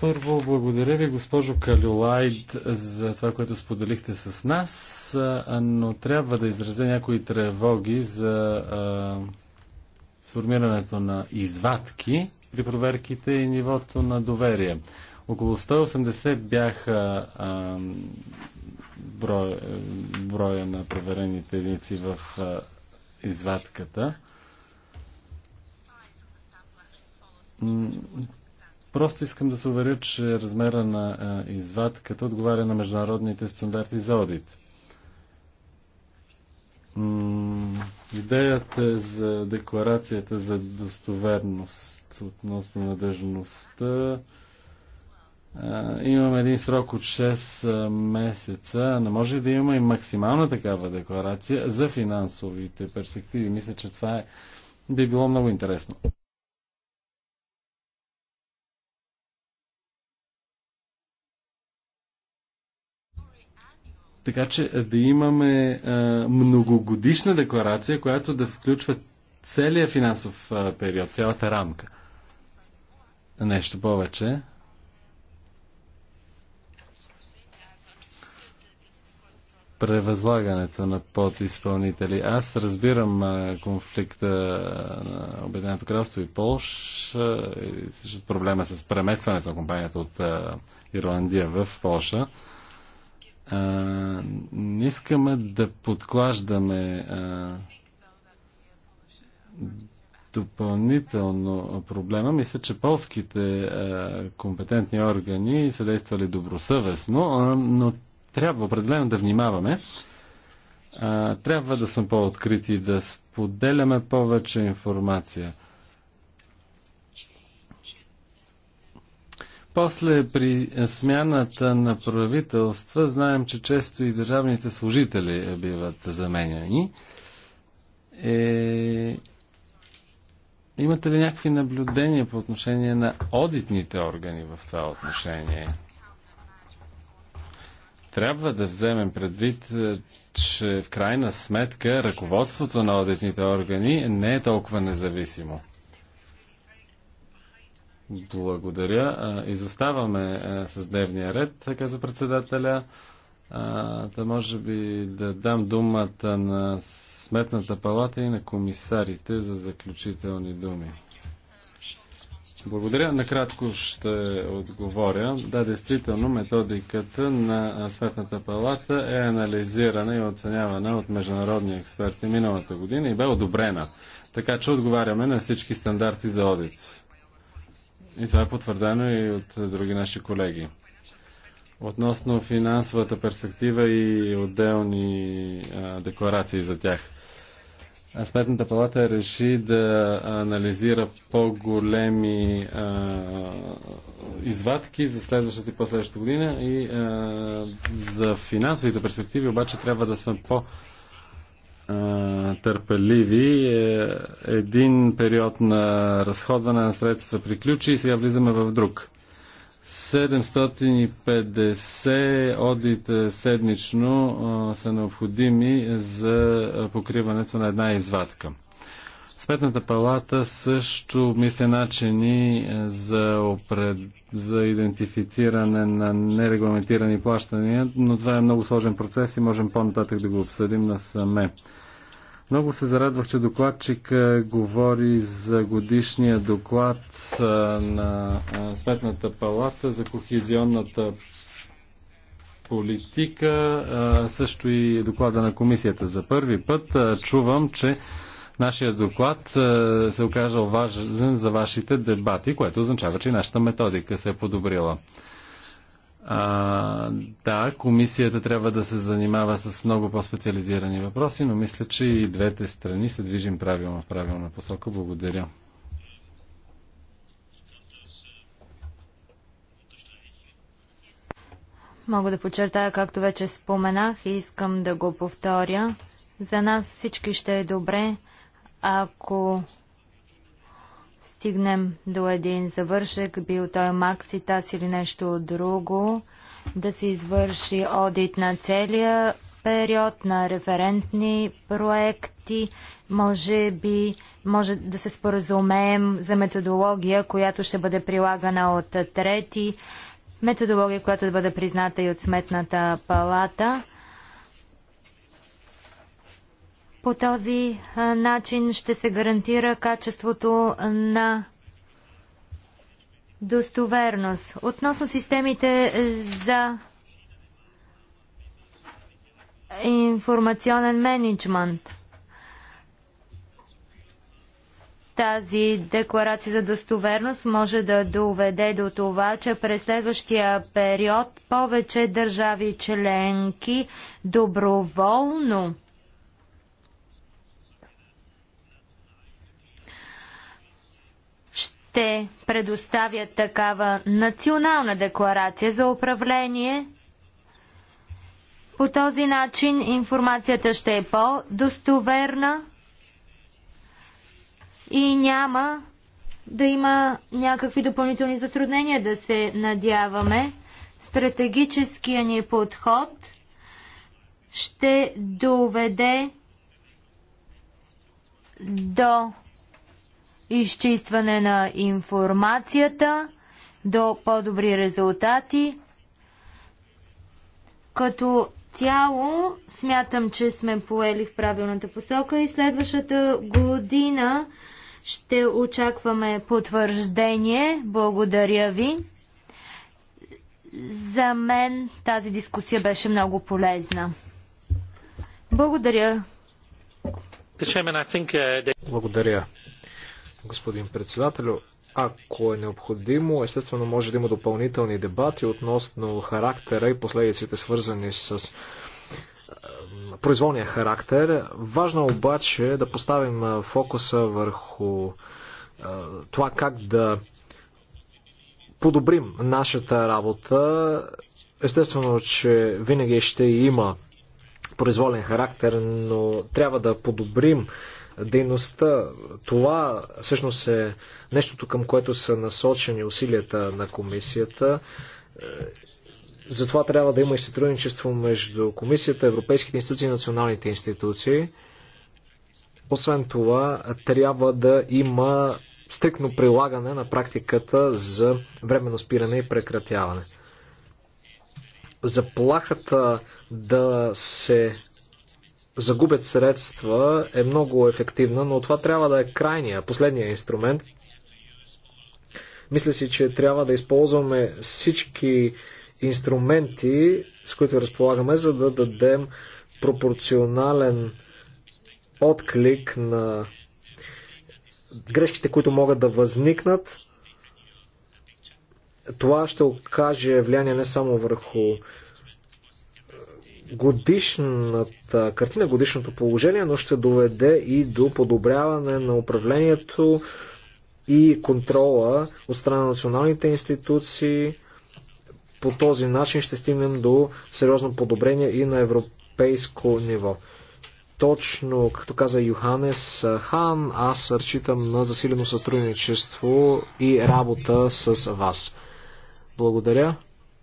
Speaker 2: Първо, благодаря ви, госпожо Калюлайд, за това, което споделихте с нас, но трябва да изразя някои тревоги за а, сформирането на извадки при проверките и нивото на доверие. Около 180 бяха а, броя, броя на проверените единици в извадката. Просто искам да се уверя, че размера на извадката отговаря на международните стандарти за одит. Идеята за декларацията за достоверност относно надежността имаме един срок от 6 месеца. Не може да има и максимална такава декларация за финансовите перспективи. Мисля, че това е, би било много интересно. Така че да имаме а, многогодишна декларация, която да включва целият финансов а, период, цялата рамка. Нещо повече. превъзлагането на подиспълнители. Аз разбирам конфликта на Обединеното кралство и Полша, и също проблема с преместването на компанията от Ирландия в Полша. не искаме да подклаждаме допълнително проблема. Мисля, че полските компетентни органи са действали добросъвестно, но трябва определено да внимаваме. А, трябва да сме по-открити, да споделяме повече информация. После при смяната на правителства знаем, че често и държавните служители биват заменяни. Е... Имате ли някакви наблюдения по отношение на одитните органи в това отношение? Трябва да вземем предвид, е, че в крайна сметка ръководството на одитните органи не е толкова независимо. Благодаря. Е, изоставаме е, с дневния ред, каза председателя. Та може би да дам думата на Сметната палата и на комисарите за заключителни думи. Благодаря. Накратко ще отговоря. Да, действително, методиката на Сметната палата е анализирана и оценявана от международни експерти миналата година и бе одобрена. Така че отговаряме на всички стандарти за одит. И това е потвърдено и от други наши колеги. Относно финансовата перспектива и отделни а, декларации за тях – Сметната палата реши да анализира по-големи извадки за следващата и последващата година и а, за финансовите перспективи обаче трябва да сме по- търпеливи. Е, един период на разходване на средства приключи и сега влизаме в друг. 750 одита седмично са необходими за покриването на една извадка. Сметната палата също мисля начини за, опред... за идентифициране на нерегламентирани плащания, но това е много сложен процес и можем по-нататък да го обсъдим насаме. саме. Много се зарадвах, че докладчик говори за годишния доклад на Светната палата за кохезионната политика, също и доклада на комисията. За първи път чувам, че нашия доклад се оказал важен за вашите дебати, което означава, че нашата методика се е подобрила. А, да, комисията трябва да се занимава с много по-специализирани въпроси, но мисля, че и двете страни се движим правилно в правилна посока. Благодаря.
Speaker 3: Мога да подчертая, както вече споменах и искам да го повторя. За нас всички ще е добре, ако стигнем до един завършек, бил той Макситас или нещо друго, да се извърши одит на целия период на референтни проекти, може би може да се споразумеем за методология, която ще бъде прилагана от трети, методология, която да бъде призната и от Сметната палата – по този начин ще се гарантира качеството на достоверност. Относно системите за информационен менеджмент. Тази декларация за достоверност може да доведе до това, че през следващия период повече държави членки доброволно ще предоставят такава национална декларация за управление. По този начин информацията ще е по-достоверна и няма да има някакви допълнителни затруднения да се надяваме. Стратегическия ни подход ще доведе до изчистване на информацията до по-добри резултати. Като цяло смятам, че сме поели в правилната посока и следващата година ще очакваме потвърждение. Благодаря ви. За мен тази дискусия беше много полезна. Благодаря.
Speaker 1: Uh, Благодаря господин председателю. Ако е необходимо, естествено може да има допълнителни дебати относно характера и последиците свързани с произволния характер. Важно е обаче да поставим фокуса върху това как да подобрим нашата работа. Естествено, че винаги ще има произволен характер, но трябва да подобрим дейността. Това всъщност е нещото, към което са насочени усилията на комисията. Затова трябва да има и сътрудничество между комисията, европейските институции и националните институции. Освен това, трябва да има стрикно прилагане на практиката за временно спиране и прекратяване заплахата да се загубят средства е много ефективна, но това трябва да е крайния, последния инструмент. Мисля си, че трябва да използваме всички инструменти, с които разполагаме, за да дадем пропорционален отклик на грешките, които могат да възникнат това ще окаже влияние не само върху годишната картина, годишното положение, но ще доведе и до подобряване на управлението и контрола от страна на националните институции. По този начин ще стигнем до сериозно подобрение и на европейско ниво. Точно, както каза Йоханес Хан, аз разчитам на засилено сътрудничество и работа с вас. Благодаря.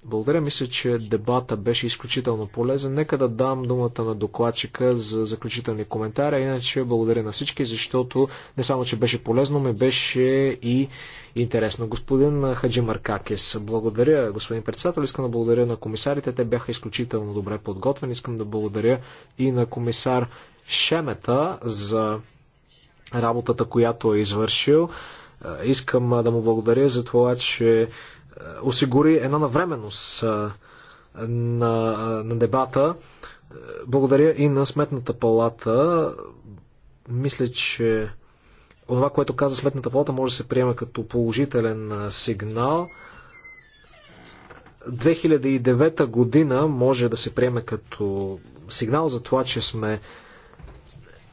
Speaker 1: Благодаря. Мисля, че дебата беше изключително полезен. Нека да дам думата на докладчика за заключителни коментари. Иначе благодаря на всички, защото не само, че беше полезно, ме беше и интересно. Господин Хаджи Маркакес, благодаря, господин председател. Искам да благодаря на комисарите. Те бяха изключително добре подготвени. Искам да благодаря и на комисар Шемета за работата, която е извършил. Искам да му благодаря за това, че осигури една навременност на, на дебата. Благодаря и на Сметната палата. Мисля, че това, което каза Сметната палата, може да се приема като положителен сигнал. 2009 година може да се приеме като сигнал за това, че сме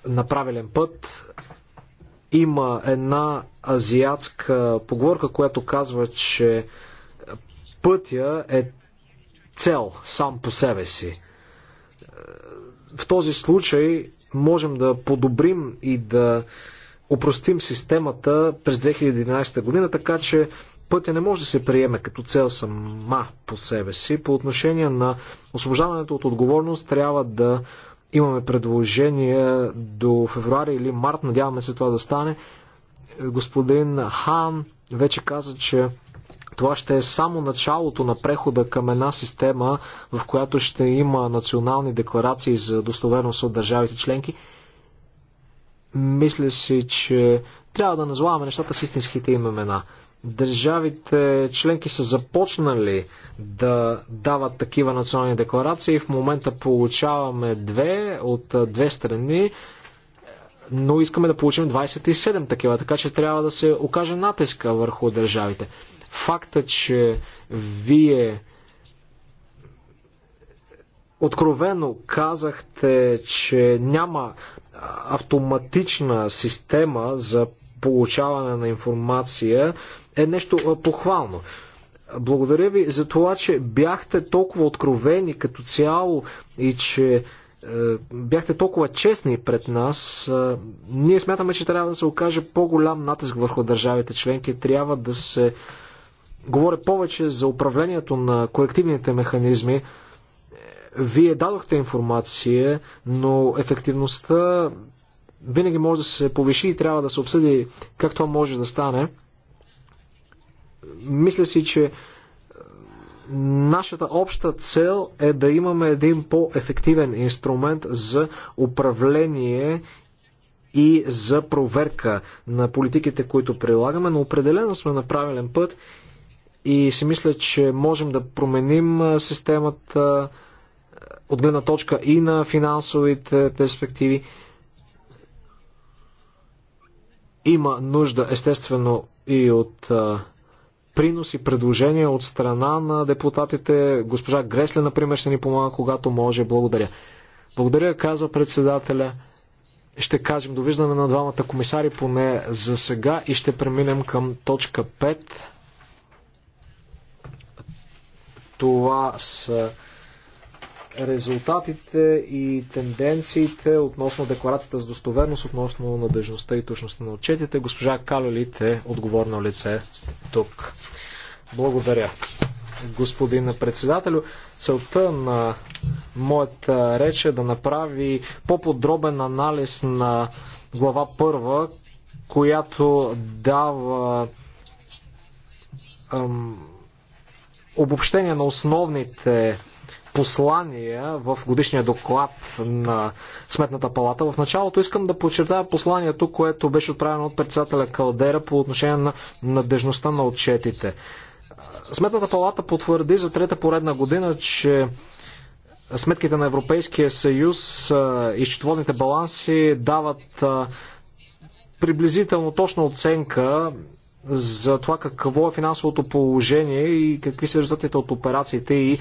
Speaker 1: на правилен път. Има една азиатска поговорка, която казва, че пътя е цел сам по себе си. Е, в този случай можем да подобрим и да упростим системата през 2011 година, така че пътя не може да се приеме като цел сама по себе си. По отношение на освобождаването от отговорност трябва да имаме предложение до февруари или март, надяваме се това да стане. Господин Хан вече каза, че това ще е само началото на прехода към една система, в която ще има национални декларации за достоверност от държавите членки. Мисля си, че трябва да назваваме нещата с истинските им имена. Държавите членки са започнали да дават такива национални декларации. В момента получаваме две от две страни но искаме да получим 27 такива, така че трябва да се окаже натиска върху държавите. Факта, че вие откровено казахте, че няма автоматична система за получаване на информация, е нещо похвално. Благодаря ви за това, че бяхте толкова откровени като цяло и че е, бяхте толкова честни пред нас. Е, ние смятаме, че трябва да се окаже по-голям натиск върху държавите членки. Трябва да се говоря повече за управлението на колективните механизми. Вие дадохте информация, но ефективността винаги може да се повиши и трябва да се обсъди как това може да стане. Мисля си, че нашата обща цел е да имаме един по-ефективен инструмент за управление и за проверка на политиките, които прилагаме, но определено сме на правилен път и си мисля, че можем да променим системата от гледна точка и на финансовите перспективи. Има нужда, естествено, и от принос и предложения от страна на депутатите. Госпожа Гресле, например, ще ни помага, когато може. Благодаря. Благодаря, казва председателя. Ще кажем довиждане на двамата комисари поне за сега и ще преминем към точка 5. Това са резултатите и тенденциите относно декларацията с достоверност, относно надежността и точността на отчетите. Госпожа Калелит е отговорно лице тук. Благодаря, господин председателю. Целта на моята реч е да направи по-подробен анализ на глава първа, която дава ам, обобщение на основните послания в годишния доклад на Сметната палата. В началото искам да подчертая посланието, което беше отправено от председателя Калдера по отношение на надежността на отчетите. Сметната палата потвърди за трета поредна година, че сметките на Европейския съюз и счетоводните баланси дават приблизително точна оценка за това какво е финансовото положение и какви са резултатите от операциите и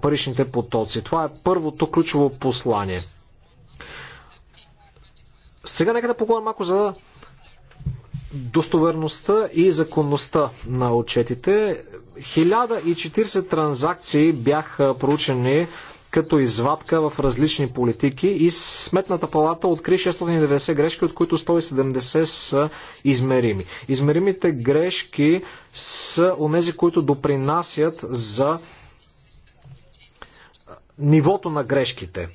Speaker 1: паричните потоци. Това е първото ключово послание. Сега нека да поговорим малко за достоверността и законността на отчетите. 1040 транзакции бяха проучени като извадка в различни политики и Сметната палата откри 690 грешки, от които 170 са измерими. Измеримите грешки са онези, които допринасят за нивото на грешките.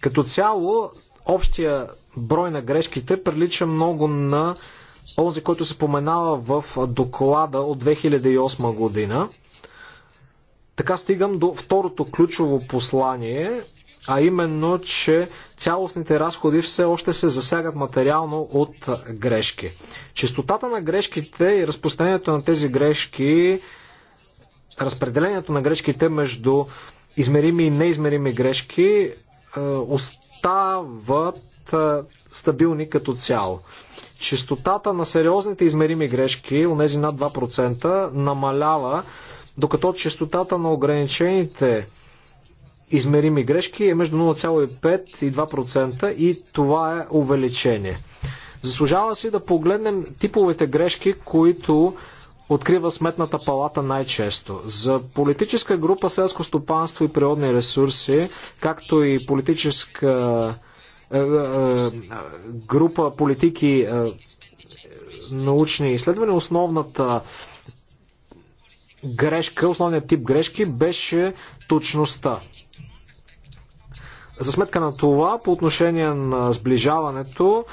Speaker 1: Като цяло, общия брой на грешките прилича много на онзи, който се поменава в доклада от 2008 година. Така стигам до второто ключово послание, а именно, че цялостните разходи все още се засягат материално от грешки. Честотата на грешките и разпространението на тези грешки, разпределението на грешките между измерими и неизмерими грешки е, остават е, стабилни като цяло. Честотата на сериозните измерими грешки, у нези над 2%, намалява докато частотата на ограничените измерими грешки е между 0,5 и 2% и това е увеличение. Заслужава си да погледнем типовете грешки, които открива сметната палата най-често. За политическа група селско стопанство и природни ресурси, както и политическа е, е, е, група политики научни изследвания, основната грешка, основният тип грешки беше точността. За сметка на това, по отношение на сближаването,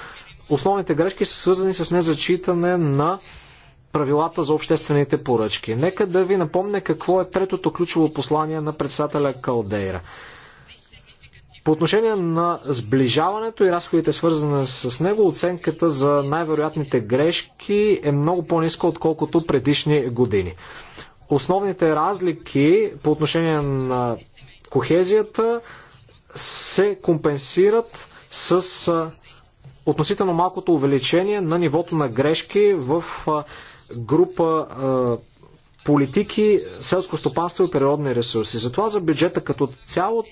Speaker 1: основните грешки са свързани с незачитане на правилата за обществените поръчки. Нека да ви напомня какво е третото ключово послание на председателя Калдейра. По отношение на сближаването и разходите свързани с него, оценката за най-вероятните грешки е много по-ниска, отколкото предишни години основните разлики по отношение на кохезията се компенсират с относително малкото увеличение на нивото на грешки в група политики, селско стопанство и природни ресурси. Затова за бюджета като цяло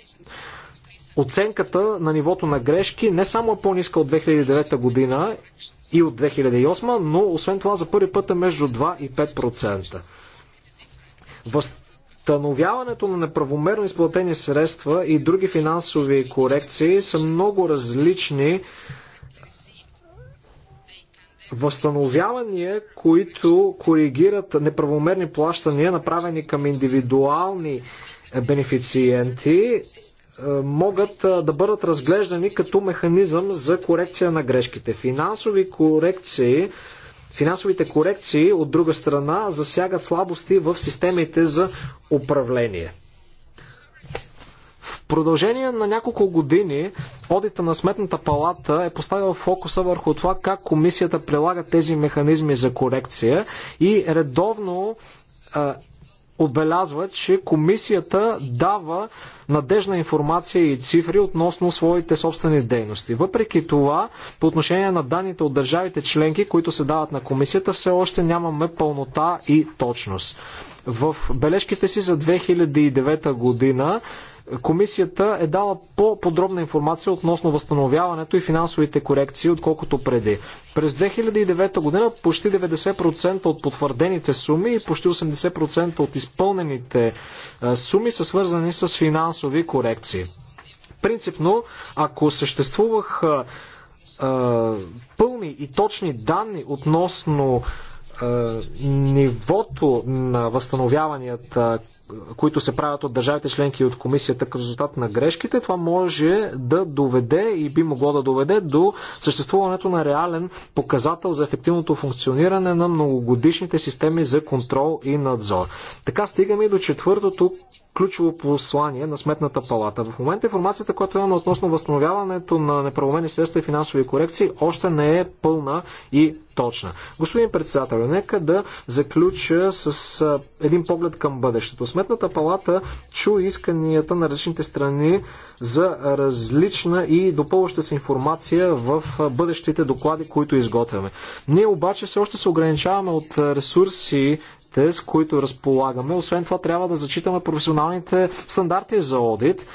Speaker 1: оценката на нивото на грешки не само е по-ниска от 2009 година и от 2008, но освен това за първи път е между 2 и 5%. Възстановяването на неправомерно изплатени средства и други финансови корекции са много различни възстановявания, които коригират неправомерни плащания, направени към индивидуални бенефициенти, е, могат е, да бъдат разглеждани като механизъм за корекция на грешките. Финансови корекции Финансовите корекции, от друга страна, засягат слабости в системите за управление. В продължение на няколко години одита на Сметната палата е поставил фокуса върху това как комисията прилага тези механизми за корекция и редовно отбелязва, че комисията дава надежна информация и цифри относно своите собствени дейности. Въпреки това, по отношение на данните от държавите членки, които се дават на комисията, все още нямаме пълнота и точност. В бележките си за 2009 година Комисията е дала по-подробна информация относно възстановяването и финансовите корекции, отколкото преди. През 2009 година почти 90% от потвърдените суми и почти 80% от изпълнените суми са свързани с финансови корекции. Принципно, ако съществувах а, пълни и точни данни относно нивото на възстановяванията, които се правят от държавите членки и от комисията като резултат на грешките, това може да доведе и би могло да доведе до съществуването на реален показател за ефективното функциониране на многогодишните системи за контрол и надзор. Така стигаме и до четвъртото ключово послание на Сметната палата. В момента информацията, която имаме относно възстановяването на неправомерни средства и финансови корекции, още не е пълна и точна. Господин председател, нека да заключа с един поглед към бъдещето. Сметната палата чу исканията на различните страни за различна и допълваща се информация в бъдещите доклади, които изготвяме. Ние обаче все още се ограничаваме от ресурси данните, с които разполагаме. Освен това, трябва да зачитаме професионалните стандарти за одит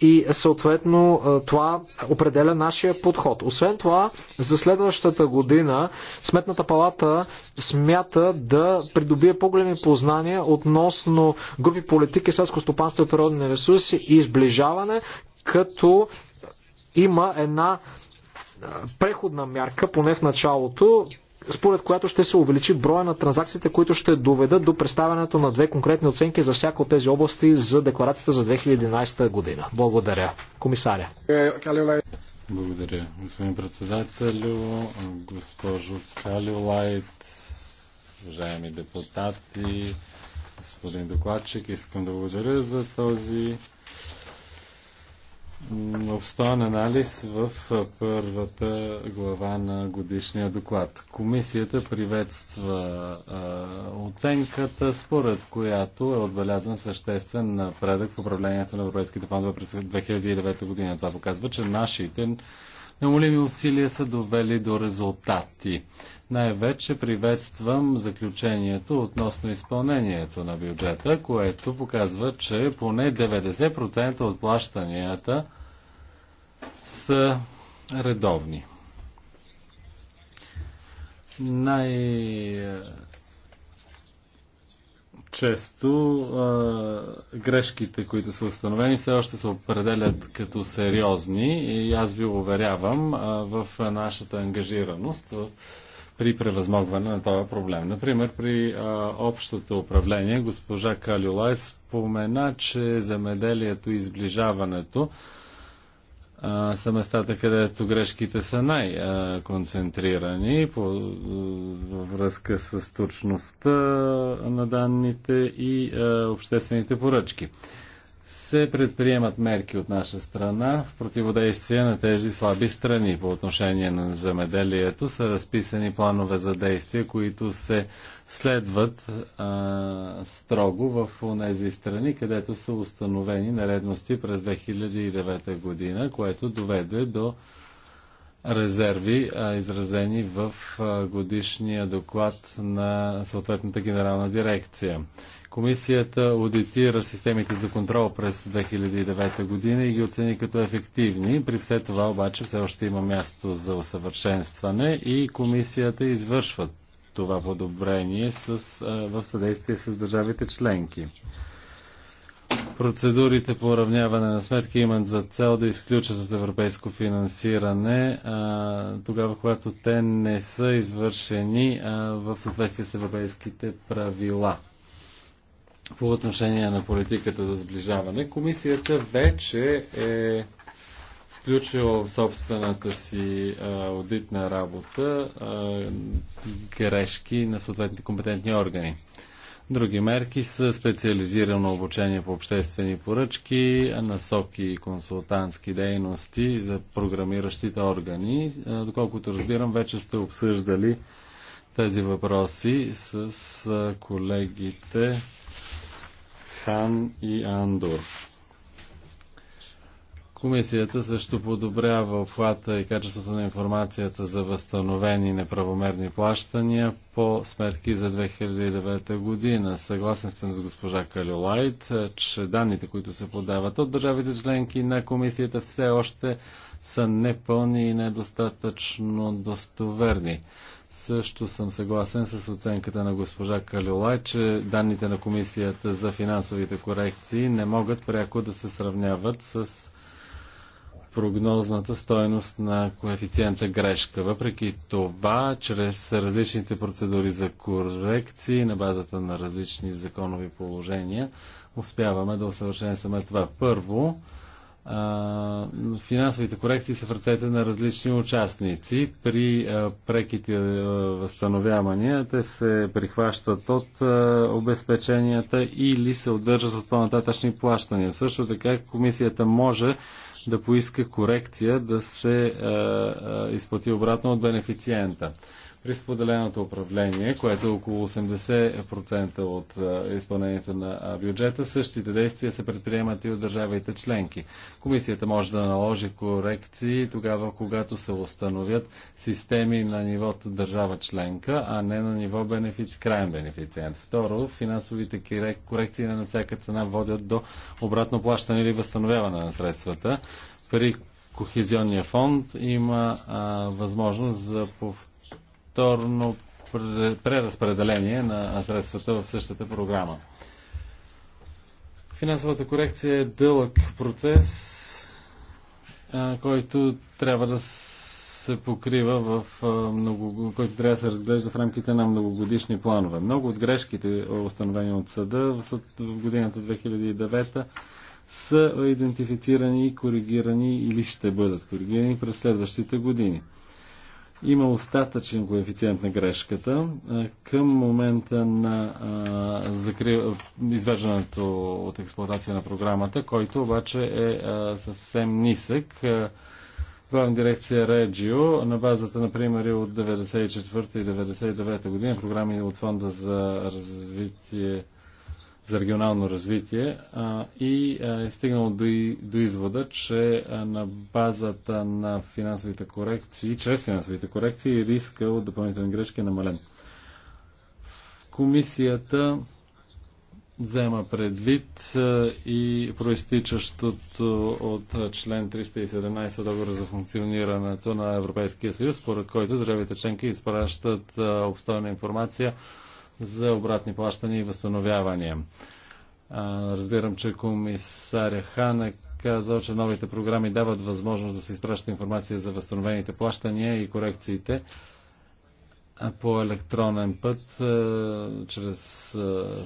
Speaker 1: и съответно е, това определя нашия подход. Освен това, за следващата година Сметната палата смята да придобие по-големи познания относно групи политики, селско стопанство и природни ресурси и изближаване, като има една е, преходна мярка, поне в началото, според която ще се увеличи броя на транзакциите, които ще доведат до представянето на две конкретни оценки за всяка от тези области за декларацията за 2011 година. Благодаря. Комисаря.
Speaker 2: Благодаря, господин председател, госпожо Калилайт, уважаеми депутати, господин докладчик. Искам да благодаря за този обстоен анализ в първата глава на годишния доклад. Комисията приветства а, оценката, според която е отбелязан съществен напредък в управлението на европейските фондове през 2009 година. Това показва, че нашите неумолими усилия са довели до резултати. Най-вече приветствам заключението относно изпълнението на бюджета, което показва, че поне 90% от плащанията са редовни. Най- често грешките, които са установени, все още се определят като сериозни и аз ви уверявам в нашата ангажираност в при превъзмогване на този проблем. Например, при а, общото управление госпожа Калюлай спомена, че замеделието и сближаването а, са местата, където грешките са най-концентрирани във връзка с точността на данните и а, обществените поръчки се предприемат мерки от наша страна в противодействие на тези слаби страни. По отношение на замеделието са разписани планове за действия, които се следват а, строго в тези страни, където са установени наредности през 2009 година, което доведе до резерви, а, изразени в а, годишния доклад на съответната генерална дирекция. Комисията аудитира системите за контрол през 2009 година и ги оцени като ефективни. При все това обаче все още има място за усъвършенстване и комисията извършва това подобрение с, в съдействие с държавите членки. Процедурите по уравняване на сметки имат за цел да изключат от европейско финансиране а, тогава, когато те не са извършени а, в съответствие с европейските правила по отношение на политиката за сближаване. Комисията вече е включила в собствената си а, аудитна работа а, грешки на съответните компетентни органи. Други мерки са специализирано обучение по обществени поръчки, насоки и консултантски дейности за програмиращите органи. доколкото разбирам, вече сте обсъждали тези въпроси с колегите Хан и Андор. Комисията също подобрява обхвата и качеството на информацията за възстановени неправомерни плащания по сметки за 2009 година. Съгласен съм с госпожа Калюлайт, е, че данните, които се подават от държавите членки на комисията все още са непълни и недостатъчно достоверни. Също съм съгласен с оценката на госпожа Калюлай, че данните на комисията за финансовите корекции не могат пряко да се сравняват с прогнозната стоеност на коефициента грешка. Въпреки това, чрез различните процедури за корекции на базата на различни законови положения, успяваме да усъвършенстваме това. Първо, финансовите корекции са в ръцете на различни участници. При преките възстановявания те се прихващат от обезпеченията или се удържат от по-нататъчни плащания. Също така комисията може да поиска корекция да се изплати обратно от бенефициента при споделеното управление, което е около 80% от изпълнението на бюджета. Същите действия се предприемат и от държавите членки. Комисията може да наложи корекции тогава, когато се установят системи на нивото държава членка, а не на ниво бенефици, крайен бенефициент. Второ, финансовите корекции на всяка цена водят до обратно плащане или възстановяване на средствата. При Кохезионния фонд има а, възможност за повторение повторно преразпределение на средствата в същата програма. Финансовата корекция е дълъг процес, който трябва да се покрива в много, който трябва да се разглежда в рамките на многогодишни планове. Много от грешките, установени от съда в годината 2009 са идентифицирани и коригирани или ще бъдат коригирани през следващите години. Има остатъчен коефициент на грешката. Към момента на закри... извеждането от експлуатация на програмата, който обаче е съвсем нисък. Главна дирекция Реджио, на базата на примери от 1994 и 1999 година, програми от Фонда за развитие за регионално развитие а, и е стигнал до, до извода, че на базата на финансовите корекции, чрез финансовите корекции, риска от допълнителни грешки е намален. Комисията взема предвид и проистичащото от член 317 договора за функционирането на Европейския съюз, според който държавите членки изпращат обстойна информация за обратни плащания и възстановявания. Разбирам, че комисаря Хан е казал, че новите програми дават възможност да се изпраща информация за възстановените плащания и корекциите по електронен път, чрез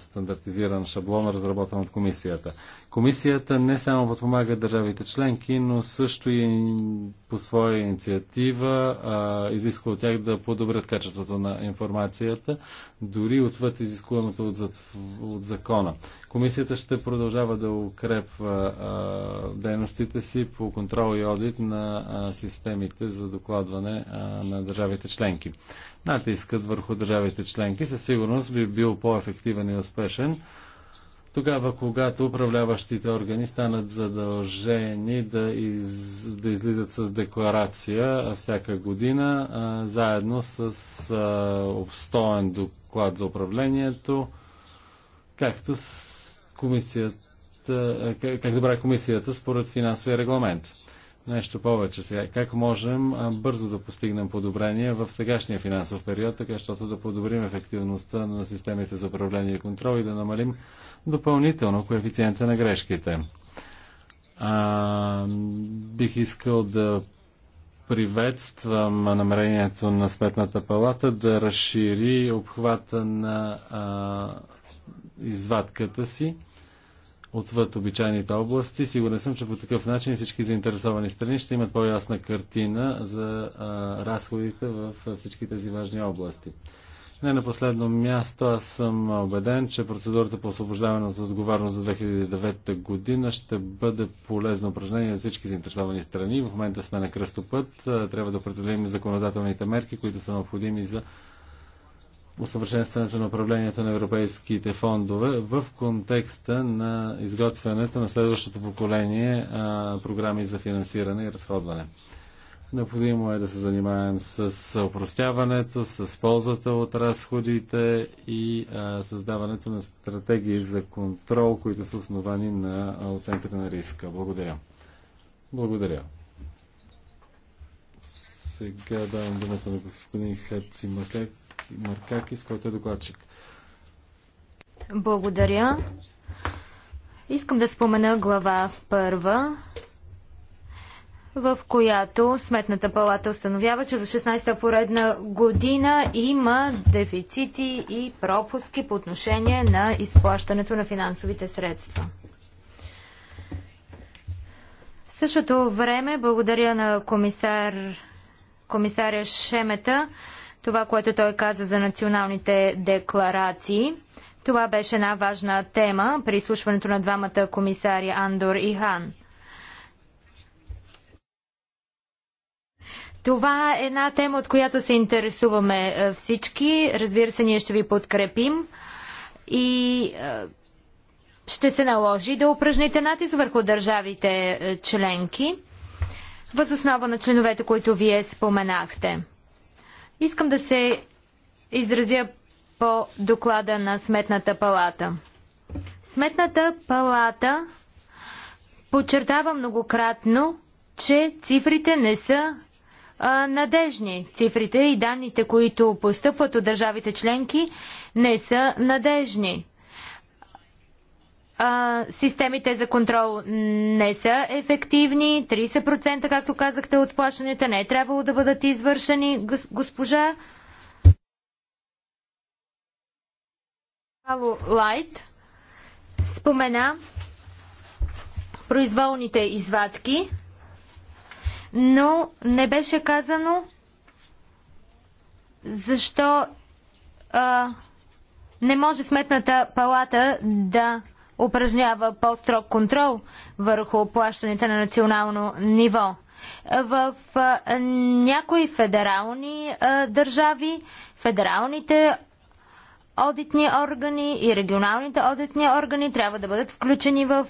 Speaker 2: стандартизиран шаблон, разработен от комисията. Комисията не само подпомага държавите членки, но също и по своя инициатива а, изисква от тях да подобрят качеството на информацията, дори отвъд изискуемото от, от закона. Комисията ще продължава да укрепва а, дейностите си по контрол и одит на а, системите за докладване а, на държавите членки. Натискът върху държавите членки със сигурност би бил по-ефективен и успешен, тогава, когато управляващите органи станат задължени да, из, да излизат с декларация всяка година, а, заедно с а, обстоен доклад за управлението, както с комисията, как, как добра комисията според финансовия регламент. Нещо повече сега. Как можем бързо да постигнем подобрение в сегашния финансов период, така защото да подобрим ефективността на системите за управление и контрол и да намалим допълнително коефициента на грешките. А, бих искал да приветствам намерението на Сметната палата да разшири обхвата на а, извадката си отвъд обичайните области. Сигурен съм, че по такъв начин всички заинтересовани страни ще имат по-ясна картина за а, разходите в всички тези важни области. Не на последно място, аз съм убеден, че процедурата по освобождаване от отговорност за 2009 година ще бъде полезно упражнение за всички заинтересовани страни. В момента сме на кръстопът. Трябва да определим законодателните мерки, които са необходими за усъвършенстването на управлението на европейските фондове в контекста на изготвянето на следващото поколение а, програми за финансиране и разходване. Необходимо е да се занимаем с упростяването, с ползата от разходите и а, създаването на стратегии за контрол, които са основани на оценката на риска. Благодаря. Благодаря. Сега давам думата на господин Хаци Макек. Маркакис, който е докладчик.
Speaker 3: Благодаря. Искам да спомена глава първа, в която Сметната палата установява, че за 16-та поредна година има дефицити и пропуски по отношение на изплащането на финансовите средства. В същото време, благодаря на комисар, комисаря Шемета, това, което той каза за националните декларации. Това беше една важна тема при изслушването на двамата комисари Андор и Хан. Това е една тема, от която се интересуваме е, всички. Разбира се, ние ще ви подкрепим и е, ще се наложи да упражните натиск върху държавите е, членки, възоснова на членовете, които вие споменахте. Искам да се изразя по доклада на Сметната палата. Сметната палата подчертава многократно, че цифрите не са а, надежни. Цифрите и данните, които постъпват от държавите членки, не са надежни а, системите за контрол не са ефективни. 30%, както казахте, от плащанията не е трябвало да бъдат извършени. Госпожа Ало Лайт спомена произволните извадки, но не беше казано защо а, не може сметната палата да упражнява по-строг контрол върху плащаните на национално ниво. В някои федерални държави федералните одитни органи и регионалните одитни органи трябва да бъдат включени в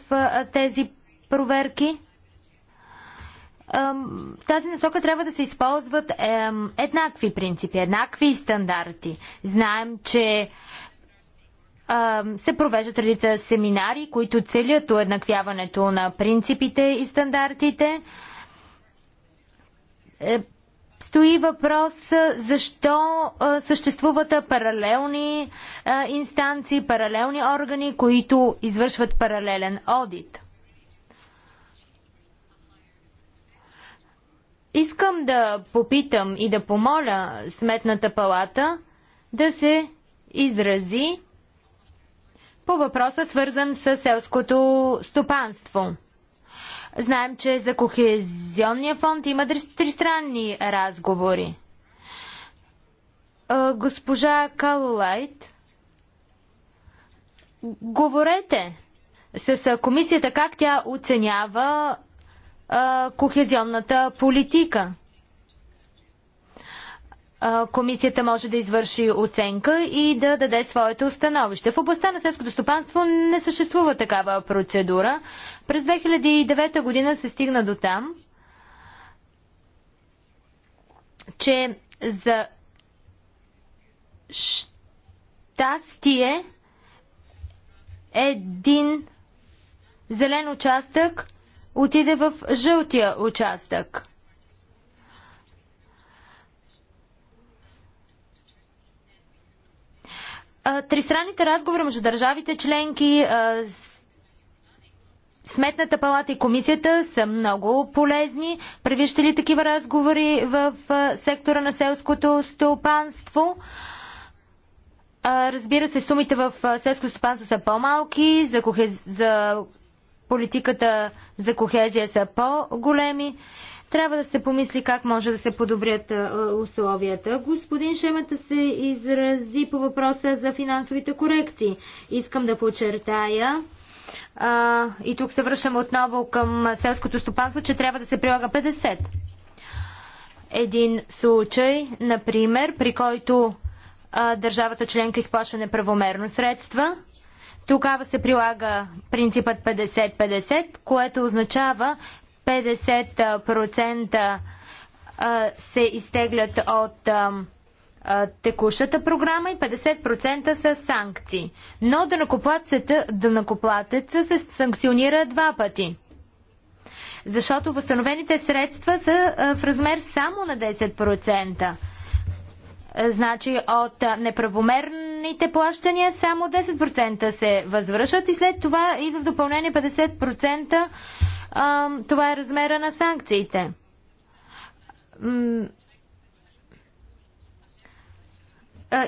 Speaker 3: тези проверки. Тази насока трябва да се използват еднакви принципи, еднакви стандарти. Знаем, че се провеждат редица семинари, които целят уеднаквяването на принципите и стандартите. Е, стои въпрос защо съществуват паралелни инстанции, паралелни органи, които извършват паралелен одит. Искам да попитам и да помоля Сметната палата да се изрази по въпроса свързан с селското стопанство. Знаем, че за Кохезионния фонд има тристранни разговори. Госпожа Калолайт, говорете с комисията как тя оценява кохезионната политика комисията може да извърши оценка и да даде своето становище. В областта на селското стопанство не съществува такава процедура. През 2009 година се стигна до там, че за щастие един зелен участък отиде в жълтия участък. Тристранните разговори между държавите членки, Сметната палата и комисията са много полезни. Превижте ли такива разговори в сектора на селското стопанство? Разбира се, сумите в селското стопанство са по-малки, за, кохез... за политиката за кохезия са по-големи. Трябва да се помисли как може да се подобрят условията. Господин Шемата се изрази по въпроса за финансовите корекции. Искам да подчертая, а, и тук се връщам отново към селското стопанство, че трябва да се прилага 50. Един случай, например, при който а, държавата членка изплаща неправомерно средства, тогава се прилага принципът 50-50, което означава, 50% се изтеглят от текущата програма и 50% са санкции. Но дънакоплатеца се санкционира два пъти. Защото възстановените средства са в размер само на 10%. Значи от неправомерните плащания само 10% се възвръщат и след това идва в допълнение 50% това е размера на санкциите.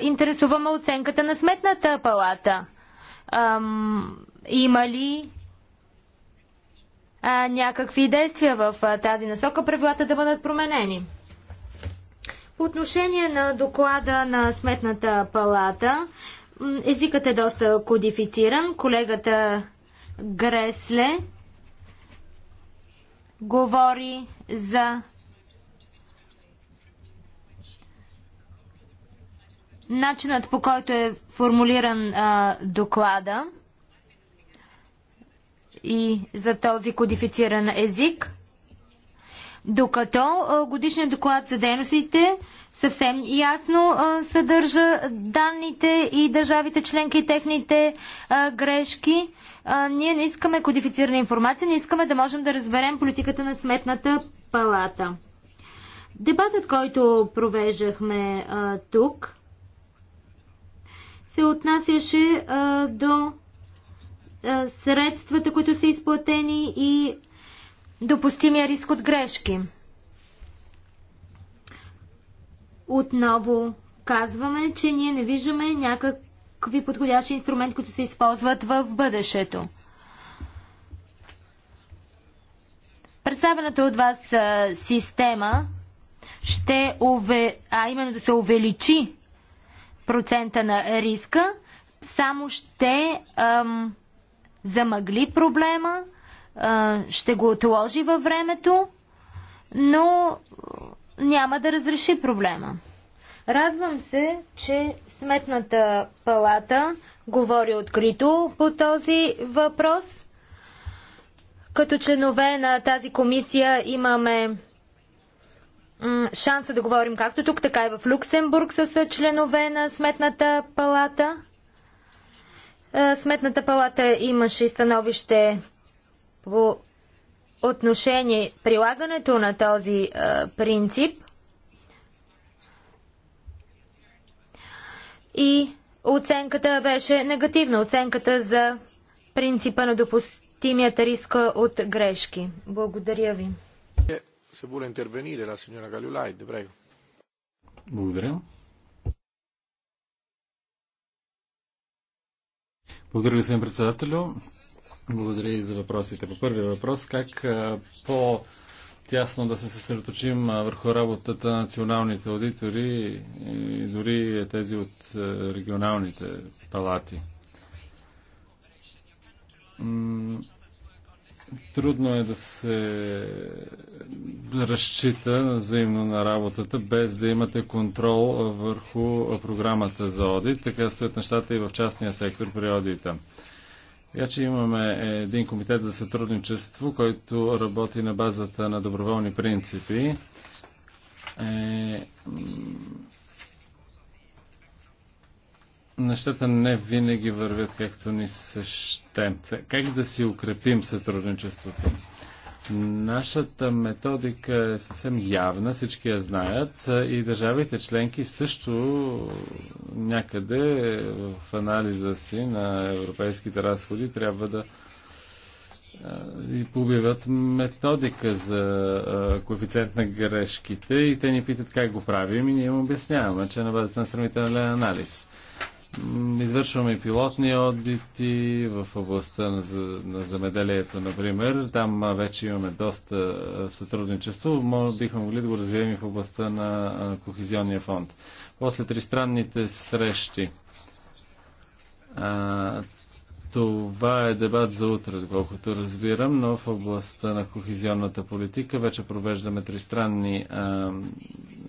Speaker 3: Интересуваме оценката на сметната палата. Има ли някакви действия в тази насока правилата да бъдат променени? По отношение на доклада на Сметната палата, езикът е доста кодифициран. Колегата Гресле говори за начинът по който е формулиран а, доклада и за този кодифициран език. Докато годишният доклад за дейностите съвсем ясно съдържа данните и държавите членки и техните грешки. Ние не искаме кодифицирана информация, не искаме да можем да разберем политиката на сметната палата. Дебатът, който провеждахме тук, се отнасяше а, до а, средствата, които са изплатени и допустимия риск от грешки. Отново казваме, че ние не виждаме някакви подходящи инструменти, които се използват в бъдещето. Представената от вас система ще уве... а именно да се увеличи процента на риска, само ще ам, замъгли проблема, ще го отложи във времето, но няма да разреши проблема. Радвам се, че Сметната палата говори открито по този въпрос. Като членове на тази комисия имаме шанса да говорим както тук, така и в Люксембург с членове на Сметната палата. Е, Сметната палата имаше становище по отношение прилагането на този а, принцип и оценката беше негативна. Оценката за принципа на допустимият риск от грешки. Благодаря ви.
Speaker 1: Се la signora prego.
Speaker 2: Благодаря. Благодаря, господин председател? Благодаря и за въпросите. По първия въпрос, как по тясно да се съсредоточим върху работата на националните аудитори и дори тези от регионалните палати. Трудно е да се разчита взаимно на работата, без да имате контрол върху програмата за одит. Така стоят нещата и в частния сектор при одита. Така че имаме един комитет за сътрудничество, който работи на базата на доброволни принципи. Е, нещата не винаги вървят както ни се ще. Как да си укрепим сътрудничеството? Нашата методика е съвсем явна, всички я знаят и държавите членки също някъде в анализа си на европейските разходи трябва да и побиват методика за коефициент на грешките и те ни питат как го правим и ние им обясняваме, че на базата на сравнителен анализ. Извършваме пилотни отбити в областта на, на замеделието, например. Там вече имаме доста сътрудничество. Може, бихме могли да го развием и в областта на Кохезионния фонд. После тристранните срещи. Това е дебат за утре, доколкото разбирам, но в областта на кохезионната политика вече провеждаме тристранни а,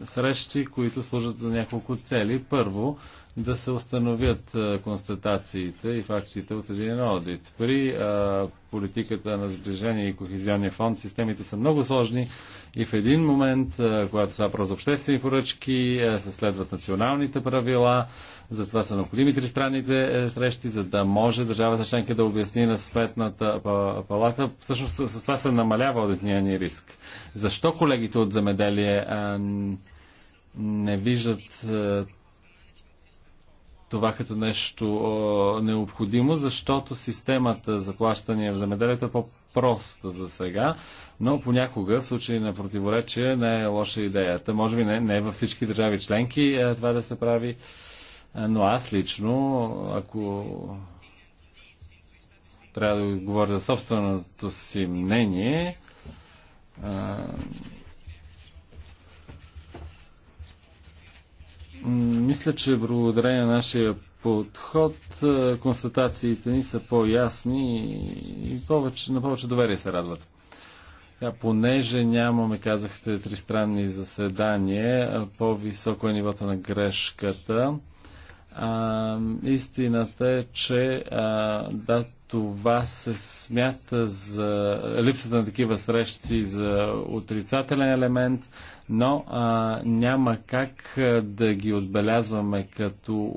Speaker 2: срещи, които служат за няколко цели. Първо, да се установят констатациите и фактите от един аудит. При а, политиката на сближение и кохезионния фонд системите са много сложни и в един момент, а, когато са просто обществени поръчки, а, се следват националните правила, затова са необходими тристранните е, срещи, за да може държавата членка да обясни на Светната палата. Всъщност с това се намалява одитния ни риск. Защо колегите от замеделие е, не виждат е, това като нещо о, необходимо, защото системата за плащане в замеделието е по-проста за сега, но понякога в случай на противоречие не е лоша идеята. Може би не, не във всички държави членки това да се прави. Но аз лично, ако трябва да говоря за собственото си мнение, мисля, че благодарение на нашия подход констатациите ни са по-ясни и повече, на повече доверие се радват. Сега, понеже нямаме, казахте, тристранни заседания, по-високо е нивото на грешката, а, истината е, че а, да, това се смята за липсата на такива срещи за отрицателен елемент, но а, няма как да ги отбелязваме като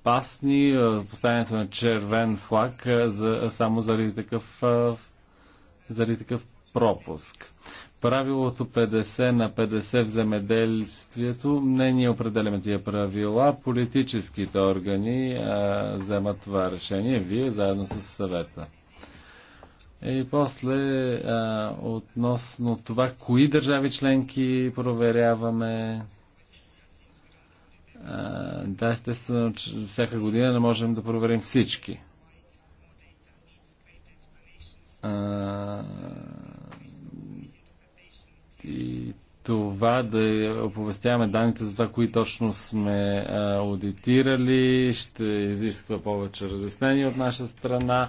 Speaker 2: опасни поставянето на червен флаг за, само заради такъв, заради такъв пропуск правилото 50 на 50 в земеделствието. Не ние определяме тия правила. Политическите органи а, вземат това решение. Вие заедно с съвета. И после а, относно това, кои държави членки проверяваме. А, да, естествено, че всяка година не можем да проверим всички. А, и това да оповестяваме данните за това, кои точно сме аудитирали, ще изисква повече разяснение от наша страна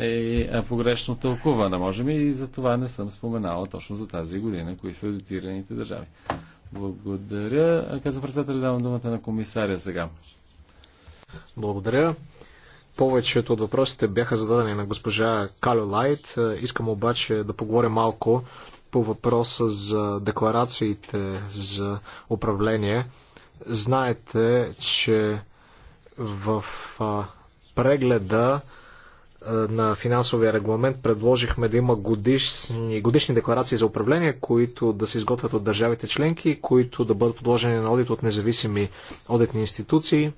Speaker 2: и е, погрешно тълкуване. Не можем и за това не съм споменала точно за тази година, кои са аудитираните държави. Благодаря. Каза председател, давам думата
Speaker 1: на комисаря сега. Благодаря. Повечето от въпросите бяха зададени на госпожа Калю Лайт. Искам обаче да поговоря малко по въпроса за декларациите за управление. Знаете, че в прегледа на финансовия регламент предложихме да има годишни, годишни декларации за управление, които да се изготвят от държавите членки и които да бъдат подложени на одит от независими одитни институции.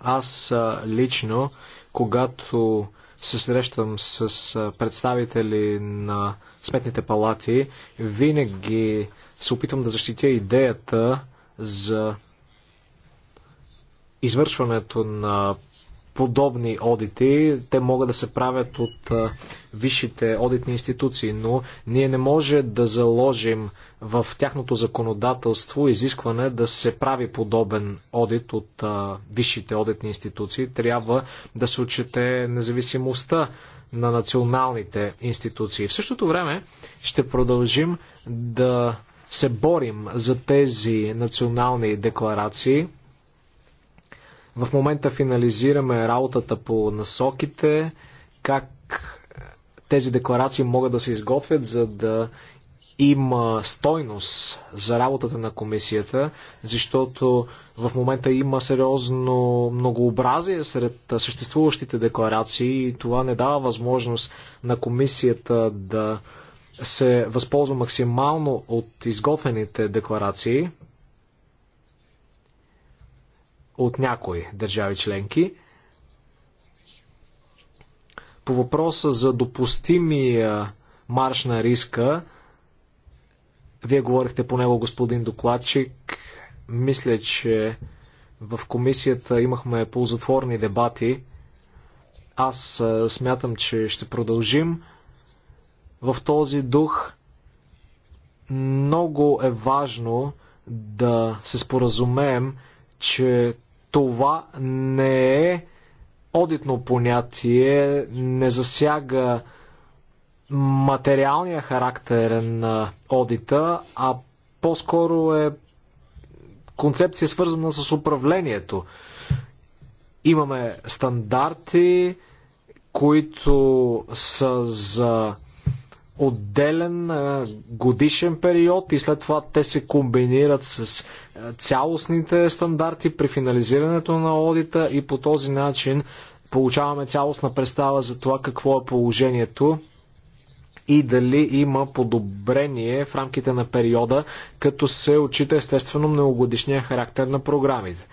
Speaker 1: Аз лично, когато се срещам с представители на сметните палати, винаги се опитвам да защитя идеята за извършването на подобни одити. Те могат да се правят от висшите одитни институции, но ние не може да заложим в тяхното законодателство изискване да се прави подобен одит от висшите одитни институции. Трябва да се отчете независимостта на националните институции. В същото време ще продължим да се борим за тези национални декларации. В момента финализираме работата по насоките, как тези декларации могат да се изготвят, за да има стойност за работата на комисията, защото в момента има сериозно многообразие сред съществуващите декларации и това не дава възможност на комисията да се възползва максимално от изготвените декларации от някои държави членки. По въпроса за допустимия марш на риска, вие говорихте по него, господин докладчик. Мисля, че в комисията имахме ползотворни дебати. Аз смятам, че ще продължим в този дух. Много е важно да се споразумеем, че това не е одитно понятие, не засяга материалния характер на одита, а по-скоро е концепция свързана с управлението. Имаме стандарти, които са за отделен годишен период и след това те се комбинират с цялостните стандарти при финализирането на одита и по този начин получаваме цялостна представа за това какво е положението и дали има подобрение в рамките на периода, като се отчита естествено многогодишния характер на програмите.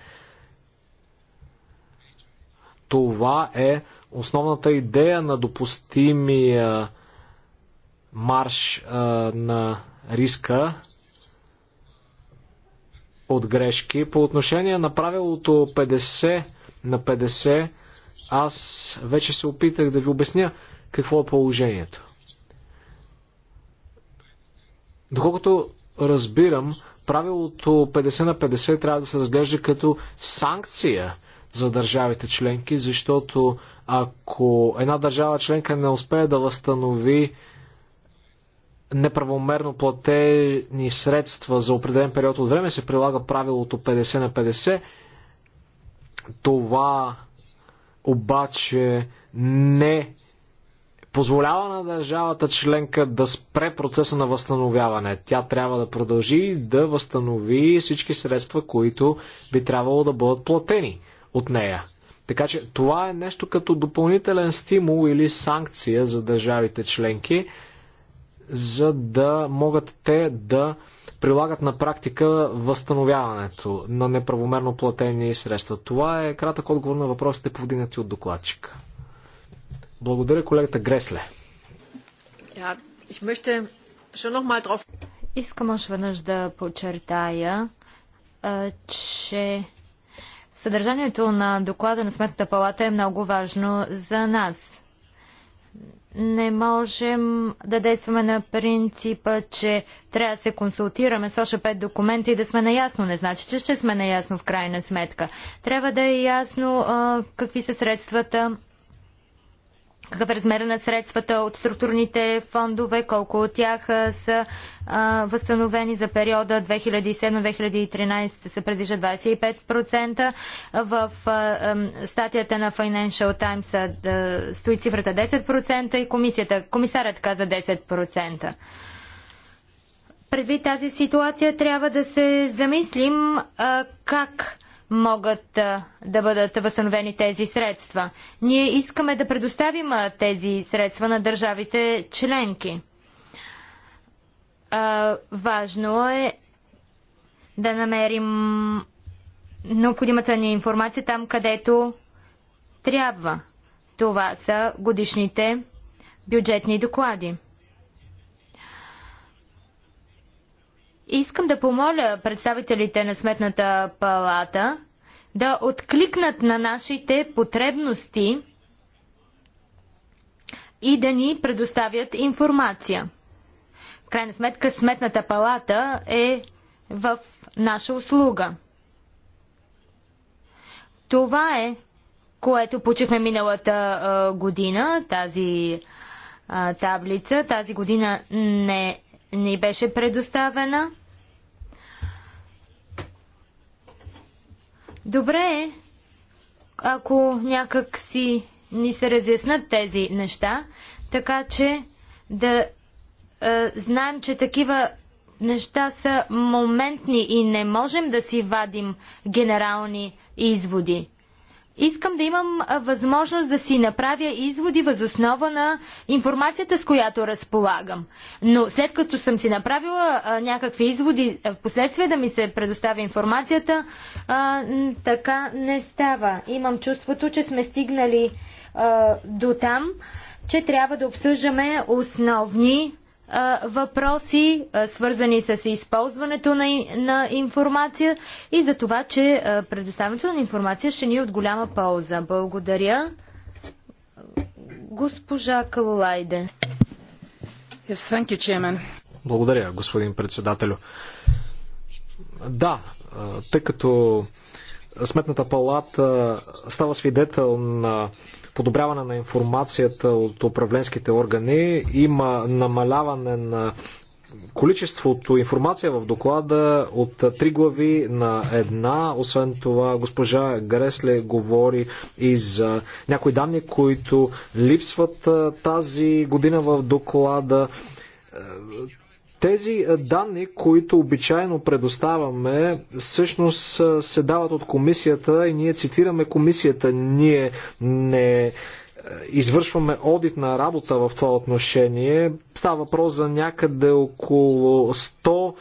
Speaker 1: Това е основната идея на допустимия марш а, на риска от грешки. По отношение на правилото 50 на 50, аз вече се опитах да ви обясня какво е положението. Доколкото разбирам, правилото 50 на 50 трябва да се разглежда като санкция за държавите членки, защото ако една държава членка не успее да възстанови неправомерно платени средства за определен период от време, се прилага правилото 50 на 50. Това обаче не позволява на държавата членка да спре процеса на възстановяване. Тя трябва да продължи да възстанови всички средства, които би трябвало да бъдат платени от нея. Така че това е нещо като допълнителен стимул или санкция за държавите членки, за да могат те да прилагат на практика възстановяването на неправомерно платени средства. Това е кратък отговор на въпросите повдигнати от докладчика. Благодаря колегата Гресле.
Speaker 3: Искам още веднъж да подчертая, че съдържанието на доклада на Сметната палата е много важно за нас. Не можем да действаме на принципа, че трябва да се консултираме с още пет документа и да сме наясно. Не значи, че ще сме наясно в крайна сметка. Трябва да е ясно а, какви са средствата, какъв е размера на средствата от структурните фондове, колко от тях са а, възстановени за периода 2007-2013 се предвижда 25%. В а, статията на Financial Times стои цифрата 10% и комисията, комисарят каза 10%. Предвид тази ситуация трябва да се замислим как могат да бъдат възстановени тези средства. Ние искаме да предоставим тези средства на държавите членки. Важно е да намерим необходимата ни информация там, където трябва. Това са годишните бюджетни доклади. Искам да помоля представителите на Сметната палата да откликнат на нашите потребности и да ни предоставят информация. В крайна сметка Сметната палата е в наша услуга. Това е, което почихме миналата а, година, тази а, таблица. Тази година не ни беше предоставена. Добре е, ако някак си ни се разяснат тези неща, така че да е, знаем, че такива неща са моментни и не можем да си вадим генерални изводи. Искам да имам възможност да си направя изводи възоснова на информацията, с която разполагам. Но след като съм си направила а, някакви изводи, в последствие да ми се предоставя информацията, а, така не става. Имам чувството, че сме стигнали а, до там, че трябва да обсъждаме основни въпроси, свързани с използването на, на информация и за това, че предоставянето на информация ще ни е от голяма полза. Благодаря. Госпожа Калолайде. Yes,
Speaker 1: Благодаря, господин председателю. Да, тъй като Сметната палата става свидетел на подобряване на информацията от управленските органи, има намаляване на количеството информация в доклада от три глави на една. Освен това, госпожа Гресле говори и за някои данни, които липсват тази година в доклада е, тези е, данни, които обичайно предоставяме, всъщност е, се дават от комисията и ние цитираме комисията. Ние не е, извършваме одитна работа в това отношение. Става въпрос за някъде около 100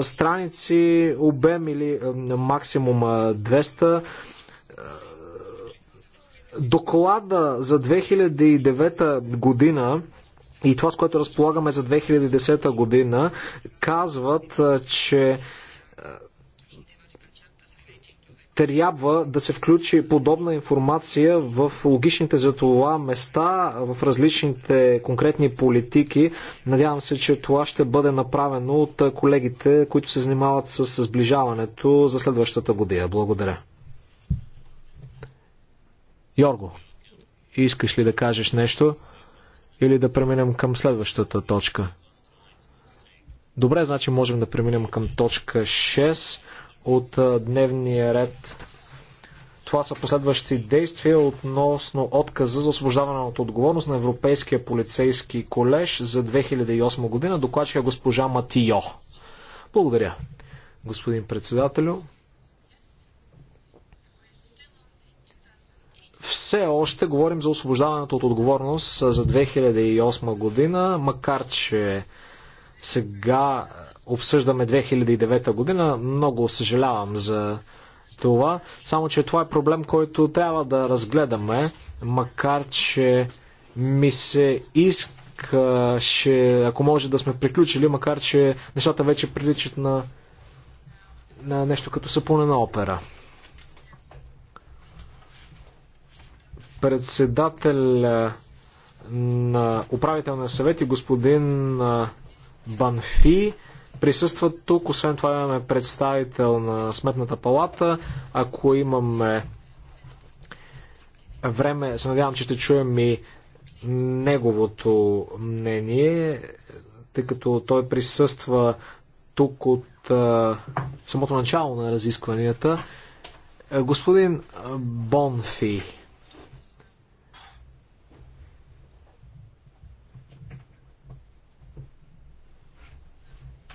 Speaker 1: страници, обем или максимум 200. Доклада за 2009 година и това, с което разполагаме за 2010 година, казват, че трябва да се включи подобна информация в логичните за това места, в различните конкретни политики. Надявам се, че това ще бъде направено от колегите, които се занимават с сближаването за следващата година. Благодаря. Йорго, искаш ли да кажеш нещо? или да преминем към следващата точка? Добре, значи можем да преминем към точка 6 от дневния ред. Това са последващи действия относно отказа за освобождаване от отговорност на Европейския полицейски колеж за 2008 година. Докладчика госпожа Матио. Благодаря, господин председателю. все още говорим за освобождаването от отговорност за 2008 година, макар че сега обсъждаме 2009 година. Много съжалявам за това. Само, че това е проблем, който трябва да разгледаме, макар че ми се искаше, ако може да сме приключили, макар че нещата вече приличат на, на нещо като сапунена опера. председател на управителния съвет и господин Банфи присъстват тук. Освен това имаме представител на Сметната палата. Ако имаме време, се надявам, че ще чуем и неговото мнение, тъй като той присъства тук от самото начало на разискванията. Господин Бонфи,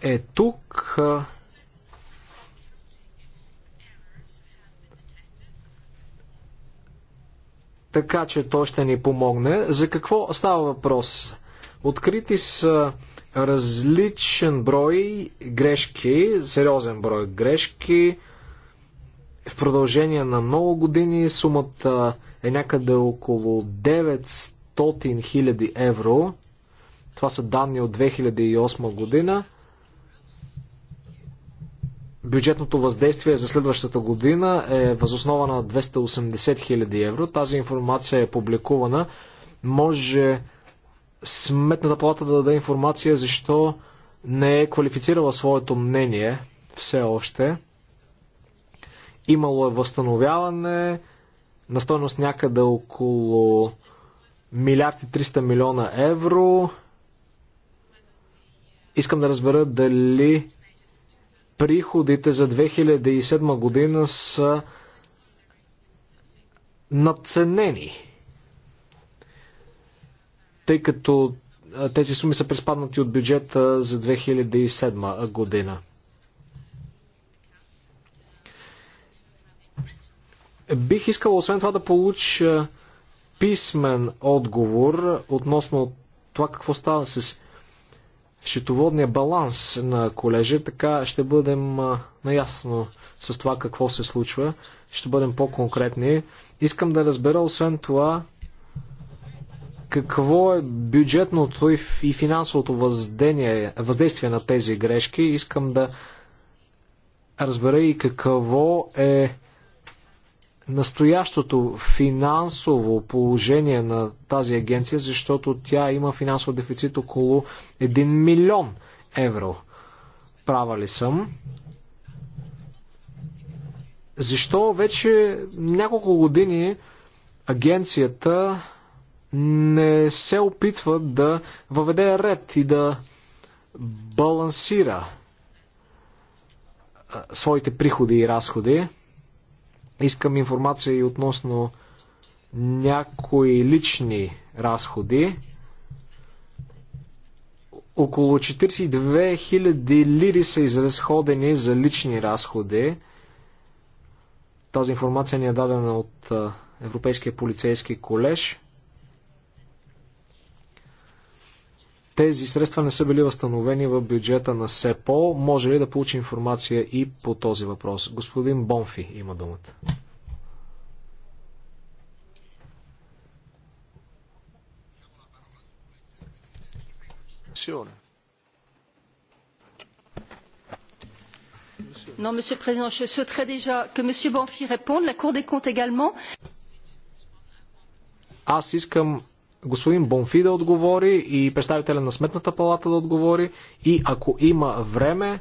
Speaker 1: е тук. Така че той ще ни помогне. За какво става въпрос? Открити са различен брой грешки, сериозен брой грешки. В продължение на много години сумата е някъде около 900 000 евро. Това са данни от 2008 година. Бюджетното въздействие за следващата година е възоснова на 280 000 евро. Тази информация е публикувана. Може Сметната плата да даде информация защо не е квалифицирала своето мнение все още. Имало е възстановяване на стоеност някъде около милиард и 300 милиона евро. Искам да разбера дали приходите за 2007 година са надценени, тъй като тези суми са приспаднати от бюджета за 2007 година. Бих искал освен това да получа писмен отговор относно това какво става с счетоводния баланс на колежа, така ще бъдем наясно с това какво се случва, ще бъдем по-конкретни. Искам да разбера, освен това, какво е бюджетното и финансовото въздействие на тези грешки. Искам да разбера и какво е настоящото финансово положение на тази агенция, защото тя има финансов дефицит около 1 милион евро. Права ли съм? Защо вече няколко години агенцията не се опитва да въведе ред и да балансира своите приходи и разходи? Искам информация и относно някои лични разходи. Около 42 000 лири са изразходени за лични разходи. Тази информация ни е дадена от Европейския полицейски колеж. тези средства не са били възстановени в бюджета на СЕПО. Може ли да получи информация и по този въпрос? Господин Бонфи има думата.
Speaker 4: Non, Monsieur le Président, je souhaiterais déjà que Monsieur Bonfi réponde, la Cour des comptes également.
Speaker 1: Аз искам господин Бонфи да отговори и представителя на Сметната палата да отговори и ако има време,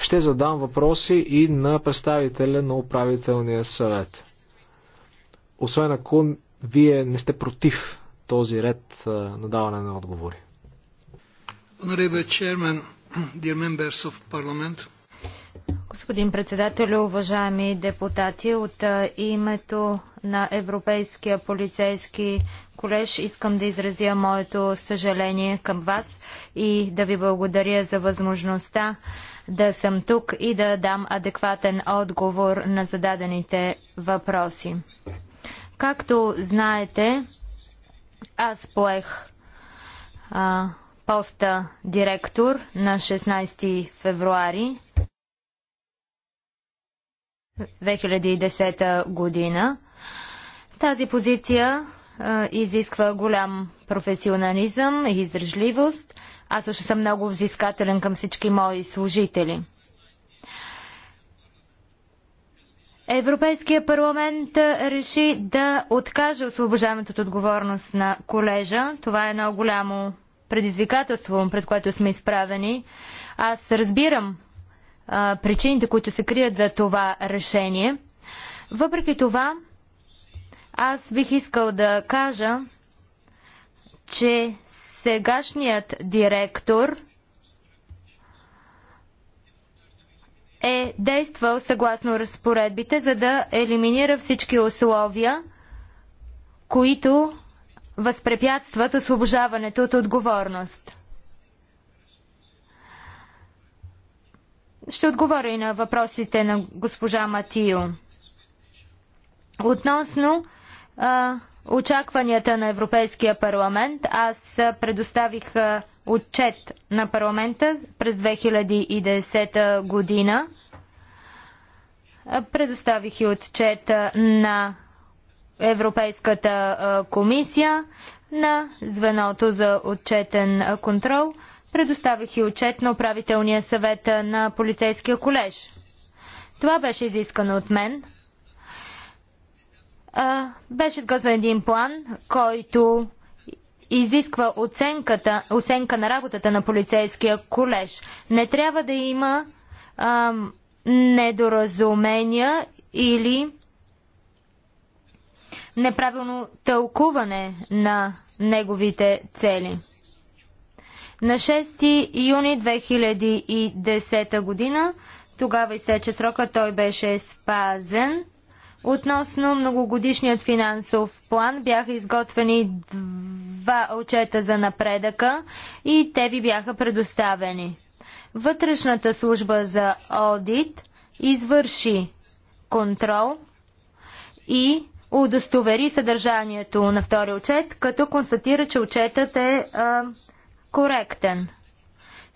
Speaker 1: ще задам въпроси и на представителя на управителния съвет. Освен ако вие не сте против този ред на даване на отговори.
Speaker 3: Господин председател, уважаеми депутати, от името на Европейския полицейски колеж, искам да изразя моето съжаление към вас и да ви благодаря за възможността да съм тук и да дам адекватен отговор на зададените въпроси. Както знаете, аз поех а, поста директор на 16 февруари 2010 година. Тази позиция изисква голям професионализъм и издръжливост. Аз също съм много взискателен към всички мои служители. Европейския парламент реши да откаже освобождаването от отговорност на колежа. Това е едно голямо предизвикателство, пред което сме изправени. Аз разбирам а, причините, които се крият за това решение. Въпреки това, аз бих искал да кажа, че сегашният директор е действал съгласно разпоредбите, за да елиминира всички условия, които възпрепятстват освобождаването от отговорност. Ще отговоря и на въпросите на госпожа Матио. Относно очакванията на Европейския парламент. Аз предоставих отчет на парламента през 2010 година. Предоставих и отчет на Европейската комисия на звеното за отчетен контрол. Предоставих и отчет на управителния съвет на полицейския колеж. Това беше изискано от мен а, беше изготвен един план, който изисква оценката, оценка на работата на полицейския колеж. Не трябва да има а, недоразумения или неправилно тълкуване на неговите цели. На 6 юни 2010 година, тогава изтече срока, той беше спазен – Относно многогодишният финансов план бяха изготвени два отчета за напредъка и те ви бяха предоставени. Вътрешната служба за аудит извърши контрол и удостовери съдържанието на втория отчет, като констатира, че отчетът е а, коректен.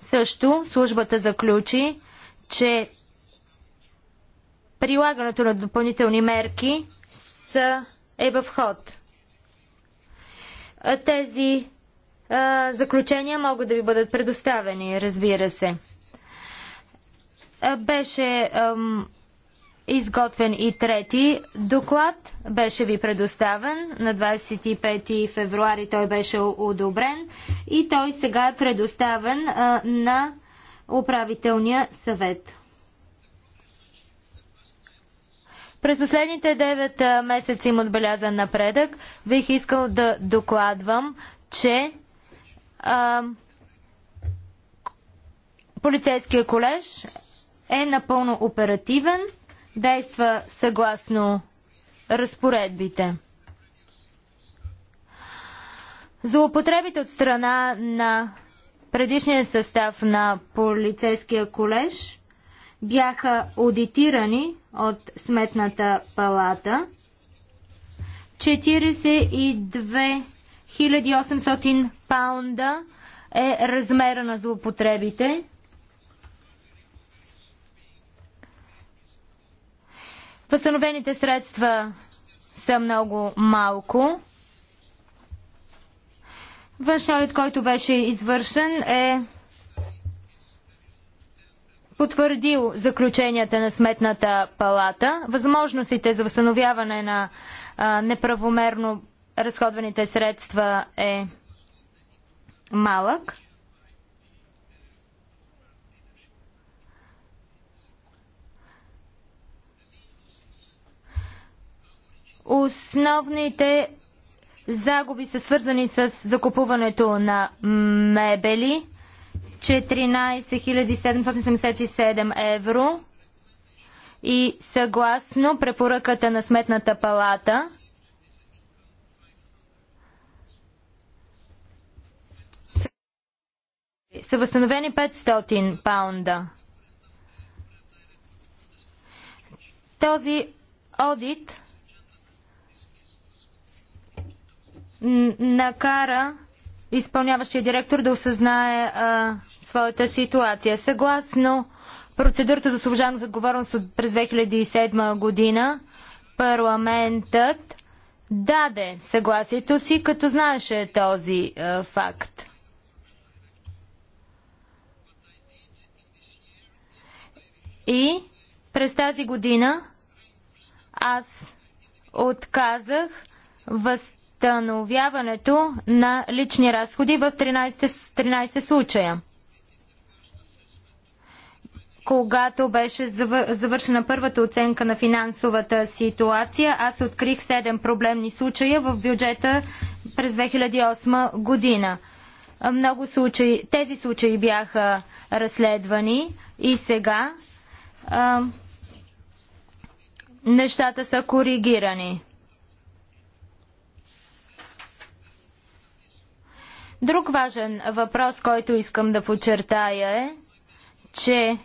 Speaker 3: Също службата заключи, че Прилагането на допълнителни мерки са, е в ход. Тези а, заключения могат да ви бъдат предоставени, разбира се. А, беше ам, изготвен и трети доклад, беше ви предоставен на 25 февруари, той беше одобрен и той сега е предоставен а, на управителния съвет. През последните 9 месеца им отбелязан напредък. Бих искал да докладвам, че а, полицейския колеж е напълно оперативен, действа съгласно разпоредбите. Злоупотребите от страна на предишния състав на полицейския колеж бяха аудитирани от Сметната палата. 42 800 паунда е размера на злоупотребите. Възстановените средства са много малко. Външният, който беше извършен е потвърдил заключенията на Сметната палата, възможностите за възстановяване на а, неправомерно разходваните средства е малък. Основните загуби са свързани с закупуването на мебели 14 777 евро и съгласно препоръката на Сметната палата са възстановени 500 паунда. Този одит накара изпълняващия директор да осъзнае а, своята ситуация. Съгласно процедурата за служебна отговорност през 2007 година, парламентът даде съгласието си, като знаеше този а, факт. И през тази година аз отказах въз възстановяването на лични разходи в 13, 13 случая. Когато беше завършена първата оценка на финансовата ситуация, аз открих 7 проблемни случая в бюджета през 2008 година. Много случаи, тези случаи бяха разследвани и сега а, нещата са коригирани. Друг важен въпрос, който искам да подчертая е, че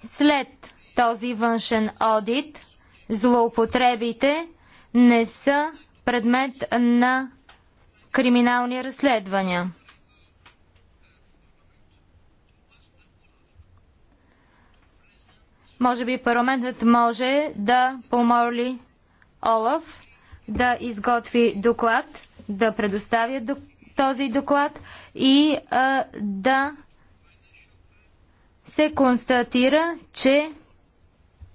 Speaker 3: след този външен одит злоупотребите не са предмет на криминални разследвания. Може би парламентът може да помоли Олаф да изготви доклад да предоставя до, този доклад и а, да се констатира, че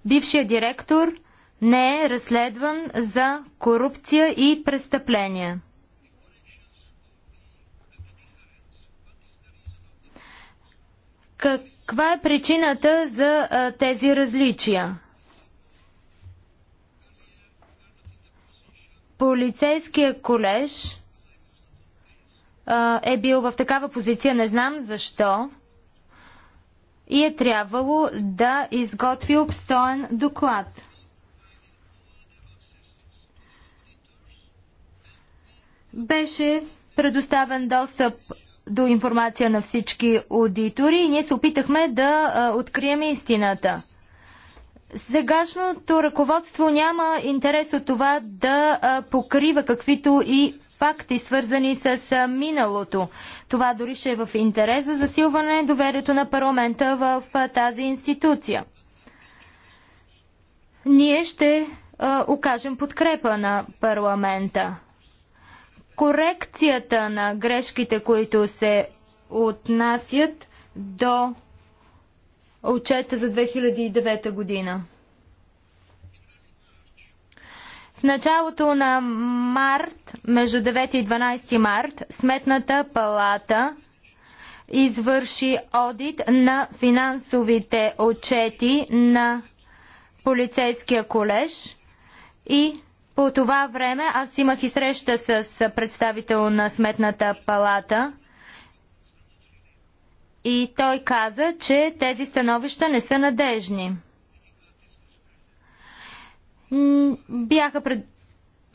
Speaker 3: бившия директор не е разследван за корупция и престъпления. Каква е причината за а, тези различия? Полицейския колеж е бил в такава позиция, не знам защо, и е трябвало да изготви обстоен доклад. Беше предоставен достъп до информация на всички аудитори и ние се опитахме да открием истината. Сегашното ръководство няма интерес от това да покрива каквито и факти, свързани с миналото. Това дори ще е в интерес за засилване доверието на парламента в тази институция. Ние ще а, окажем подкрепа на парламента. Корекцията на грешките, които се отнасят до отчета за 2009 година. В началото на март, между 9 и 12 март, Сметната палата извърши одит на финансовите отчети на полицейския колеж и по това време аз имах и среща с представител на Сметната палата и той каза, че тези становища не са надежни. Бяха пред...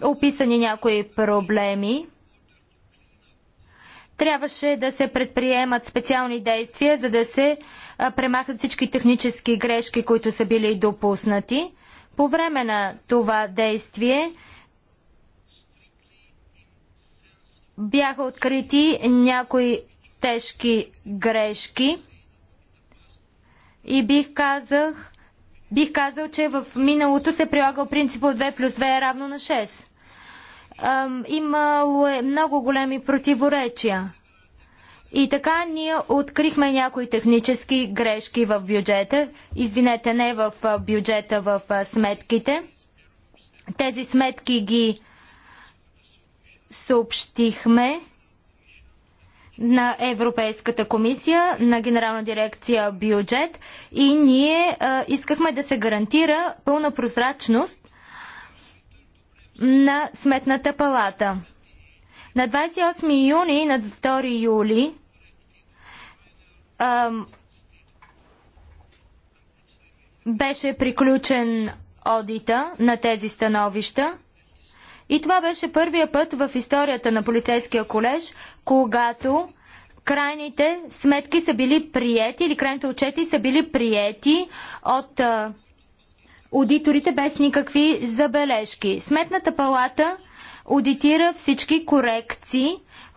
Speaker 3: описани някои проблеми. Трябваше да се предприемат специални действия, за да се премахат всички технически грешки, които са били допуснати. По време на това действие бяха открити някои тежки грешки. И бих казах, бих казал, че в миналото се е прилагал принципа 2 плюс 2 е равно на 6. Ем, имало е много големи противоречия. И така ние открихме някои технически грешки в бюджета. Извинете, не в бюджета, в сметките. Тези сметки ги съобщихме на Европейската комисия, на Генерална дирекция бюджет и ние а, искахме да се гарантира пълна прозрачност на Сметната палата. На 28 юни и на 2 юли а, беше приключен одита на тези становища и това беше първия път в историята на полицейския колеж, когато крайните сметки са били приети или крайните отчети са били приети от а, аудиторите без никакви забележки. Сметната палата аудитира всички корекции,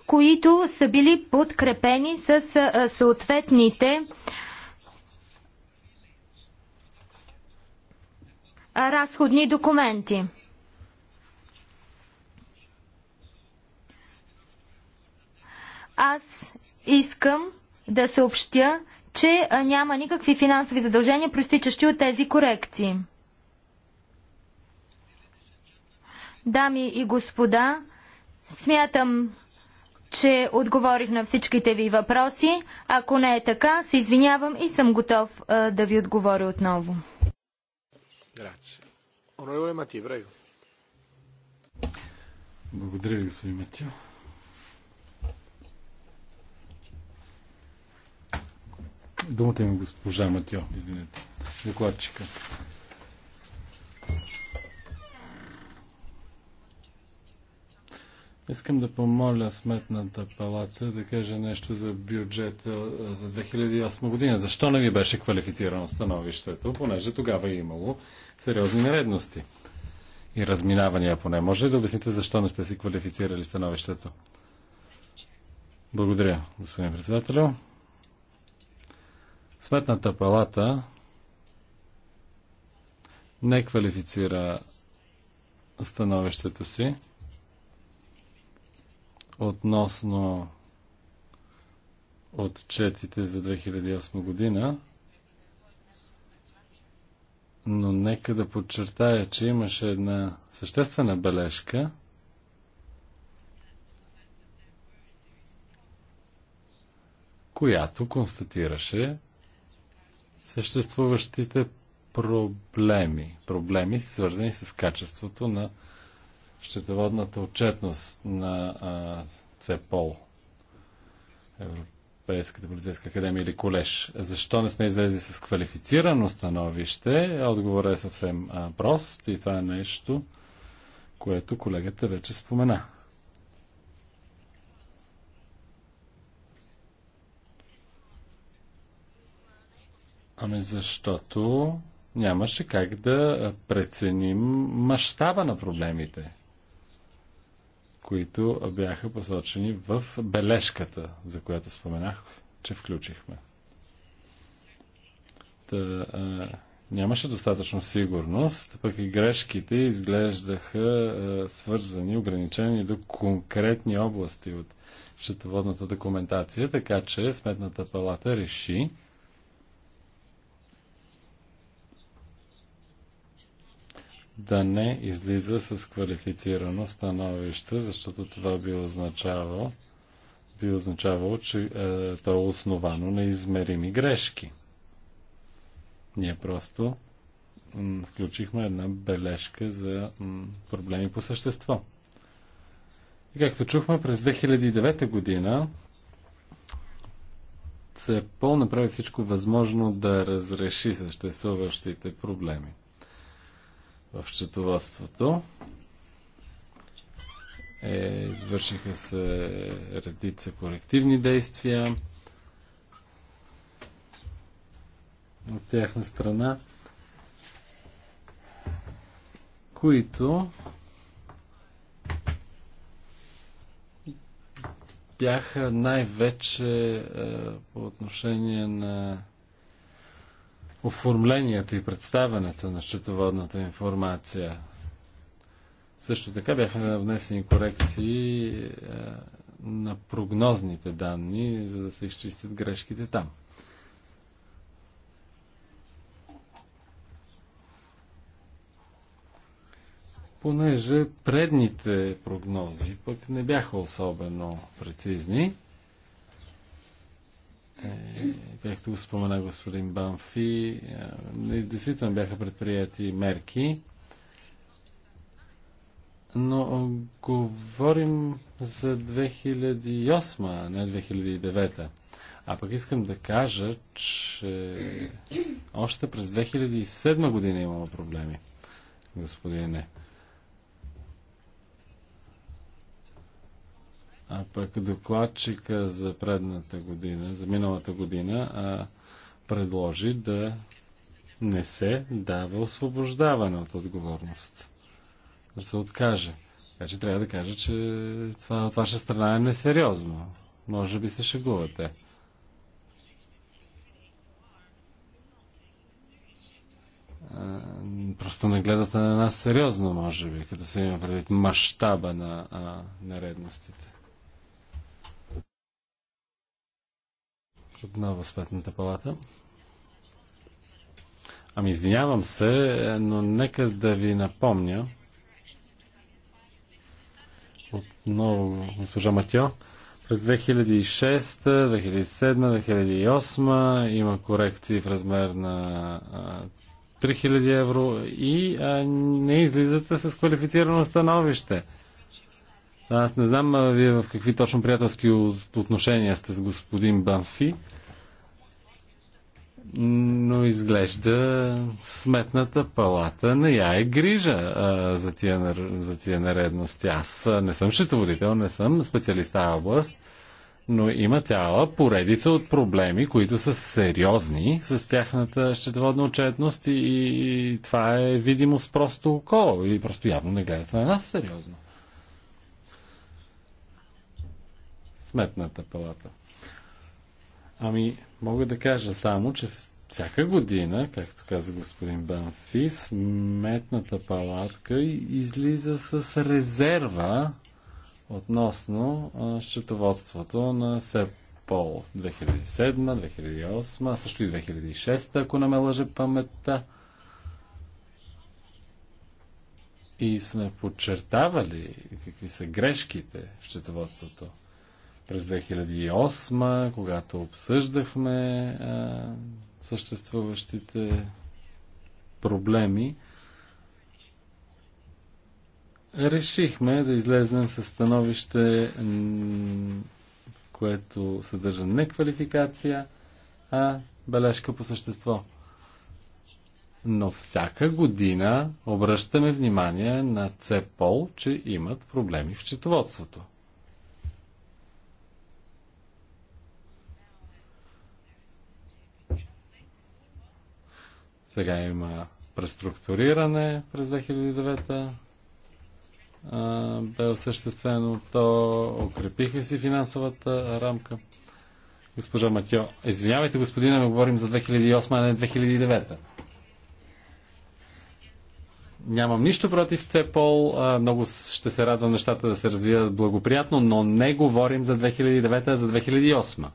Speaker 3: които са били подкрепени с а, съответните разходни документи. Аз искам да съобщя, че няма никакви финансови задължения, проистичащи от тези корекции. Дами и господа, смятам, че отговорих на всичките ви въпроси. Ако не е така, се извинявам и съм готов да ви отговоря отново.
Speaker 2: Благодаря ви, господин Матио. Думата има госпожа Матьо, извинете. Докладчика. Искам да помоля Сметната палата да каже нещо за бюджета за 2008 година. Защо не ви беше квалифицирано становището? Понеже тогава е имало сериозни нередности и разминавания поне. Може ли да обясните защо не сте си квалифицирали становището? Благодаря, господин председател. Сметната палата не квалифицира становището си относно отчетите за 2008 година, но нека да подчертая, че имаше една съществена бележка, която констатираше, съществуващите проблеми. Проблеми, свързани с качеството на счетоводната отчетност на а, ЦЕПОЛ, Европейската полицейска академия или колеж. Защо не сме излезли с квалифицирано становище? Отговорът е съвсем а, прост и това е нещо, което колегата вече спомена. Ами защото нямаше как да преценим мащаба на проблемите, които бяха посочени в бележката, за която споменах, че включихме. Та, а, нямаше достатъчно сигурност, пък и грешките изглеждаха а, свързани, ограничени до конкретни области от счетоводната документация, така че Сметната палата реши, да не излиза с квалифицирано становище, защото това би означавало, би означавало че е, то е основано на измерими грешки. Ние просто включихме една бележка за проблеми по същество. И както чухме, през 2009 година се ЦЕПОЛ направи всичко възможно да разреши съществуващите проблеми в счетоводството. Е, извършиха се редица корективни действия от тяхна страна, които бяха най-вече е, по отношение на оформлението и представянето на счетоводната информация. Също така бяха внесени корекции е, на прогнозните данни, за да се изчистят грешките там. Понеже предните прогнози пък не бяха особено прецизни, е, както спомена господин Банфи, е, действително бяха предприяти мерки, но говорим за 2008, а не 2009. А пък искам да кажа, че още през 2007 година имало проблеми, господине. А пък докладчика за предната година, за миналата година, а, предложи да не се дава освобождаване от отговорност. Да се откаже. Така че трябва да кажа, че това от ваша страна е несериозно. Може би се шегувате. просто не гледате на нас сериозно, може би, като се има предвид мащаба на а, нередностите. в Сметната палата. Ами извинявам се, но нека да ви напомня отново госпожа Матьо. През 2006, 2007, 2008 има корекции в размер на 3000 евро и а, не излизате с квалифицирано становище. Аз не знам а, вие в какви точно приятелски отношения сте с господин Банфи, но изглежда сметната палата не я е грижа а, за, тия, за тия наредности. Аз не съм счетоводител, не съм специалист на област, но има цяла поредица от проблеми, които са сериозни с тяхната счетоводна отчетност и, и това е видимост просто око и просто явно не гледат на нас сериозно. Сметната палата. Ами, мога да кажа само, че всяка година, както каза господин Банфи, Сметната палатка излиза с резерва относно счетоводството на СЕП Пол 2007, 2008, също и 2006, ако не ме лъже паметта. И сме подчертавали какви са грешките в счетоводството през 2008, когато обсъждахме а, съществуващите проблеми, решихме да излезнем с становище, което съдържа не квалификация, а бележка по същество. Но всяка година обръщаме внимание на ЦЕПОЛ, че имат проблеми в четоводството. Сега има преструктуриране през 2009 бе осъществено. То укрепиха си финансовата рамка. Госпожа Матьо, извинявайте господина, ме говорим за 2008, а не 2009. Нямам нищо против Цепол. Много ще се радвам нещата да се развият благоприятно, но не говорим за 2009, а за 2008.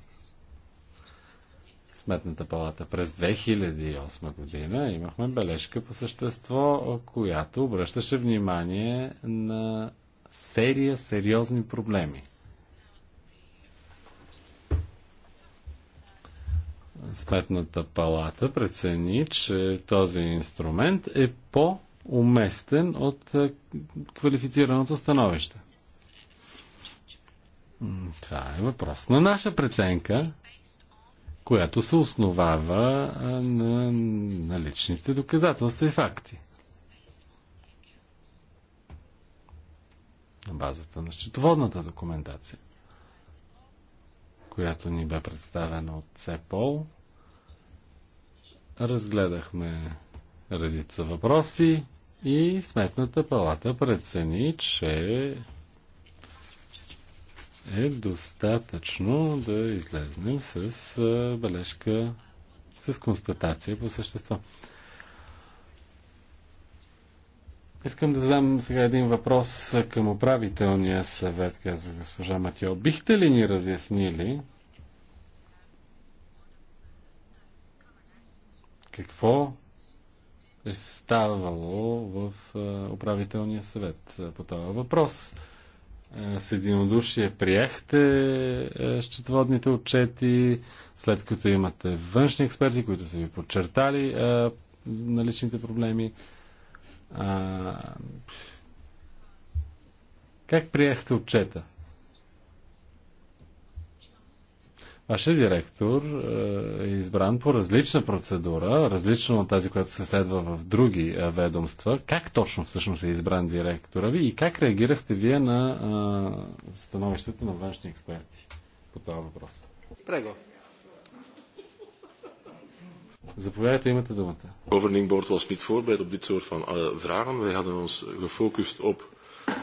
Speaker 2: Сметната палата през 2008 година имахме бележка по същество, която обръщаше внимание на серия сериозни проблеми. Сметната палата прецени, че този инструмент е по-уместен от квалифицираното становище. Това е въпрос на наша преценка която се основава на наличните доказателства и факти. На базата на счетоводната документация, която ни бе представена от СЕПОЛ, разгледахме редица въпроси и Сметната палата прецени, че е достатъчно да излезнем с бележка, с констатация по същество. Искам да задам сега един въпрос към управителния съвет, казва госпожа Матио. Бихте ли ни разяснили какво е ставало в управителния съвет по този въпрос? Е, с единодушие приехте е, счетоводните отчети, след като имате външни експерти, които са ви подчертали е, наличните проблеми. Как приехте отчета? Вашия директор е, е избран по различна процедура, различна от тази, която се следва в други е, ведомства. Как точно всъщност е избран директора ви и как реагирахте вие на е, становищата на външни експерти по това въпрос? Прего. Заповядайте, имате думата. Governing board was niet voorbereid op dit soort van vragen. Wij hadden ons gefocust op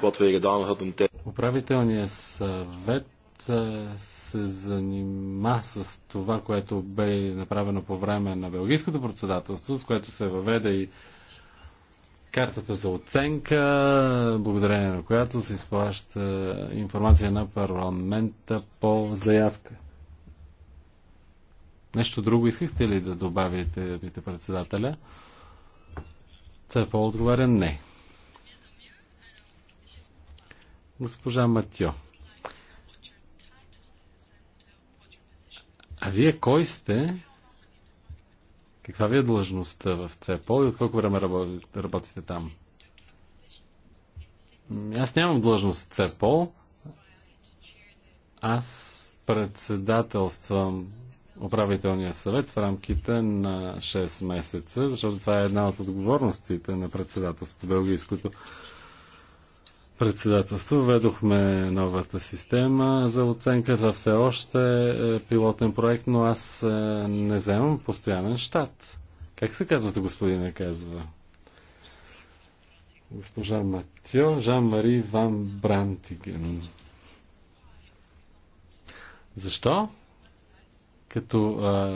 Speaker 2: wat wij gedaan hadden. Управителният съвет се занима с това, което бе направено по време на Белгийското председателство, с което се въведе и картата за оценка, благодарение на която се изплаща информация на парламента по заявка. Нещо друго искахте ли да добавите, бите председателя? Це по-отговаря не. Госпожа Матьо. А вие кой сте? Каква ви е длъжността в ЦЕПОЛ и от колко време работите, работите там? Аз нямам длъжност в ЦЕПОЛ. Аз председателствам управителния съвет в рамките на 6 месеца, защото това е една от отговорностите на председателството белгийското председателство ведохме новата система за оценка. Това все още е пилотен проект, но аз е, не вземам постоянен щат. Как се казвате, господине, казва? Госпожа Матьо, Жан-Мари Ван Брантиген. Защо? Като а,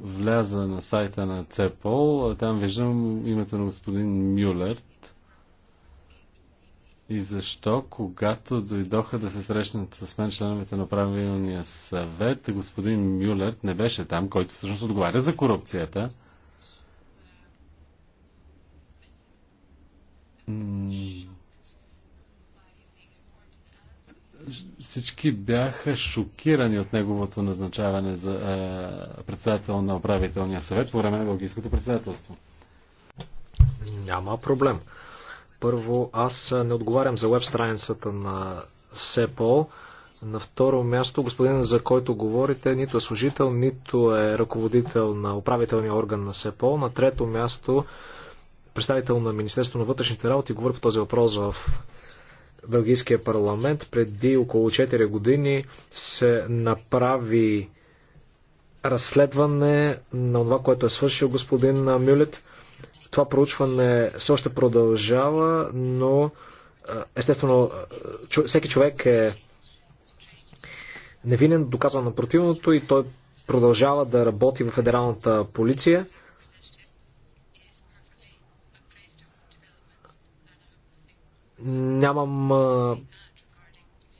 Speaker 2: вляза на сайта на ЦЕПОЛ, там виждам името на господин Мюлер и защо, когато дойдоха да се срещнат с мен членовете на правилния съвет, господин Мюллер не беше там, който всъщност отговаря за корупцията. Всички бяха шокирани от неговото назначаване за е, председател на управителния съвет по време на Белгийското председателство.
Speaker 1: Няма проблем. Първо, аз не отговарям за веб страницата на СЕПО. На второ място, господин, за който говорите, нито е служител, нито е ръководител на управителния орган на СЕПО. На трето място, представител на Министерство на вътрешните работи говори по този въпрос в Белгийския парламент. Преди около 4 години се направи разследване на това, което е свършил господин Мюлет. Това проучване все още продължава, но естествено всеки човек е невинен, доказва на противното и той продължава да работи в федералната полиция. Нямам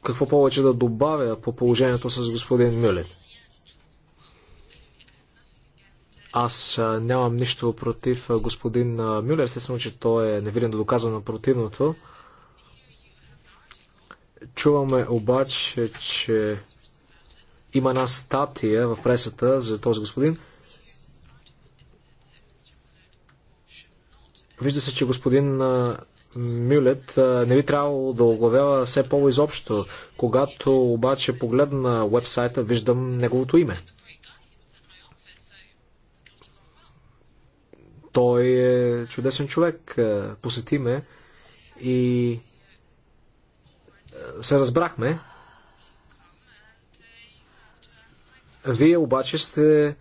Speaker 1: какво повече да добавя по положението с господин Мюлет. Аз нямам нищо против господин Мюлер, естествено, че той е невиден да доказва на противното. Чуваме обаче, че има една статия в пресата за този господин. Вижда се, че господин Мюлет не би трябвало да оглавява все по-изобщо. Когато обаче погледна вебсайта, виждам неговото име. Той е чудесен човек. Е, посети ме и е, се разбрахме. Вие обаче сте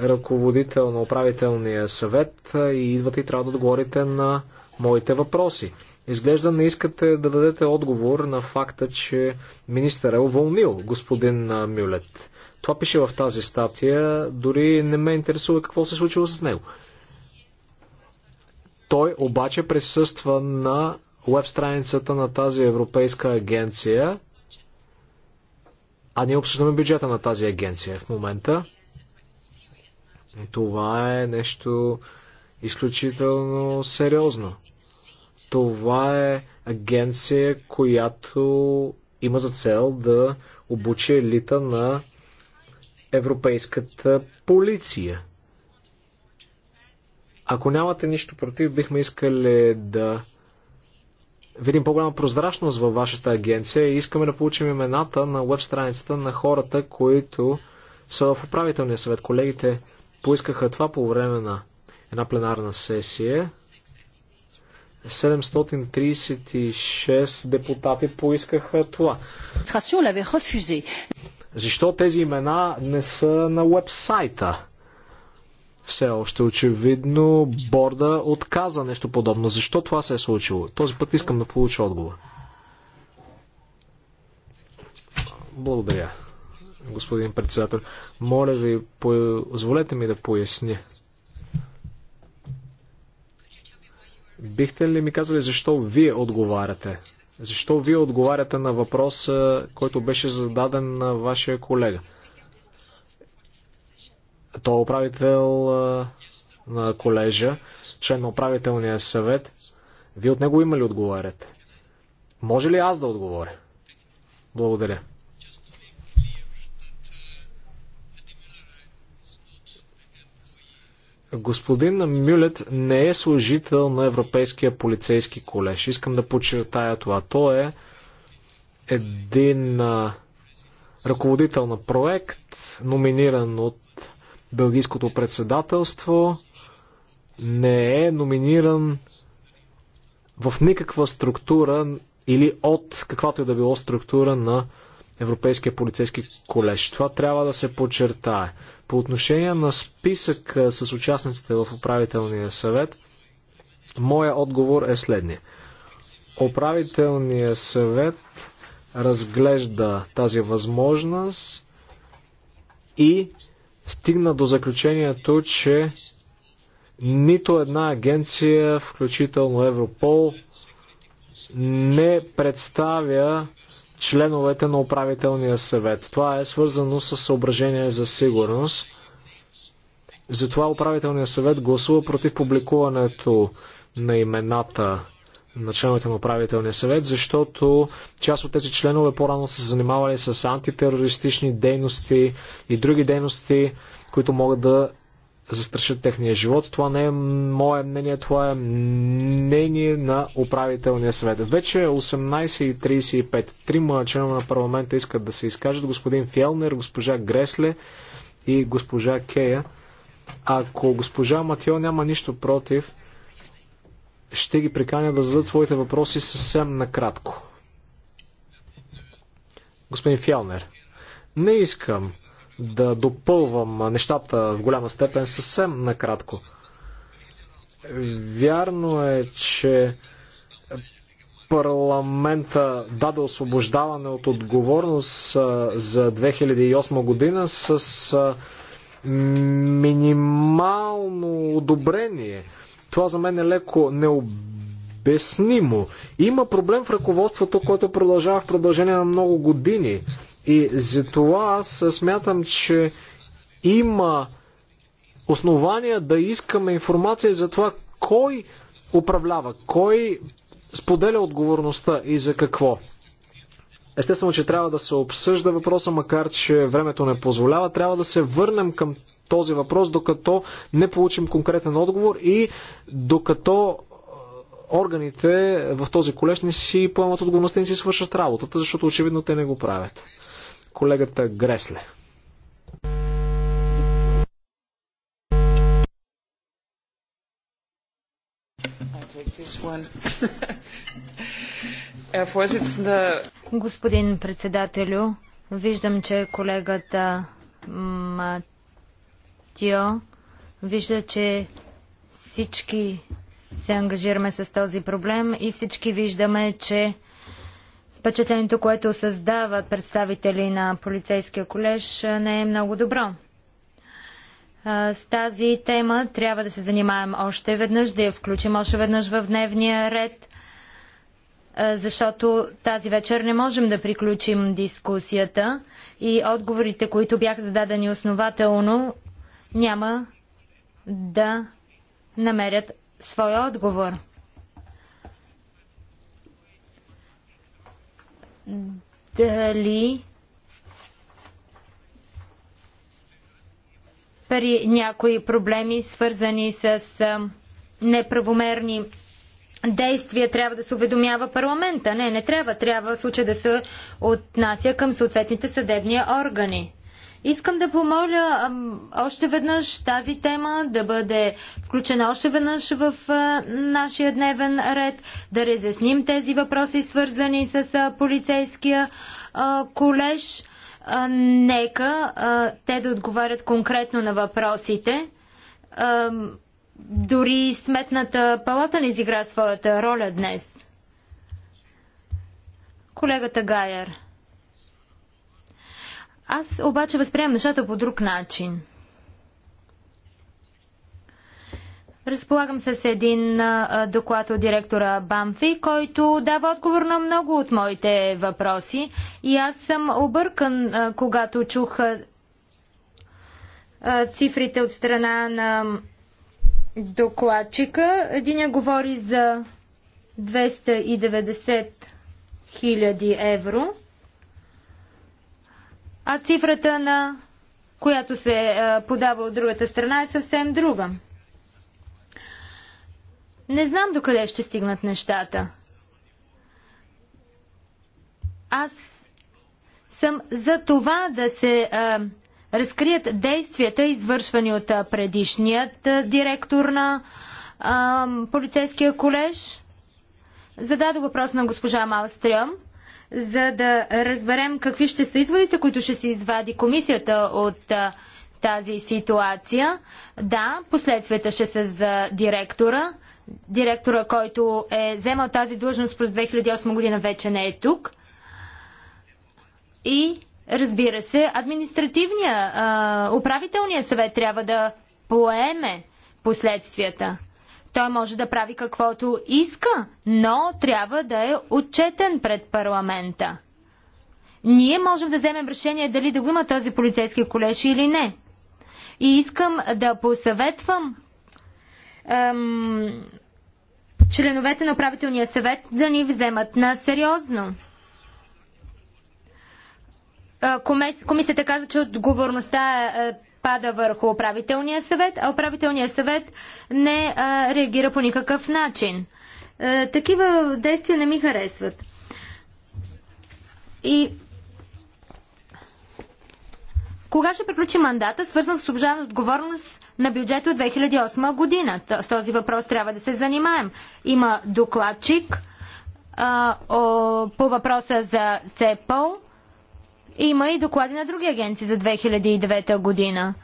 Speaker 1: ръководител на управителния съвет е, и идвате и трябва да отговорите на моите въпроси. Изглежда не искате да дадете отговор на факта, че министър е уволнил господин Мюлет. Това пише в тази статия, дори не ме интересува какво се случило с него. Той обаче присъства на веб страницата на тази европейска агенция, а ние обсъждаме бюджета на тази агенция в момента. Това е нещо изключително сериозно. Това е агенция, която има за цел да обучи елита на европейската полиция. Ако нямате нищо против, бихме искали да видим по-голяма прозрачност във вашата агенция и искаме да получим имената на веб страницата на хората, които са в управителния съвет. Колегите поискаха това по време на една пленарна сесия. 736 депутати поискаха това. Защо тези имена не са на веб-сайта? все още очевидно борда отказа нещо подобно. Защо това се е случило? Този път искам да получа отговор. Благодаря, господин председател. Моля ви, позволете ми да поясня. Бихте ли ми казали защо вие отговаряте? Защо вие отговаряте на въпроса, който беше зададен на вашия колега? Той е управител на колежа, член на управителния съвет. Вие от него има ли отговаряте? Може ли аз да отговоря? Благодаря. Господин Мюлет не е служител на Европейския полицейски колеж. Искам да подчертая това. Той е един ръководител на проект, номиниран от Белгийското председателство не е номиниран в никаква структура или от каквато и е да било структура на Европейския полицейски колеж. Това трябва да се подчертае. По отношение на списък с участниците в управителния съвет, моя отговор е следния. Управителният съвет разглежда тази възможност и стигна до заключението, че нито една агенция, включително Европол, не представя членовете на управителния съвет. Това е свързано с съображение за сигурност. Затова управителният съвет гласува против публикуването на имената на членовете на управителния съвет, защото част от тези членове по-рано са занимавали с антитерористични дейности и други дейности, които могат да застрашат техния живот. Това не е мое мнение, това е мнение на управителния съвет. Вече е 18.35. Трима членове на парламента искат да се изкажат. Господин Фелнер, госпожа Гресле и госпожа Кея. Ако госпожа Матио няма нищо против, ще ги приканя да зададат своите въпроси съвсем накратко. Господин Фялнер, не искам да допълвам нещата в голяма степен съвсем накратко. Вярно е, че парламента даде освобождаване от отговорност за 2008 година с минимално одобрение това за мен е леко необяснимо. Има проблем в ръководството, който продължава в продължение на много години. И за това аз смятам, че има основания да искаме информация за това кой управлява, кой споделя отговорността и за какво. Естествено, че трябва да се обсъжда въпроса, макар че времето не позволява. Трябва да се върнем към този въпрос, докато не получим конкретен отговор и докато органите в този колеж не си поемат отговорността и не си свършат работата, защото очевидно те не го правят. Колегата Гресле.
Speaker 3: Господин председателю, виждам, че колегата Матио. Вижда, че всички се ангажираме с този проблем и всички виждаме, че впечатлението, което създават представители на полицейския колеж, не е много добро. С тази тема трябва да се занимаем още веднъж, да я включим още веднъж в дневния ред, защото тази вечер не можем да приключим дискусията и отговорите, които бяха зададени основателно, няма да намерят своя отговор. Дали при някои проблеми, свързани с неправомерни действия трябва да се уведомява парламента. Не, не трябва. Трябва в случай да се отнася към съответните съдебни органи. Искам да помоля ам, още веднъж тази тема да бъде включена още веднъж в а, нашия дневен ред, да разясним тези въпроси, свързани с а, полицейския а, колеж. А, нека а, те да отговарят конкретно на въпросите. А, дори сметната палата не изигра своята роля днес. Колегата Гайер. Аз обаче възприемам нещата по друг начин. Разполагам се с един доклад от директора Бамфи, който дава отговор на много от моите въпроси. И аз съм объркан, когато чух цифрите от страна на докладчика. Единя говори за 290 000 евро. А цифрата на която се е, подава от другата страна е съвсем друга. Не знам докъде ще стигнат нещата. Аз съм за това да се а, е, разкрият действията, извършвани от а, е, предишният а, директор на а, полицейския колеж. Зададох въпрос на госпожа Малстрем за да разберем какви ще са изводите, които ще се извади комисията от тази ситуация. Да, последствията ще са за директора. Директора, който е вземал тази длъжност през 2008 година, вече не е тук. И разбира се, административния, управителния съвет трябва да поеме последствията. Той може да прави каквото иска, но трябва да е отчетен пред парламента. Ние можем да вземем решение дали да го има този полицейски колеж или не. И искам да посъветвам ем, членовете на управителния съвет да ни вземат на сериозно. Комисията каза, че отговорността е, е пада върху управителния съвет, а управителният съвет не а, реагира по никакъв начин. А, е, такива действия не ми харесват. И кога ще приключи мандата, свързан с обжалване отговорност на бюджета от 2008 година? С този въпрос трябва да се занимаем. Има докладчик а, о, по въпроса за СЕПОЛ. Има и доклади на други агенции за 2009 година.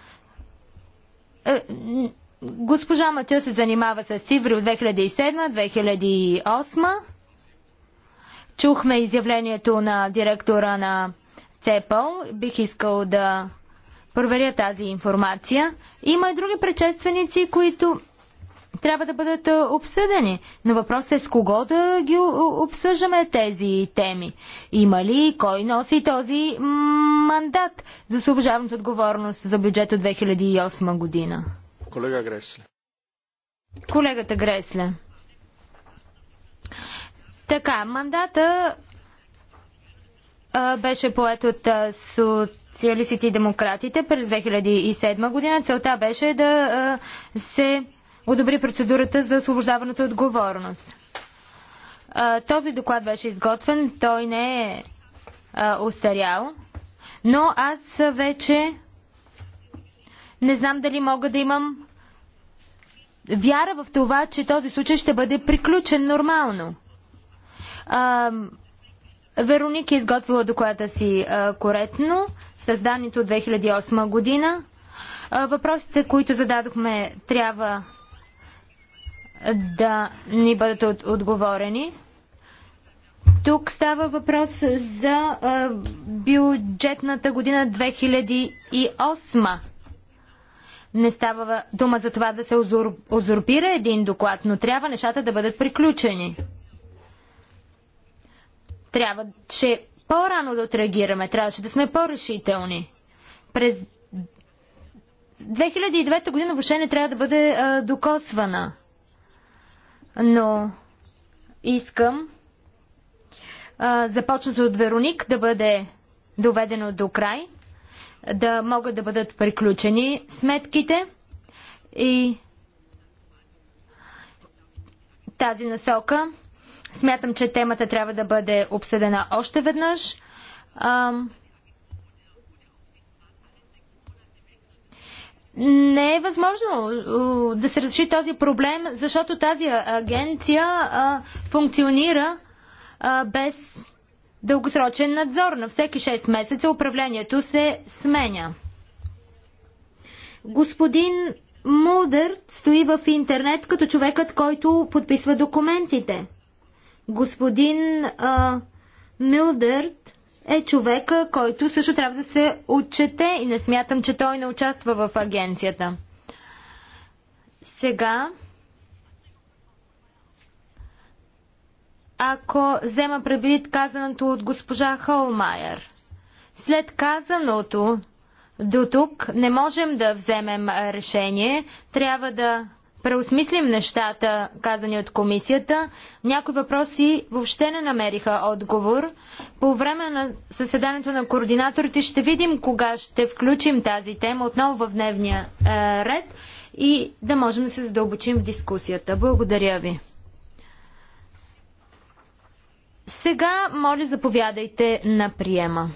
Speaker 3: Е, госпожа Матю се занимава с цифри от 2007-2008. Чухме изявлението на директора на ЦЕПЛ. Бих искал да проверя тази информация. Има и други предшественици, които трябва да бъдат обсъдени. Но въпросът е с кого да ги обсъждаме тези теми. Има ли кой носи този мандат за съобжаваната отговорност за бюджет от 2008 година?
Speaker 1: Колега Гресле.
Speaker 3: Колегата Гресле. Така, мандата а, беше поет от а, социалистите и демократите през 2007 година. Целта беше да а, се одобри процедурата за освобождаването от отговорност. Този доклад беше изготвен, той не е устарял, но аз вече не знам дали мога да имам вяра в това, че този случай ще бъде приключен нормално. Вероник е изготвила доклада си коректно, с данните от 2008 година. въпросите, които зададохме, трябва да ни бъдат от, отговорени. Тук става въпрос за а, бюджетната година 2008. Не става дума за това да се узур, един доклад, но трябва нещата да бъдат приключени. Трябва, че по-рано да отреагираме, трябваше да сме по-решителни. През 2009 година въобще не трябва да бъде а, докосвана но искам а, започнато от Вероник да бъде доведено до край, да могат да бъдат приключени сметките и тази насока. Смятам, че темата трябва да бъде обсъдена още веднъж. А, не е възможно да се реши този проблем, защото тази агенция а, функционира а, без дългосрочен надзор. На всеки 6 месеца управлението се сменя. Господин Мулдър стои в интернет като човекът, който подписва документите. Господин а, Милдърт е човек, който също трябва да се отчете и не смятам, че той не участва в агенцията. Сега, ако взема предвид казаното от госпожа Холмайер, след казаното до тук не можем да вземем решение, трябва да преосмислим нещата, казани от комисията. Някои въпроси въобще не намериха отговор. По време на съседанието на координаторите ще видим кога ще включим тази тема отново в дневния е, ред и да можем да се задълбочим в дискусията. Благодаря ви. Сега, моля, заповядайте на приема.